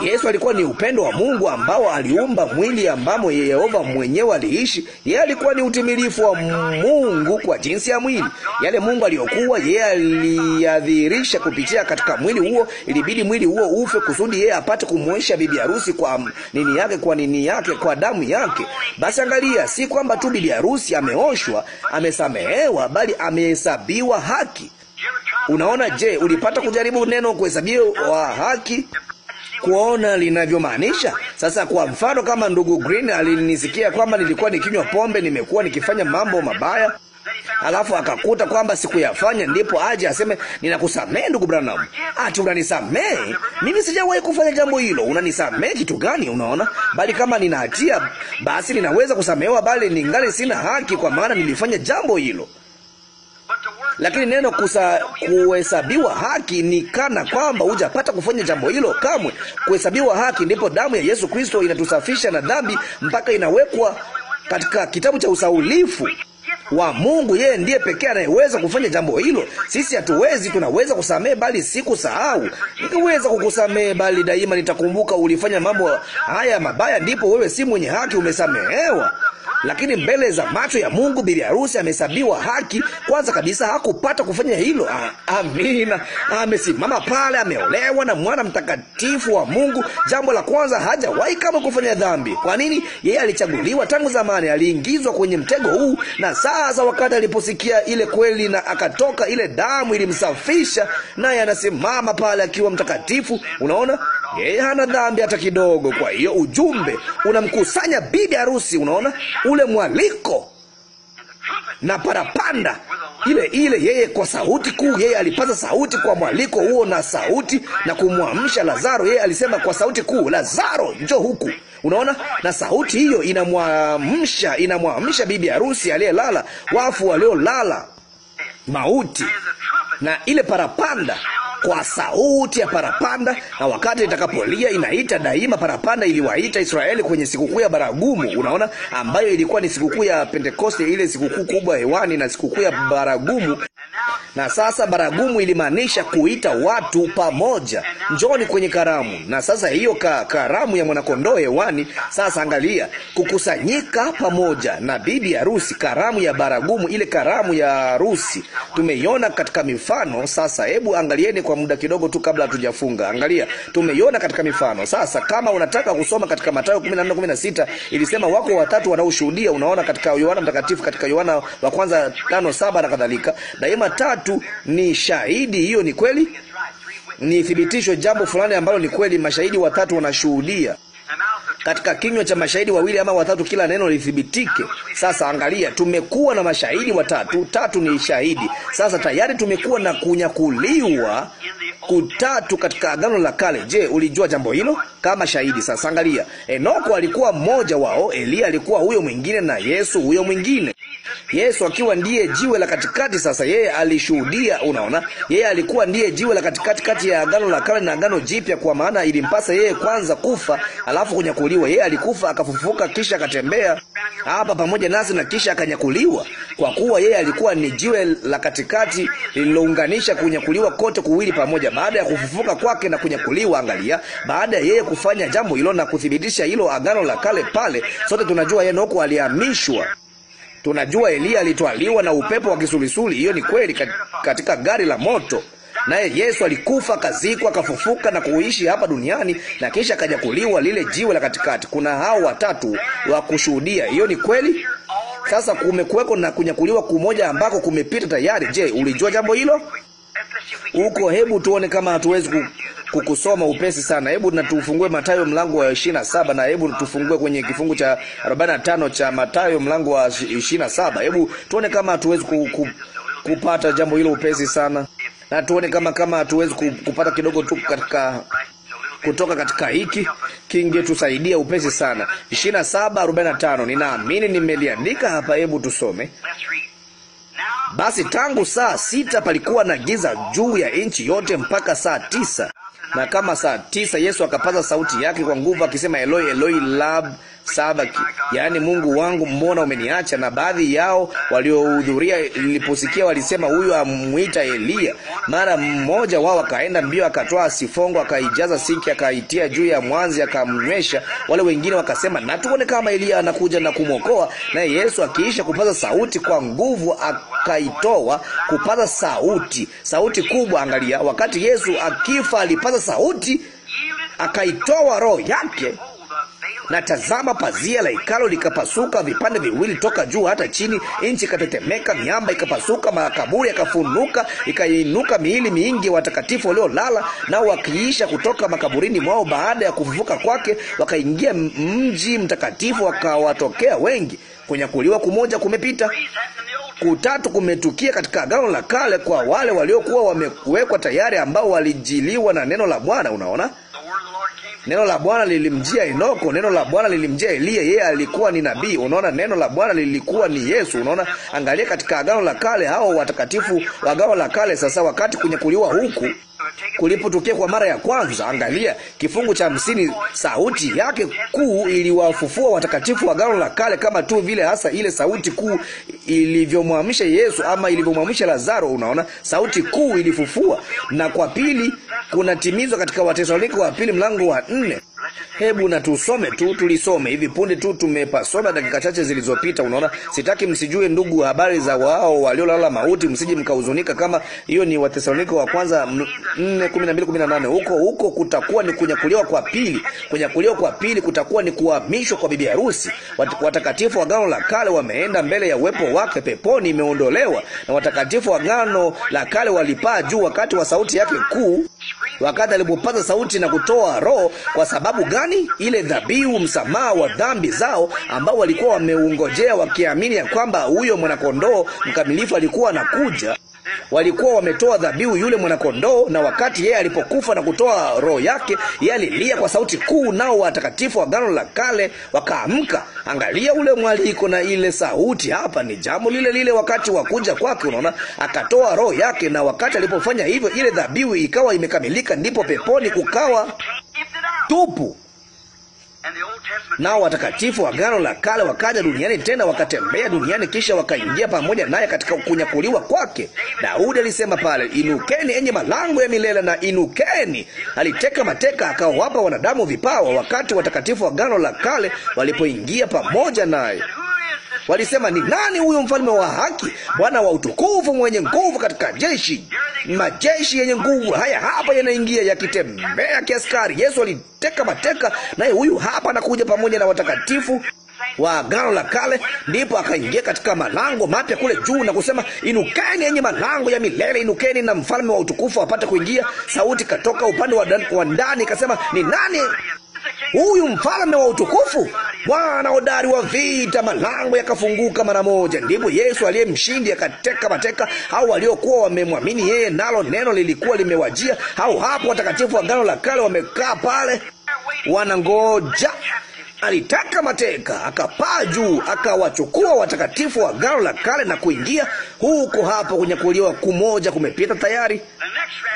Yesu alikuwa ni upendo wa Mungu ambao aliumba mwili ambamo Yehova mwenyewe aliishi. Yeye alikuwa ni utimilifu wa Mungu kwa jinsi ya mwili. Yale Mungu aliyokuwa yeye aliyadhihirisha kupitia katika mwili huo. Ilibidi mwili huo ufe kusudi yeye apate kumwesha bibi harusi kwa nini yake, kwa nini yake, kwa damu yake. Basi angalia, si kwamba tu bibi harusi ameoshwa, amesamehewa, bali amehesabiwa haki. Unaona, je, ulipata kujaribu neno kuhesabiwa haki? kuona linavyomaanisha. Sasa kwa mfano, kama ndugu Green alinisikia kwamba nilikuwa nikinywa pombe, nimekuwa nikifanya mambo mabaya alafu akakuta kwamba sikuyafanya, ndipo aje aseme ninakusamehe ndugu Branham. Ati unanisamehe? Mimi sijawahi kufanya jambo hilo. Unanisamehe kitu gani? Unaona, bali kama nina hatia, basi ninaweza kusamehewa, bali ningali sina haki, kwa maana nilifanya jambo hilo. Lakini neno kusa, kuhesabiwa haki ni kana kwamba hujapata kufanya jambo hilo kamwe. Kuhesabiwa haki, ndipo damu ya Yesu Kristo inatusafisha na dhambi mpaka inawekwa katika kitabu cha usaulifu wa Mungu. Yeye ndiye pekee anayeweza kufanya jambo hilo. Sisi hatuwezi. Tunaweza kusamehe, bali si kusahau. Nikiweza kukusamehe, bali daima nitakumbuka ulifanya mambo haya mabaya, ndipo wewe si mwenye haki, umesamehewa lakini mbele za macho ya Mungu bibi harusi amehesabiwa haki. Kwanza kabisa hakupata kufanya hilo. amina. Amesimama pale, ameolewa na mwana mtakatifu wa Mungu. Jambo la kwanza, hajawahi kama kufanya dhambi. Kwa nini? Yeye alichaguliwa tangu zamani, aliingizwa kwenye mtego huu, na sasa wakati aliposikia ile kweli na akatoka, ile damu ilimsafisha, naye anasimama pale akiwa mtakatifu. Unaona? yeye hana dhambi hata kidogo. Kwa hiyo ujumbe unamkusanya bibi harusi, unaona ule mwaliko na parapanda ile ile, yeye kwa sauti kuu, yeye alipaza sauti kwa mwaliko huo na sauti na kumwamsha Lazaro. Yeye alisema kwa sauti kuu, Lazaro njoo huku. Unaona, na sauti hiyo inamwamsha, inamwamsha bibi harusi aliyelala, wafu waliolala mauti, na ile parapanda kwa sauti ya parapanda, na wakati itakapolia inaita daima. Parapanda iliwaita Israeli kwenye sikukuu ya baragumu, unaona, ambayo ilikuwa ni sikukuu ya Pentekoste, ile sikukuu kubwa hewani, na sikukuu ya baragumu. Na sasa baragumu ilimaanisha kuita watu pamoja, njoni kwenye karamu. Na sasa hiyo ka, karamu ya mwanakondoo hewani. Sasa angalia, kukusanyika pamoja na bibi harusi, karamu ya baragumu, ile karamu ya harusi tumeiona katika mifano. Sasa hebu angalieni kwa kwa muda kidogo tu kabla hatujafunga. Angalia, tumeiona katika mifano. Sasa kama unataka kusoma katika Mathayo 14:16 ilisema wako watatu wanaoshuhudia. Unaona katika Yohana Mtakatifu, katika Yohana wa kwanza 5:7 na kadhalika, daima tatu ni shahidi. Hiyo ni kweli, ni thibitisho jambo fulani ambalo ni kweli. Mashahidi watatu wanashuhudia katika kinywa cha mashahidi wawili ama watatu kila neno lithibitike. Sasa angalia, tumekuwa na mashahidi watatu, tatu ni shahidi. Sasa tayari tumekuwa na kunyakuliwa kutatu katika Agano la Kale. Je, ulijua jambo hilo kama shahidi? Sasa angalia, Enoko alikuwa mmoja wao, Eliya alikuwa huyo mwingine, na Yesu huyo mwingine, Yesu akiwa ndiye jiwe la katikati. Sasa yeye alishuhudia, unaona, yeye alikuwa ndiye jiwe la katikati kati ya Agano la Kale na Agano Jipya, kwa maana ilimpasa yeye kwanza kufa alafu kunyakuliwa akanyakuliwa. Yeye alikufa akafufuka, kisha akatembea hapa pamoja nasi na kisha akanyakuliwa, kwa kuwa yeye alikuwa ni jiwe la katikati lililounganisha kunyakuliwa kote kuwili pamoja. Baada ya kufufuka kwake na kunyakuliwa, angalia, baada ya yeye kufanya jambo hilo na kuthibitisha hilo agano la kale pale, sote tunajua Henoko alihamishwa. Tunajua Eliya alitwaliwa na upepo wa kisulisuli. Hiyo ni kweli, katika gari la moto. Naye Yesu alikufa, akazikwa, akafufuka na kuishi hapa duniani, na kisha akanyakuliwa lile jiwe la katikati. Kuna hao watatu wa kushuhudia. Hiyo ni kweli. Sasa kumekuweko na kunyakuliwa kumoja ambako kumepita tayari. Je, ulijua jambo hilo? Huko, hebu tuone kama hatuwezi kukusoma upesi sana. Hebu na tufungue Mathayo mlango wa 27 na hebu tufungue kwenye kifungu cha 45 cha Mathayo mlango wa 27. Hebu tuone kama hatuwezi kupata jambo hilo upesi sana na tuone kama kama hatuwezi kupata kidogo tu katika kutoka katika hiki kingetusaidia upesi sana. 27:45 ninaamini nimeliandika hapa, hebu tusome. Basi tangu saa sita palikuwa na giza juu ya nchi yote mpaka saa tisa. Na kama saa tisa Yesu akapaza sauti yake kwa nguvu akisema, Eloi Eloi lab saba, yaani Mungu wangu, mbona umeniacha? Na baadhi yao waliohudhuria niliposikia walisema, huyu amwita Eliya. Mara mmoja wao akaenda mbio, akatoa sifongo, akaijaza siki, akaitia juu ya mwanzi, akamnywesha. Wale wengine wakasema, na tuone kama Eliya anakuja na kumwokoa. Naye Yesu akiisha kupaza sauti kwa nguvu, akaitoa kupaza sauti, sauti kubwa. Angalia, wakati Yesu akifa alipaza sauti, akaitoa roho yake na tazama, pazia la ikalo likapasuka vipande viwili toka juu hata chini, nchi ikatetemeka, miamba ikapasuka, makaburi yakafunuka, ikainuka miili mingi ya watakatifu waliolala, nao wakiisha kutoka makaburini mwao baada ya kufufuka kwake, wakaingia mji mtakatifu, wakawatokea wengi. Kunyakuliwa kumoja kumepita, kutatu kumetukia katika Agano la Kale kwa wale waliokuwa wamewekwa tayari, ambao walijiliwa na neno la Bwana. Unaona. Neno la Bwana lilimjia Enoko, neno la Bwana lilimjia Eliya, yeye alikuwa ni nabii. Unaona, neno la Bwana lilikuwa ni Yesu. Unaona, angalia katika Agano la Kale, hao watakatifu wa Agano la Kale. Sasa wakati kunyakuliwa huku kulipotokea kwa mara ya kwanza. Angalia kifungu cha hamsini, sauti yake kuu iliwafufua watakatifu wa Agano la Kale, kama tu vile hasa ile sauti kuu ilivyomwamsha Yesu ama ilivyomwamsha Lazaro. Unaona, sauti kuu ilifufua, na kwa pili kunatimizwa katika Watesalonike wa pili mlango wa nne. Hebu na tusome tu, tulisome hivi punde tu, tumepasoma dakika chache zilizopita. Unaona, sitaki msijue ndugu, habari za wao waliolala mauti, msije mkahuzunika. Kama hiyo ni Wathesalonike wa kwanza nne kumi na mbili kumi na nane huko huko kutakuwa ni kunyakuliwa kwa pili. Kunyakuliwa kwa pili kutakuwa ni kuhamishwa kwa bibi harusi. Watakatifu wa Agano la Kale wameenda mbele ya uwepo wake peponi, imeondolewa na watakatifu wa Agano la Kale walipaa juu wakati wa sauti yake kuu, wakati alipopaza sauti na kutoa roho. Kwa sababu gani? Ile dhabihu, msamaha wa dhambi zao, ambao walikuwa wameungojea wakiamini ya kwamba huyo mwanakondoo mkamilifu alikuwa anakuja walikuwa wametoa dhabihu yule mwanakondoo, na wakati yeye alipokufa na kutoa roho yake, yeye alilia kwa sauti kuu, nao watakatifu wa Agano la Kale wakaamka. Angalia ule mwaliko na ile sauti, hapa ni jambo lile lile wakati wa kuja kwake. Unaona, akatoa roho yake, na wakati alipofanya hivyo, ile dhabihu ikawa imekamilika, ndipo peponi kukawa tupu. Nao watakatifu wa Agano la Kale wakaja duniani tena, wakatembea duniani, kisha wakaingia pamoja naye katika kunyakuliwa kwake. Daudi alisema pale, inukeni enye malango ya milele na inukeni. Aliteka mateka akawapa wanadamu vipawa, wakati watakatifu wa Agano la Kale walipoingia pamoja naye. Walisema, ni nani huyu mfalme wa haki, Bwana wa utukufu, mwenye nguvu katika jeshi? Majeshi yenye nguvu haya hapa yanaingia, yakitembea kiaskari. Yesu aliteka mateka, naye huyu hapa anakuja pamoja na watakatifu wa Agano la Kale. Ndipo akaingia katika malango mapya kule juu na kusema, inukeni yenye malango ya milele, inukeni na mfalme wa utukufu apate kuingia. Sauti katoka upande wa ndani ikasema, ni nani huyu mfalme wa utukufu, Bwana hodari wa vita. Malango yakafunguka mara moja, ndipo Yesu aliye mshindi akateka mateka hao waliokuwa wamemwamini yeye, nalo neno lilikuwa limewajia. Hao hapo watakatifu wa Agano la Kale wamekaa pale wanangoja Alitaka mateka, akapaa juu, akawachukua watakatifu wa agano la kale na kuingia huko. Hapo kunyakuliwa kumoja kumepita tayari.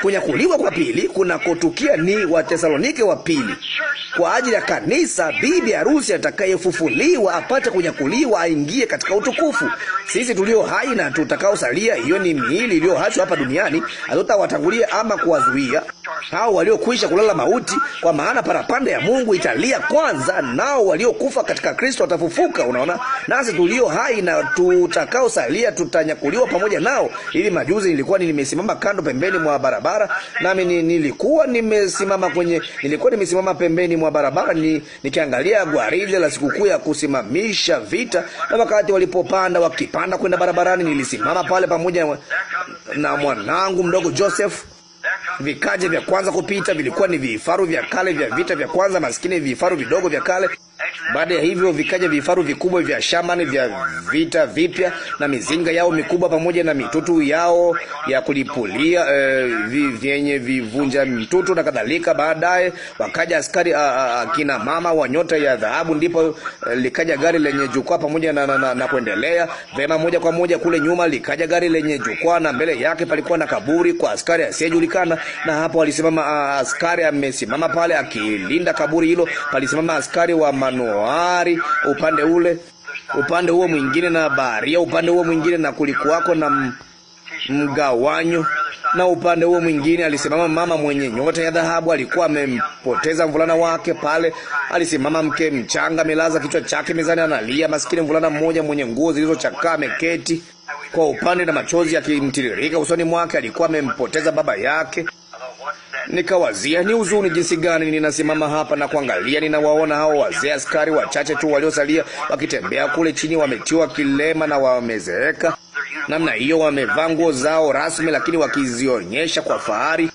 Kunyakuliwa kwa pili kunakotukia ni Watesalonike wa pili, kwa ajili ya kanisa, bibi harusi atakayefufuliwa apate kunyakuliwa, aingie katika utukufu. Sisi tulio hai na tutakaosalia, hiyo ni miili iliyoachwa hapa duniani, hatutawatangulia ama kuwazuia hao waliokwisha kulala mauti, kwa maana parapanda ya Mungu italia kwanza, nao hao waliokufa katika Kristo watafufuka. Unaona, nasi tulio hai na tutakaosalia tutanyakuliwa pamoja nao. Ili majuzi nilikuwa nimesimama kando pembeni mwa barabara, nami nilikuwa nimesimama kwenye, nilikuwa nimesimama pembeni mwa barabara ni, nikiangalia gwaride la sikukuu ya kusimamisha vita, na wakati walipopanda wakipanda kwenda barabarani, nilisimama pale pamoja na mwanangu mdogo Joseph Vikaja vya kwanza kupita vilikuwa ni vifaru vya kale vya vita vya kwanza, maskini vifaru vidogo vya kale. Baada ya hivyo vikaja vifaru vikubwa vya shamani vya vita vipya na mizinga yao mikubwa pamoja na mitutu yao ya kulipulia e, vyenye vivunja mitutu na kadhalika. Baadaye wakaja askari akina mama wa nyota ya dhahabu, ndipo e, likaja gari lenye jukwaa pamoja na, na, na, na kuendelea vema. Moja kwa moja kule nyuma likaja gari lenye jukwaa, na mbele yake palikuwa na kaburi kwa askari asiyejulikana, na hapo alisimama askari amesimama pale akilinda kaburi hilo. Palisimama askari wa ma manuari upande ule upande huo mwingine na baharia upande huo mwingine, na kulikuwako na mgawanyo. Na upande huo mwingine alisimama mama mwenye nyota ya dhahabu, alikuwa amempoteza mvulana wake. Pale alisimama mke mchanga, amelaza kichwa chake mezani, analia. Maskini mvulana mmoja mwenye nguo zilizochakaa ameketi kwa upande na machozi yakimtiririka usoni mwake. Alikuwa amempoteza baba yake nikawazia ni huzuni jinsi gani ninasimama hapa na kuangalia, ninawaona hao wazee askari wachache tu waliosalia wakitembea kule chini, wametiwa kilema na wamezeeka namna hiyo, wamevaa nguo zao rasmi, lakini wakizionyesha kwa fahari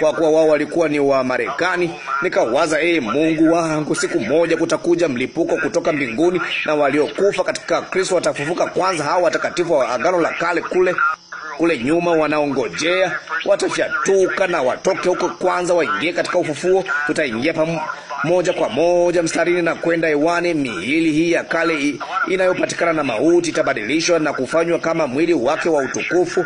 kwa kuwa wao walikuwa ni wa Marekani. Nikawaza, ee Mungu wangu, siku moja kutakuja mlipuko kutoka mbinguni na waliokufa katika Kristo watafufuka kwanza, hao watakatifu wa Agano la Kale kule kule nyuma wanaongojea, watafyatuka na watoke huko kwanza, waingie katika ufufuo. Tutaingia pamoja kwa moja mstarini na kwenda hewani. Miili hii ya kale inayopatikana na mauti itabadilishwa na kufanywa kama mwili wake wa utukufu.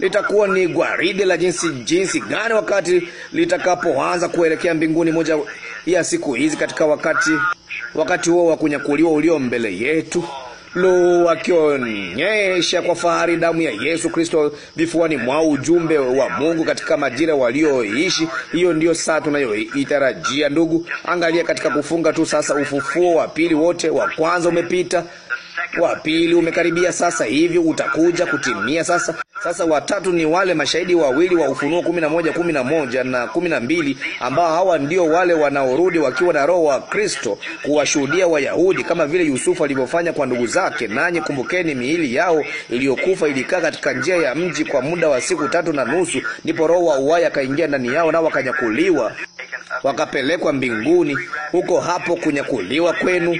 Litakuwa ni gwaride la jinsi jinsi gani wakati litakapoanza kuelekea mbinguni, moja ya siku hizi, katika wakati wakati huo wa kunyakuliwa ulio mbele yetu lu akionyesha kwa fahari damu ya Yesu Kristo vifuani mwao, ujumbe wa Mungu katika majira walioishi. Hiyo ndiyo saa tunayoitarajia ndugu. Angalia katika kufunga tu sasa, ufufuo wa pili wote wa kwanza umepita wa pili umekaribia sasa hivi, utakuja kutimia sasa. Sasa watatu ni wale mashahidi wawili wa Ufunuo kumi na moja kumi na moja na kumi na mbili ambao hawa ndio wale wanaorudi wakiwa na roho wa Kristo kuwashuhudia Wayahudi kama vile Yusufu alivyofanya kwa ndugu zake. Nanyi kumbukeni, miili yao iliyokufa ilikaa katika njia ya mji kwa muda wa siku tatu na nusu, ndipo roho wa uhai akaingia ndani yao, nao wakanyakuliwa wakapelekwa mbinguni. Huko hapo kunyakuliwa kwenu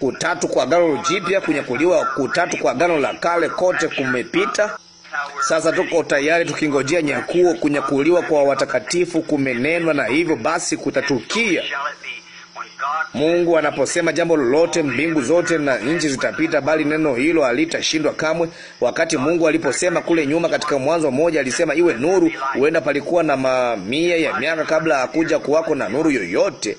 Kutatu kwa Agano Jipya, kunyakuliwa kutatu kwa Agano la Kale, kote kumepita. Sasa tuko tayari tukingojea nyakuo, kunyakuliwa kwa watakatifu kumenenwa, na hivyo basi kutatukia. Mungu anaposema jambo lolote, mbingu zote na nchi zitapita, bali neno hilo halitashindwa kamwe. Wakati Mungu aliposema kule nyuma katika Mwanzo mmoja, alisema iwe nuru, huenda palikuwa na mamia ya miaka kabla hakuja kuwako na nuru yoyote.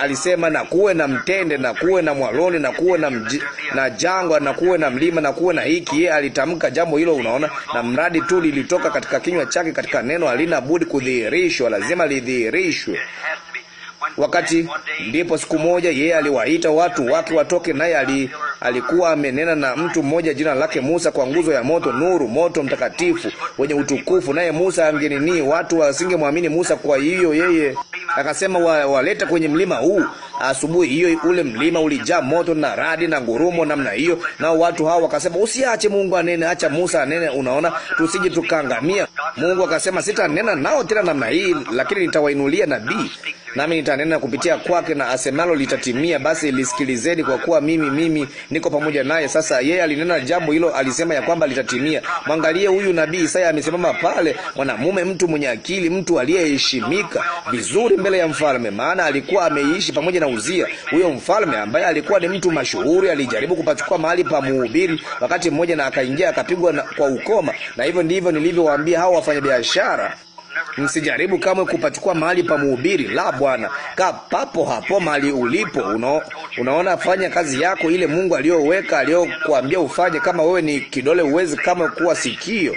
Alisema na kuwe na mtende na kuwe na mwaloni na kuwe na, mji, na jangwa na kuwe na mlima na kuwe na hiki. Yeye alitamka jambo hilo, unaona, na mradi tu lilitoka katika kinywa chake, katika neno halina budi kudhihirishwa, lazima lidhihirishwe. Wakati ndipo siku moja yeye aliwaita watu wake watoke, naye ali, alikuwa amenena na mtu mmoja jina lake Musa kwa nguzo ya moto, nuru, moto mtakatifu wenye utukufu, naye Musa angenini, watu wasingemwamini Musa. Kwa hiyo yeye akasema, waleta kwenye mlima huu. Asubuhi hiyo ule mlima ulijaa moto na radi na ngurumo namna hiyo, nao watu hao wakasema, usiache Mungu anene, acha Musa anene. Unaona, tusije tukaangamia. Mungu akasema, sitanena nao tena namna hii, lakini nitawainulia nabii nami nitanena kupitia kwake, na asemalo litatimia. Basi lisikilizeni, kwa kuwa mimi mimi niko pamoja naye. Sasa yeye alinena jambo hilo, alisema ya kwamba litatimia. Mwangalie huyu nabii Isaya amesimama pale, mwanamume, mtu mwenye akili, mtu aliyeheshimika vizuri mbele ya mfalme, maana alikuwa ameishi pamoja na Uzia. Huyo mfalme ambaye alikuwa ni mtu mashuhuri alijaribu kupachukua mahali pa mhubiri wakati mmoja, na akaingia akapigwa kwa ukoma. Na hivyo ndivyo nilivyowaambia hao wafanyabiashara Msijaribu kamwe kupachukua mahali pa mhubiri. La, Bwana, kaa papo hapo mahali ulipo. Uno, unaona, fanya kazi yako ile Mungu aliyoweka aliyokuambia ufanye. Kama wewe ni kidole, uwezi kama kuwa sikio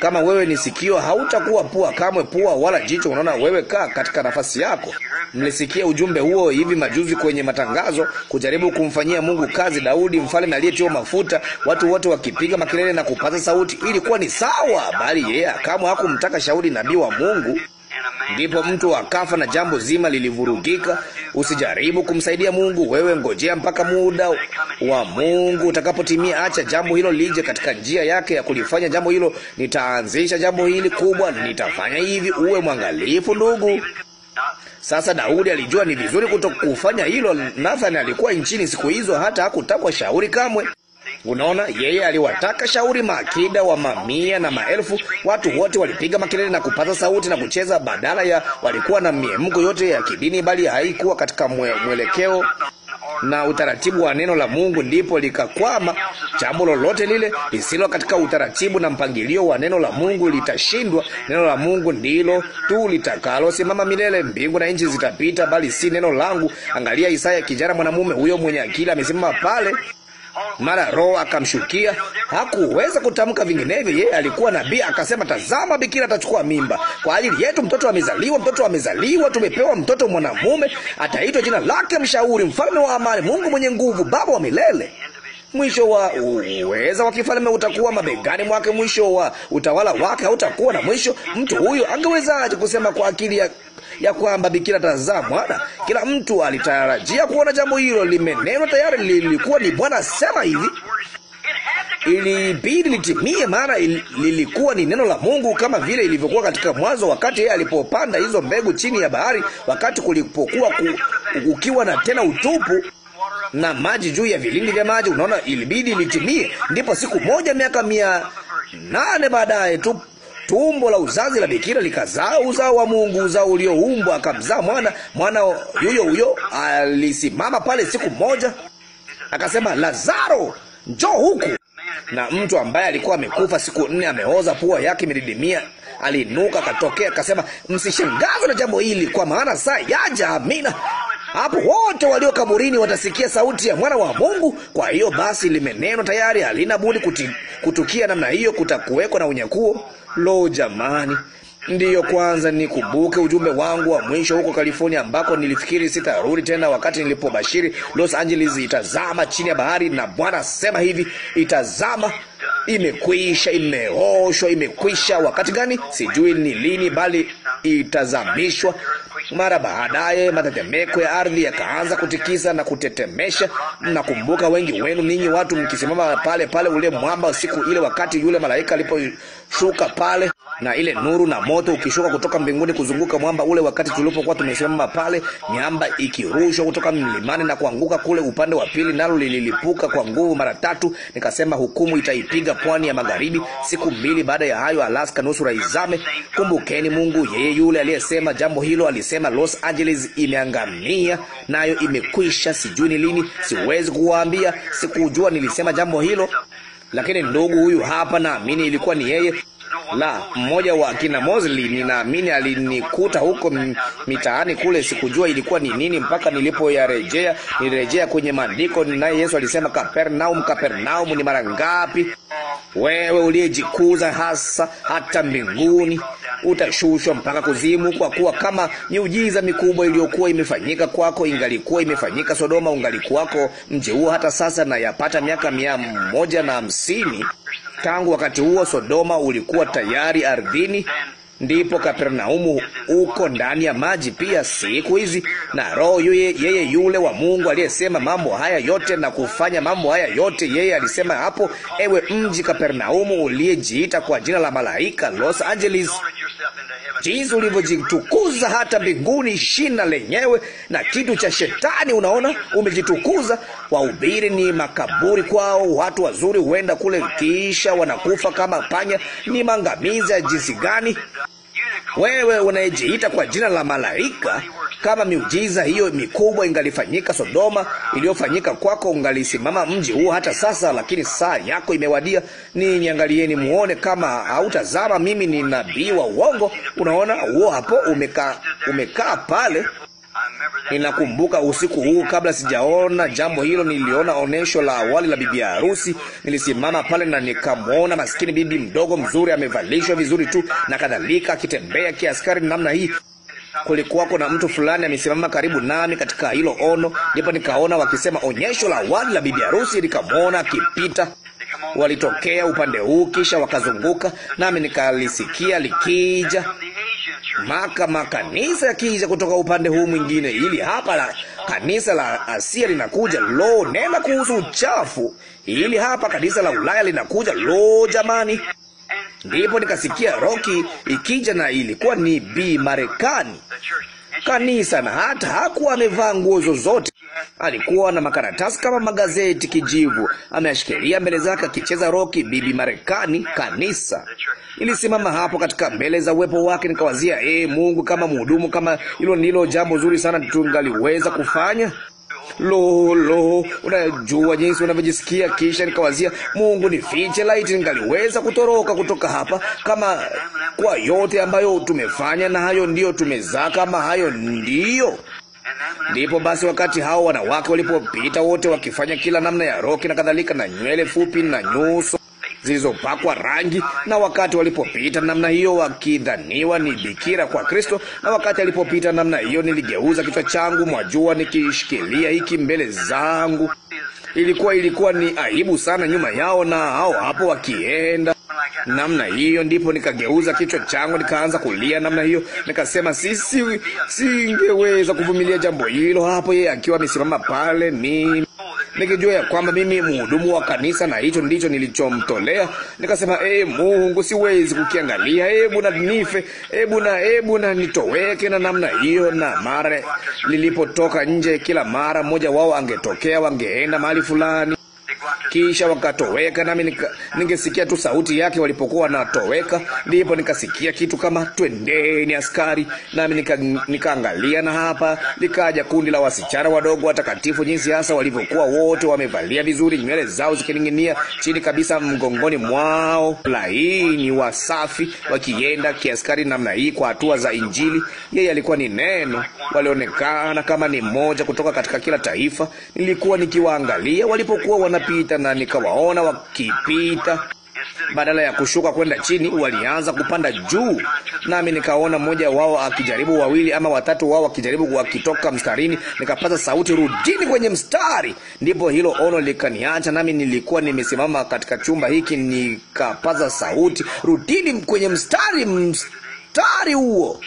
kama wewe ni sikio, hautakuwa pua kamwe, pua wala jicho. Unaona, wewe kaa katika nafasi yako. Mlisikia ujumbe huo hivi majuzi kwenye matangazo, kujaribu kumfanyia Mungu kazi Daudi mfalme aliyetiwa mafuta, watu wote wakipiga makelele na kupaza sauti. Ilikuwa ni sawa, bali yeye yeah, kamwe hakumtaka Shauli nabii wa Mungu ndipo mtu akafa na jambo zima lilivurugika. Usijaribu kumsaidia Mungu, wewe ngojea mpaka muda wa Mungu utakapotimia. Acha jambo hilo lije katika njia yake ya kulifanya jambo hilo. Nitaanzisha jambo hili kubwa, nitafanya hivi. Uwe mwangalifu, ndugu. Sasa Daudi alijua ni vizuri kutokufanya hilo. Nathani alikuwa nchini siku hizo, hata hakutakwa shauri kamwe. Unaona, yeye aliwataka shauri maakida wa mamia na maelfu. Watu wote walipiga makelele na kupaza sauti na kucheza, badala ya walikuwa na miemko yote ya kidini, bali haikuwa katika mwe, mwelekeo na utaratibu wa neno la Mungu, ndipo likakwama. Jambo lolote lile lisilo katika utaratibu na mpangilio wa neno la Mungu litashindwa. Neno la Mungu ndilo tu litakalo simama milele. Mbingu na nchi zitapita, bali si neno langu. Angalia Isaya kijana mwanamume huyo mwenye akili amesimama pale mara Roho akamshukia, hakuweza kutamka vinginevyo. Yeye alikuwa nabii, akasema, tazama, bikira atachukua mimba, kwa ajili yetu mtoto amezaliwa, mtoto amezaliwa, tumepewa mtoto mwanamume, ataitwa jina lake Mshauri, Mfalme wa Amani, Mungu mwenye nguvu, Baba wa milele. Mwisho wa uweza wa kifalme utakuwa mabegani mwake. Mwisho wa utawala wake hautakuwa na mwisho. Mtu huyo angewezaje kusema kwa akili ya ya kwamba bikira tazaa mwana. Kila mtu alitarajia kuona jambo hilo, limenenwa tayari, lilikuwa ni Bwana sema hivi ilibidi litimie, maana il, lilikuwa ni neno la Mungu kama vile ilivyokuwa katika mwanzo, wakati yeye alipopanda hizo mbegu chini ya bahari, wakati kulipokuwa kukiwa na tena utupu na maji juu ya vilindi vya maji. Unaona, ilibidi litimie. Ndipo siku moja miaka mia nane baadaye tu tumbo la uzazi la bikira likazaa uzao wa Mungu, uzao ulioumbwa, akamzaa mwana. Mwana huyo huyo alisimama pale siku moja akasema, Lazaro, njoo huku. Na mtu ambaye alikuwa amekufa siku nne, ameoza, pua yake imedidimia, alinuka akatokea, akasema, msishangazwe na jambo hili, kwa maana saa yaja. Amina. Hapo wote walio kaburini watasikia sauti ya mwana wa Mungu. Kwa hiyo basi, limenenwa tayari, halina budi kutukia namna hiyo, kutakuwekwa na unyakuo. Lo, jamani! Ndiyo, kwanza nikumbuke ujumbe wangu wa mwisho huko California, ambako nilifikiri sitarudi tena, wakati nilipobashiri Los Angeles itazama chini ya bahari, na Bwana sema hivi, itazama imekwisha, imeoshwa, imekwisha. Wakati gani sijui ni lini, bali itazamishwa. Mara baadaye matetemeko ya ardhi yakaanza kutikisa na kutetemesha. Nakumbuka wengi wenu ninyi watu mkisimama pale pale ule mwamba siku ile, wakati yule malaika aliposhuka pale na ile nuru na moto ukishuka kutoka mbinguni kuzunguka mwamba ule, wakati tulipokuwa tumesimama pale, miamba ikirushwa kutoka mlimani na kuanguka kule upande wa pili, nalo lililipuka kwa nguvu mara tatu. Nikasema hukumu itaipiga pwani ya magharibi. Siku mbili baada ya hayo, Alaska nusura izame. Kumbukeni, Mungu yeye yule aliyesema jambo hilo alisema Los Angeles imeangamia, nayo imekwisha. Sijui ni lini, siwezi kuwaambia, sikujua nilisema jambo hilo, lakini ndugu huyu hapa, naamini ilikuwa ni yeye la mmoja wa kina Mosley, ninaamini alinikuta huko mitaani kule. Sikujua ilikuwa ni nini mpaka nilipoyarejea. Nilirejea kwenye maandiko, naye Yesu alisema, Kapernaum, Kapernaum, ni mara ngapi wewe uliyejikuza hasa hata mbinguni, utashushwa mpaka kuzimu. Kwa kuwa kama miujiza mikubwa iliyokuwa imefanyika kwako ingalikuwa imefanyika Sodoma, ungalikuwako mji huo hata sasa, na yapata miaka mia moja na hamsini Tangu wakati huo Sodoma ulikuwa tayari ardhini, ndipo Kapernaumu uko ndani ya maji pia siku hizi. Na Roho yeye, yeye yule wa Mungu aliyesema mambo haya yote na kufanya mambo haya yote, yeye alisema hapo, ewe mji Kapernaumu uliyejiita kwa jina la malaika Los Angeles jinsi ulivyojitukuza hata mbinguni, shina lenyewe na kitu cha shetani. Unaona, umejitukuza. Wahubiri ni makaburi kwao, watu wazuri huenda kule, kisha wanakufa kama panya. Ni maangamizi ya jinsi gani! Wewe unayejiita kwa jina la malaika kama miujiza hiyo mikubwa ingalifanyika Sodoma, iliyofanyika kwako, ungalisimama mji huo hata sasa. Lakini saa yako imewadia. Ni niangalieni muone kama hautazama, mimi ni nabii wa uongo. Unaona huo hapo umekaa, umekaa pale. Ninakumbuka usiku huu, kabla sijaona jambo hilo, niliona onesho la awali la bibi harusi. Nilisimama pale na nikamwona maskini bibi mdogo mzuri, amevalishwa vizuri tu na kadhalika, akitembea kiaskari namna hii kulikuwako na mtu fulani amesimama karibu nami katika hilo ono, ndipo nikaona wakisema onyesho la awali la bibi harusi, nikamwona akipita walitokea upande huu kisha wakazunguka, nami nikalisikia likija maka makanisa yakija kutoka upande huu mwingine. Ili hapa la kanisa la Asia linakuja, lo, nena kuhusu uchafu! Ili hapa kanisa la Ulaya linakuja, lo, jamani! Ndipo nikasikia Roki ikija na ilikuwa ni Bi Marekani kanisa, na hata hakuwa amevaa nguo zozote. Alikuwa na makaratasi kama magazeti kijivu, ameashikilia mbele zake, akicheza Roki Bibi Marekani kanisa. Ilisimama hapo katika mbele za uwepo wake, nikawazia ee, Mungu, kama mhudumu, kama hilo ndilo jambo zuri sana tungaliweza kufanya Lo, lo, unajua jinsi unavyojisikia. Kisha nikawazia, Mungu nifiche, laiti ningaliweza kutoroka kutoka hapa, kama kwa yote ambayo tumefanya, na hayo ndiyo tumezaa, kama hayo ndiyo Ndipo basi wakati hao wanawake walipopita wote wakifanya kila namna ya roki na kadhalika, na nywele fupi na nyuso zilizopakwa rangi, na wakati walipopita namna hiyo wakidhaniwa ni bikira kwa Kristo, na wakati alipopita namna hiyo niligeuza kichwa changu mwajua, nikishikilia hiki mbele zangu. Ilikuwa ilikuwa ni aibu sana nyuma yao, na hao hapo wakienda namna hiyo, ndipo nikageuza kichwa changu nikaanza kulia namna hiyo, nikasema sisi singeweza kuvumilia jambo hilo. Hapo yeye akiwa amesimama pale, mimi nikijua ya kwamba mimi mhudumu wa kanisa na hicho ndicho nilichomtolea. Nikasema, e Mungu, siwezi kukiangalia, hebu na nife, hebu na hebu na nitoweke na namna hiyo. Na mara lilipotoka nje, kila mara mmoja wao angetokea, wangeenda mahali fulani kisha wakatoweka, nami ningesikia tu sauti yake walipokuwa wanatoweka. Ndipo nikasikia kitu kama twendeni askari, nami nikaangalia, na hapa likaja kundi la wasichana wadogo watakatifu, jinsi hasa walivyokuwa wote wamevalia vizuri, nywele zao zikining'inia chini kabisa mgongoni mwao, laini wasafi, wakienda kiaskari namna hii kwa hatua za Injili. Yeye alikuwa ni Neno. Walionekana kama ni mmoja kutoka katika kila taifa. Nilikuwa nikiwaangalia walipokuwa wanapita, na nikawaona wakipita badala ya kushuka kwenda chini, walianza kupanda juu, nami nikaona mmoja wao akijaribu, wawili ama watatu wao wakijaribu, wakitoka mstarini. Nikapaza sauti, rudini kwenye mstari. Ndipo hilo ono likaniacha, nami nilikuwa nimesimama katika chumba hiki, nikapaza sauti, rudini kwenye mstari, mstari huo.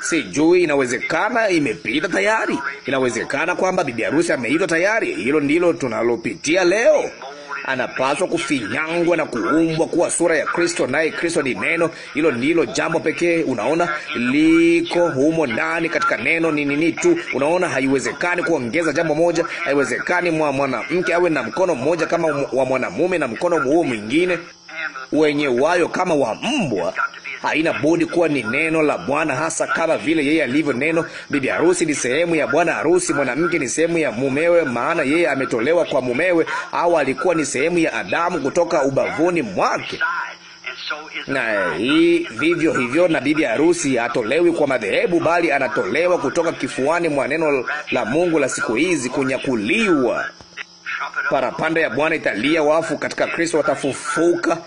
Sijui, inawezekana imepita tayari, inawezekana kwamba bibi harusi ameitwa tayari. Hilo ndilo tunalopitia leo. Anapaswa kufinyangwa na kuumbwa kuwa sura ya Kristo, naye Kristo ni neno. Hilo ndilo jambo pekee, unaona, liko humo ndani katika neno. Ni nini tu, unaona. Haiwezekani kuongeza jambo moja, haiwezekani mwa mwanamke awe na mkono mmoja kama wa mwanamume na mkono huo mwingine wenye wayo kama wa mbwa haina budi kuwa ni neno la Bwana, hasa kama vile yeye alivyo neno. Bibi harusi ni sehemu ya bwana harusi, mwanamke ni sehemu ya mumewe, maana yeye ametolewa kwa mumewe, au alikuwa ni sehemu ya Adamu kutoka ubavuni mwake na hii vivyo hivyo, na bibi harusi hatolewi kwa madhehebu, bali anatolewa kutoka kifuani mwa neno la Mungu la siku hizi, kunyakuliwa. Parapanda ya Bwana italia, wafu katika Kristo watafufuka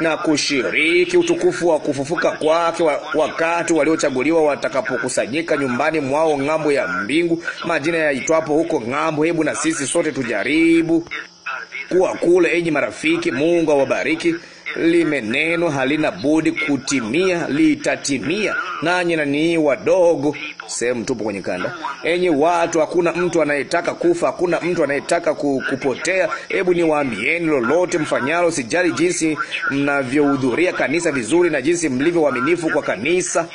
na kushiriki utukufu wa kufufuka kwake, wakati waliochaguliwa watakapokusanyika nyumbani mwao ng'ambo ya mbingu, majina yaitwapo huko ng'ambo. Hebu na sisi sote tujaribu kuwa kule, enyi marafiki. Mungu awabariki limenenwa halina budi kutimia, litatimia. Nanyi nani wadogo, sehemu tupo kwenye kanda. enye watu, hakuna mtu anayetaka kufa, hakuna mtu anayetaka kupotea. Hebu niwaambieni, lolote mfanyalo, sijali jinsi mnavyohudhuria kanisa vizuri na jinsi mlivyo waaminifu kwa kanisa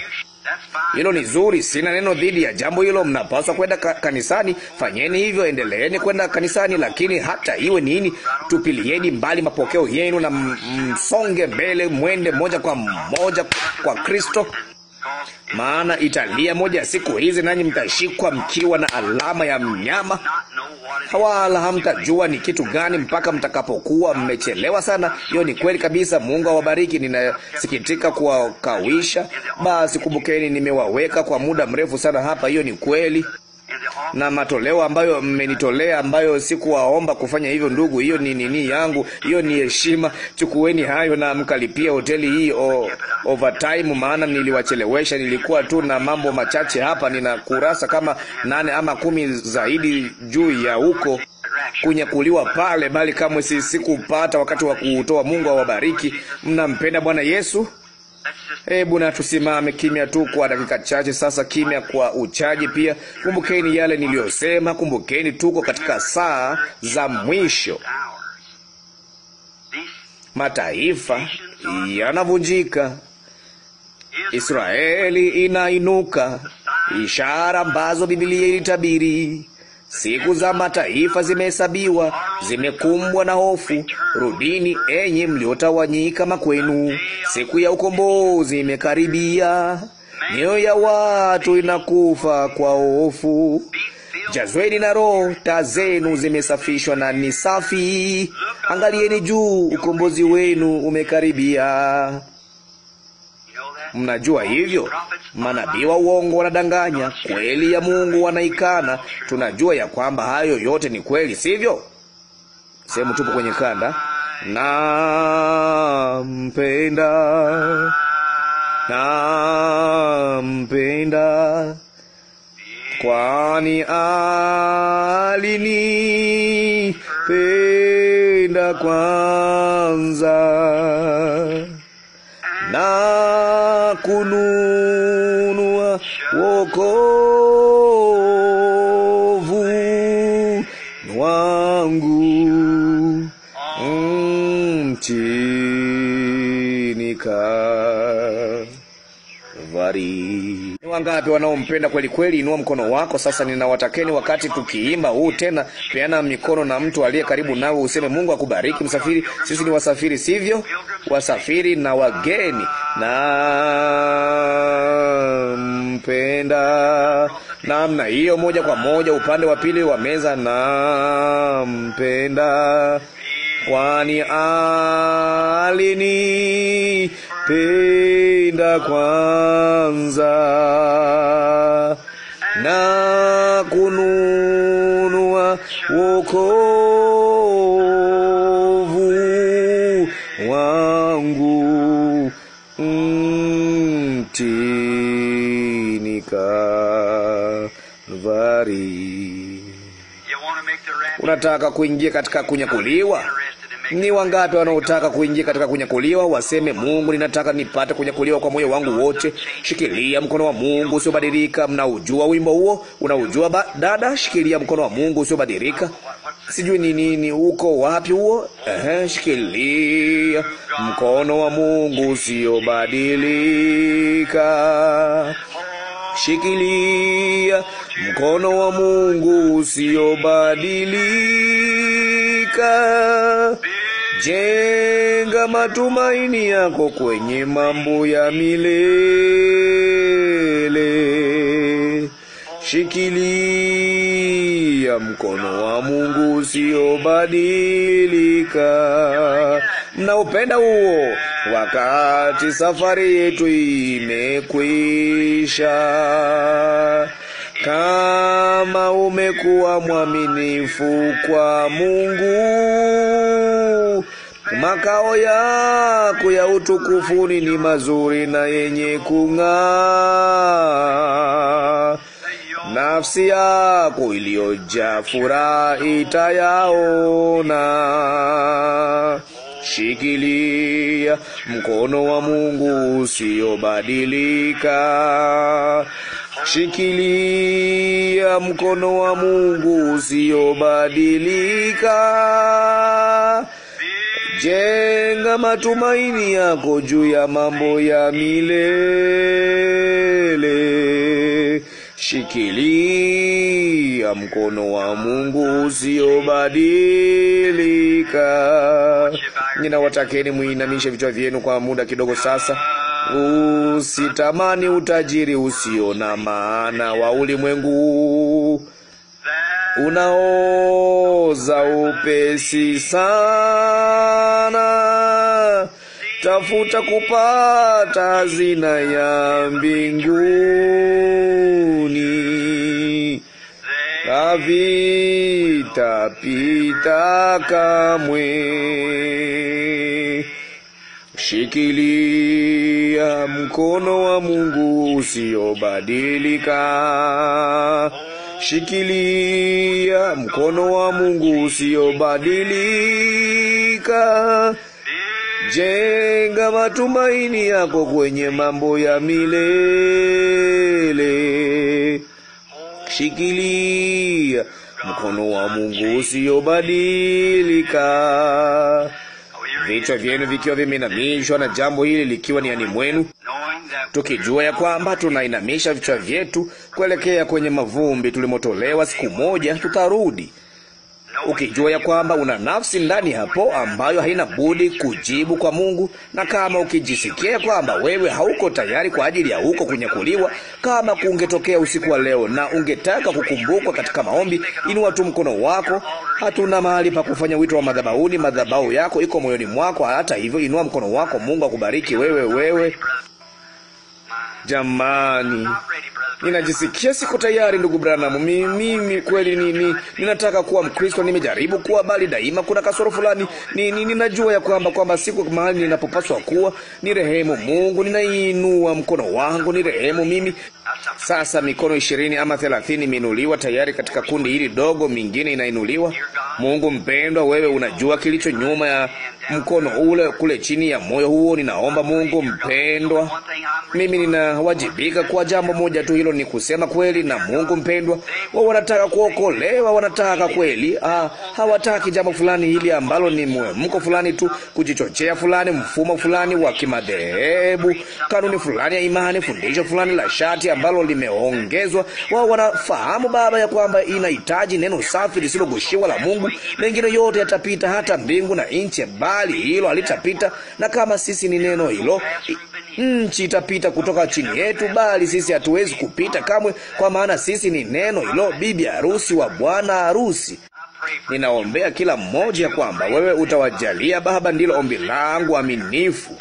hilo ni zuri, sina neno dhidi ya jambo hilo. Mnapaswa kwenda ka kanisani, fanyeni hivyo, endeleeni kwenda kanisani, lakini hata iwe nini, tupilieni mbali mapokeo yenu na msonge mbele, mwende moja kwa moja kwa Kristo maana italia moja siku hizi, nanyi mtashikwa mkiwa na alama ya mnyama, wala hamtajua ni kitu gani mpaka mtakapokuwa mmechelewa sana. Hiyo ni kweli kabisa. Mungu awabariki. Ninasikitika kuwakawisha. Basi kumbukeni, nimewaweka kwa muda mrefu sana hapa. Hiyo ni kweli na matoleo ambayo mmenitolea, ambayo sikuwaomba kufanya hivyo. Ndugu, hiyo ni nini yangu, hiyo ni heshima. Chukueni hayo na mkalipia hoteli hii overtime, maana niliwachelewesha. Nilikuwa tu na mambo machache hapa, nina kurasa kama nane ama kumi zaidi juu ya huko kunyakuliwa pale, bali kamwe sikupata wakati wa kuutoa. Mungu awabariki. Mnampenda Bwana Yesu. Hebu na tusimame kimya tu kwa dakika chache sasa, kimya kwa uchaji pia. Kumbukeni yale niliyosema, kumbukeni tuko katika saa za mwisho. Mataifa yanavunjika, Israeli inainuka, ishara ambazo Biblia ilitabiri Siku za mataifa zimehesabiwa, zimekumbwa na hofu. Rudini enyi mliotawanyika makwenu, siku ya ukombozi imekaribia. Mioyo ya watu inakufa kwa hofu. Jazweni na Roho, taa zenu zimesafishwa na ni safi. Angalieni juu, ukombozi wenu umekaribia. Mnajua hivyo, manabii wa uongo wanadanganya, kweli ya Mungu wanaikana. Tunajua ya kwamba hayo yote ni kweli, sivyo? Sehemu tupo kwenye kanda nampenda nampenda kwani alinipenda kwanza. wangapi wanaompenda kweli kweli? Inua mkono wako sasa. Ninawatakeni wakati tukiimba huu tena, peana mikono na mtu aliye karibu nawe, useme Mungu akubariki msafiri. Sisi ni wasafiri, sivyo? Wasafiri na wageni. Na mpenda namna hiyo, moja kwa moja upande wa pili wa meza. Na mpenda kwani alinipenda kwanza na kununua wokovu wangu mtini Kalvari. Unataka kuingia katika kunyakuliwa? Ni wangapi wanaotaka kuingia katika kunyakuliwa? Waseme, Mungu, ninataka nipate kunyakuliwa kwa moyo wangu wote. Shikilia mkono wa Mungu usiobadilika. Mnaujua wimbo huo? Unaujua dada? Shikilia mkono wa Mungu usiobadilika. Sijui ni nini, uko wapi huo? Eh, shikilia mkono wa Mungu usiobadilika shikilia mkono wa Mungu usiobadilika. Jenga matumaini yako kwenye mambo ya milele. Shikilia mkono wa Mungu usiobadilika mnaupenda huo. Wakati safari yetu imekwisha, kama umekuwa mwaminifu kwa Mungu, makao yako ya utukufuni ni mazuri na yenye kung'aa. Nafsi yako iliyojaa furaha itayaona shikilia mkono wa Mungu usiobadilika, shikilia mkono wa Mungu usiobadilika. Jenga matumaini yako juu ya mambo ya milele. Shikilia mkono wa Mungu usiobadilika ninawatakeni muinamishe vichwa vyenu kwa muda kidogo sasa. Usitamani utajiri usio na maana wa ulimwengu unaoza upesi sana. Tafuta kupata hazina ya mbinguni kavi haitapita kamwe. Shikilia mkono wa Mungu usiobadilika. Shikilia mkono wa Mungu usiobadilika. Jenga matumaini yako kwenye mambo ya milele. Shikilia mkono wa Mungu usiobadilika, vichwa vyenu vikiwa vimeinamishwa na jambo hili likiwa ni ani mwenu, tukijua ya kwamba tunainamisha vichwa vyetu kuelekea kwenye mavumbi tulimotolewa, siku moja tutarudi ukijua ya kwamba una nafsi ndani hapo ambayo haina budi kujibu kwa Mungu, na kama ukijisikia kwamba wewe hauko tayari kwa ajili ya huko kunyakuliwa, kama kungetokea usiku wa leo na ungetaka kukumbukwa katika maombi, inua tu mkono wako. Hatuna mahali pa kufanya wito wa madhabahuni, madhabahu yako iko moyoni mwako. Hata hivyo, inua mkono wako. Mungu akubariki wewe, wewe Jamani, Ninajisikia siku tayari, ndugu Branham. Mimi kweli ni, ninataka kuwa Mkristo, nimejaribu kuwa, bali daima kuna kasoro fulani. ni, ninajua ya kwamba kwamba siku mahali ninapopaswa kuwa. Ni rehemu Mungu, ninainua mkono wangu, ni rehemu mimi sasa mikono ishirini ama thelathini imeinuliwa tayari katika kundi hili dogo, mingine inainuliwa. Mungu mpendwa, wewe unajua kilicho nyuma ya mkono ule kule chini ya moyo huo. Ninaomba Mungu mpendwa, mimi ninawajibika kwa jambo moja tu, hilo ni kusema kweli. Na Mungu mpendwa, wao wanataka kuokolewa, wanataka kweli, ah, hawataki jambo fulani hili ambalo ni mwemko fulani tu, kujichochea fulani, mfumo fulani wa kimadhehebu, kanuni fulani ya imani, fundisho fulani la shati ambalo limeongezwa. Wao wanafahamu Baba ya kwamba inahitaji neno safi lisilogoshiwa la Mungu. Mengine yote yatapita, hata mbingu na nchi, bali hilo halitapita. Na kama sisi ni neno hilo, nchi itapita kutoka chini yetu, bali sisi hatuwezi kupita kamwe, kwa maana sisi ni neno hilo, bibi harusi wa bwana harusi. Ninaombea kila mmoja ya kwamba wewe utawajalia Baba, ndilo ombi langu aminifu.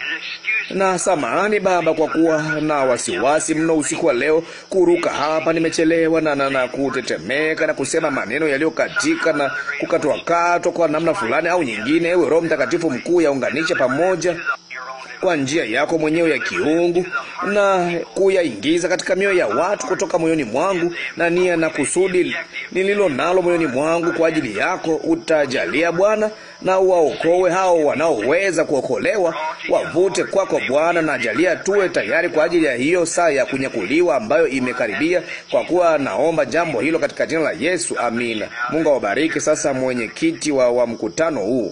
Na samahani Baba kwa kuwa na wasiwasi mno usiku wa leo, kuruka hapa nimechelewa na, na, na kutetemeka na kusema maneno yaliyokatika na kukatwakatwa kwa namna fulani au nyingine. Ewe Roho Mtakatifu mkuu, yaunganishe pamoja kwa njia yako mwenyewe ya kiungu na kuyaingiza katika mioyo ya watu kutoka moyoni mwangu na nia na kusudi nililo nalo moyoni mwangu kwa ajili yako. Utajalia Bwana, na uwaokoe hao wanaoweza kuokolewa, wavute kwako Bwana, na jalia tuwe tayari kwa ajili ya hiyo saa ya kunyakuliwa ambayo imekaribia, kwa kuwa naomba jambo hilo katika jina la Yesu, amina. Mungu awabariki. Sasa mwenyekiti wa, wa mkutano huu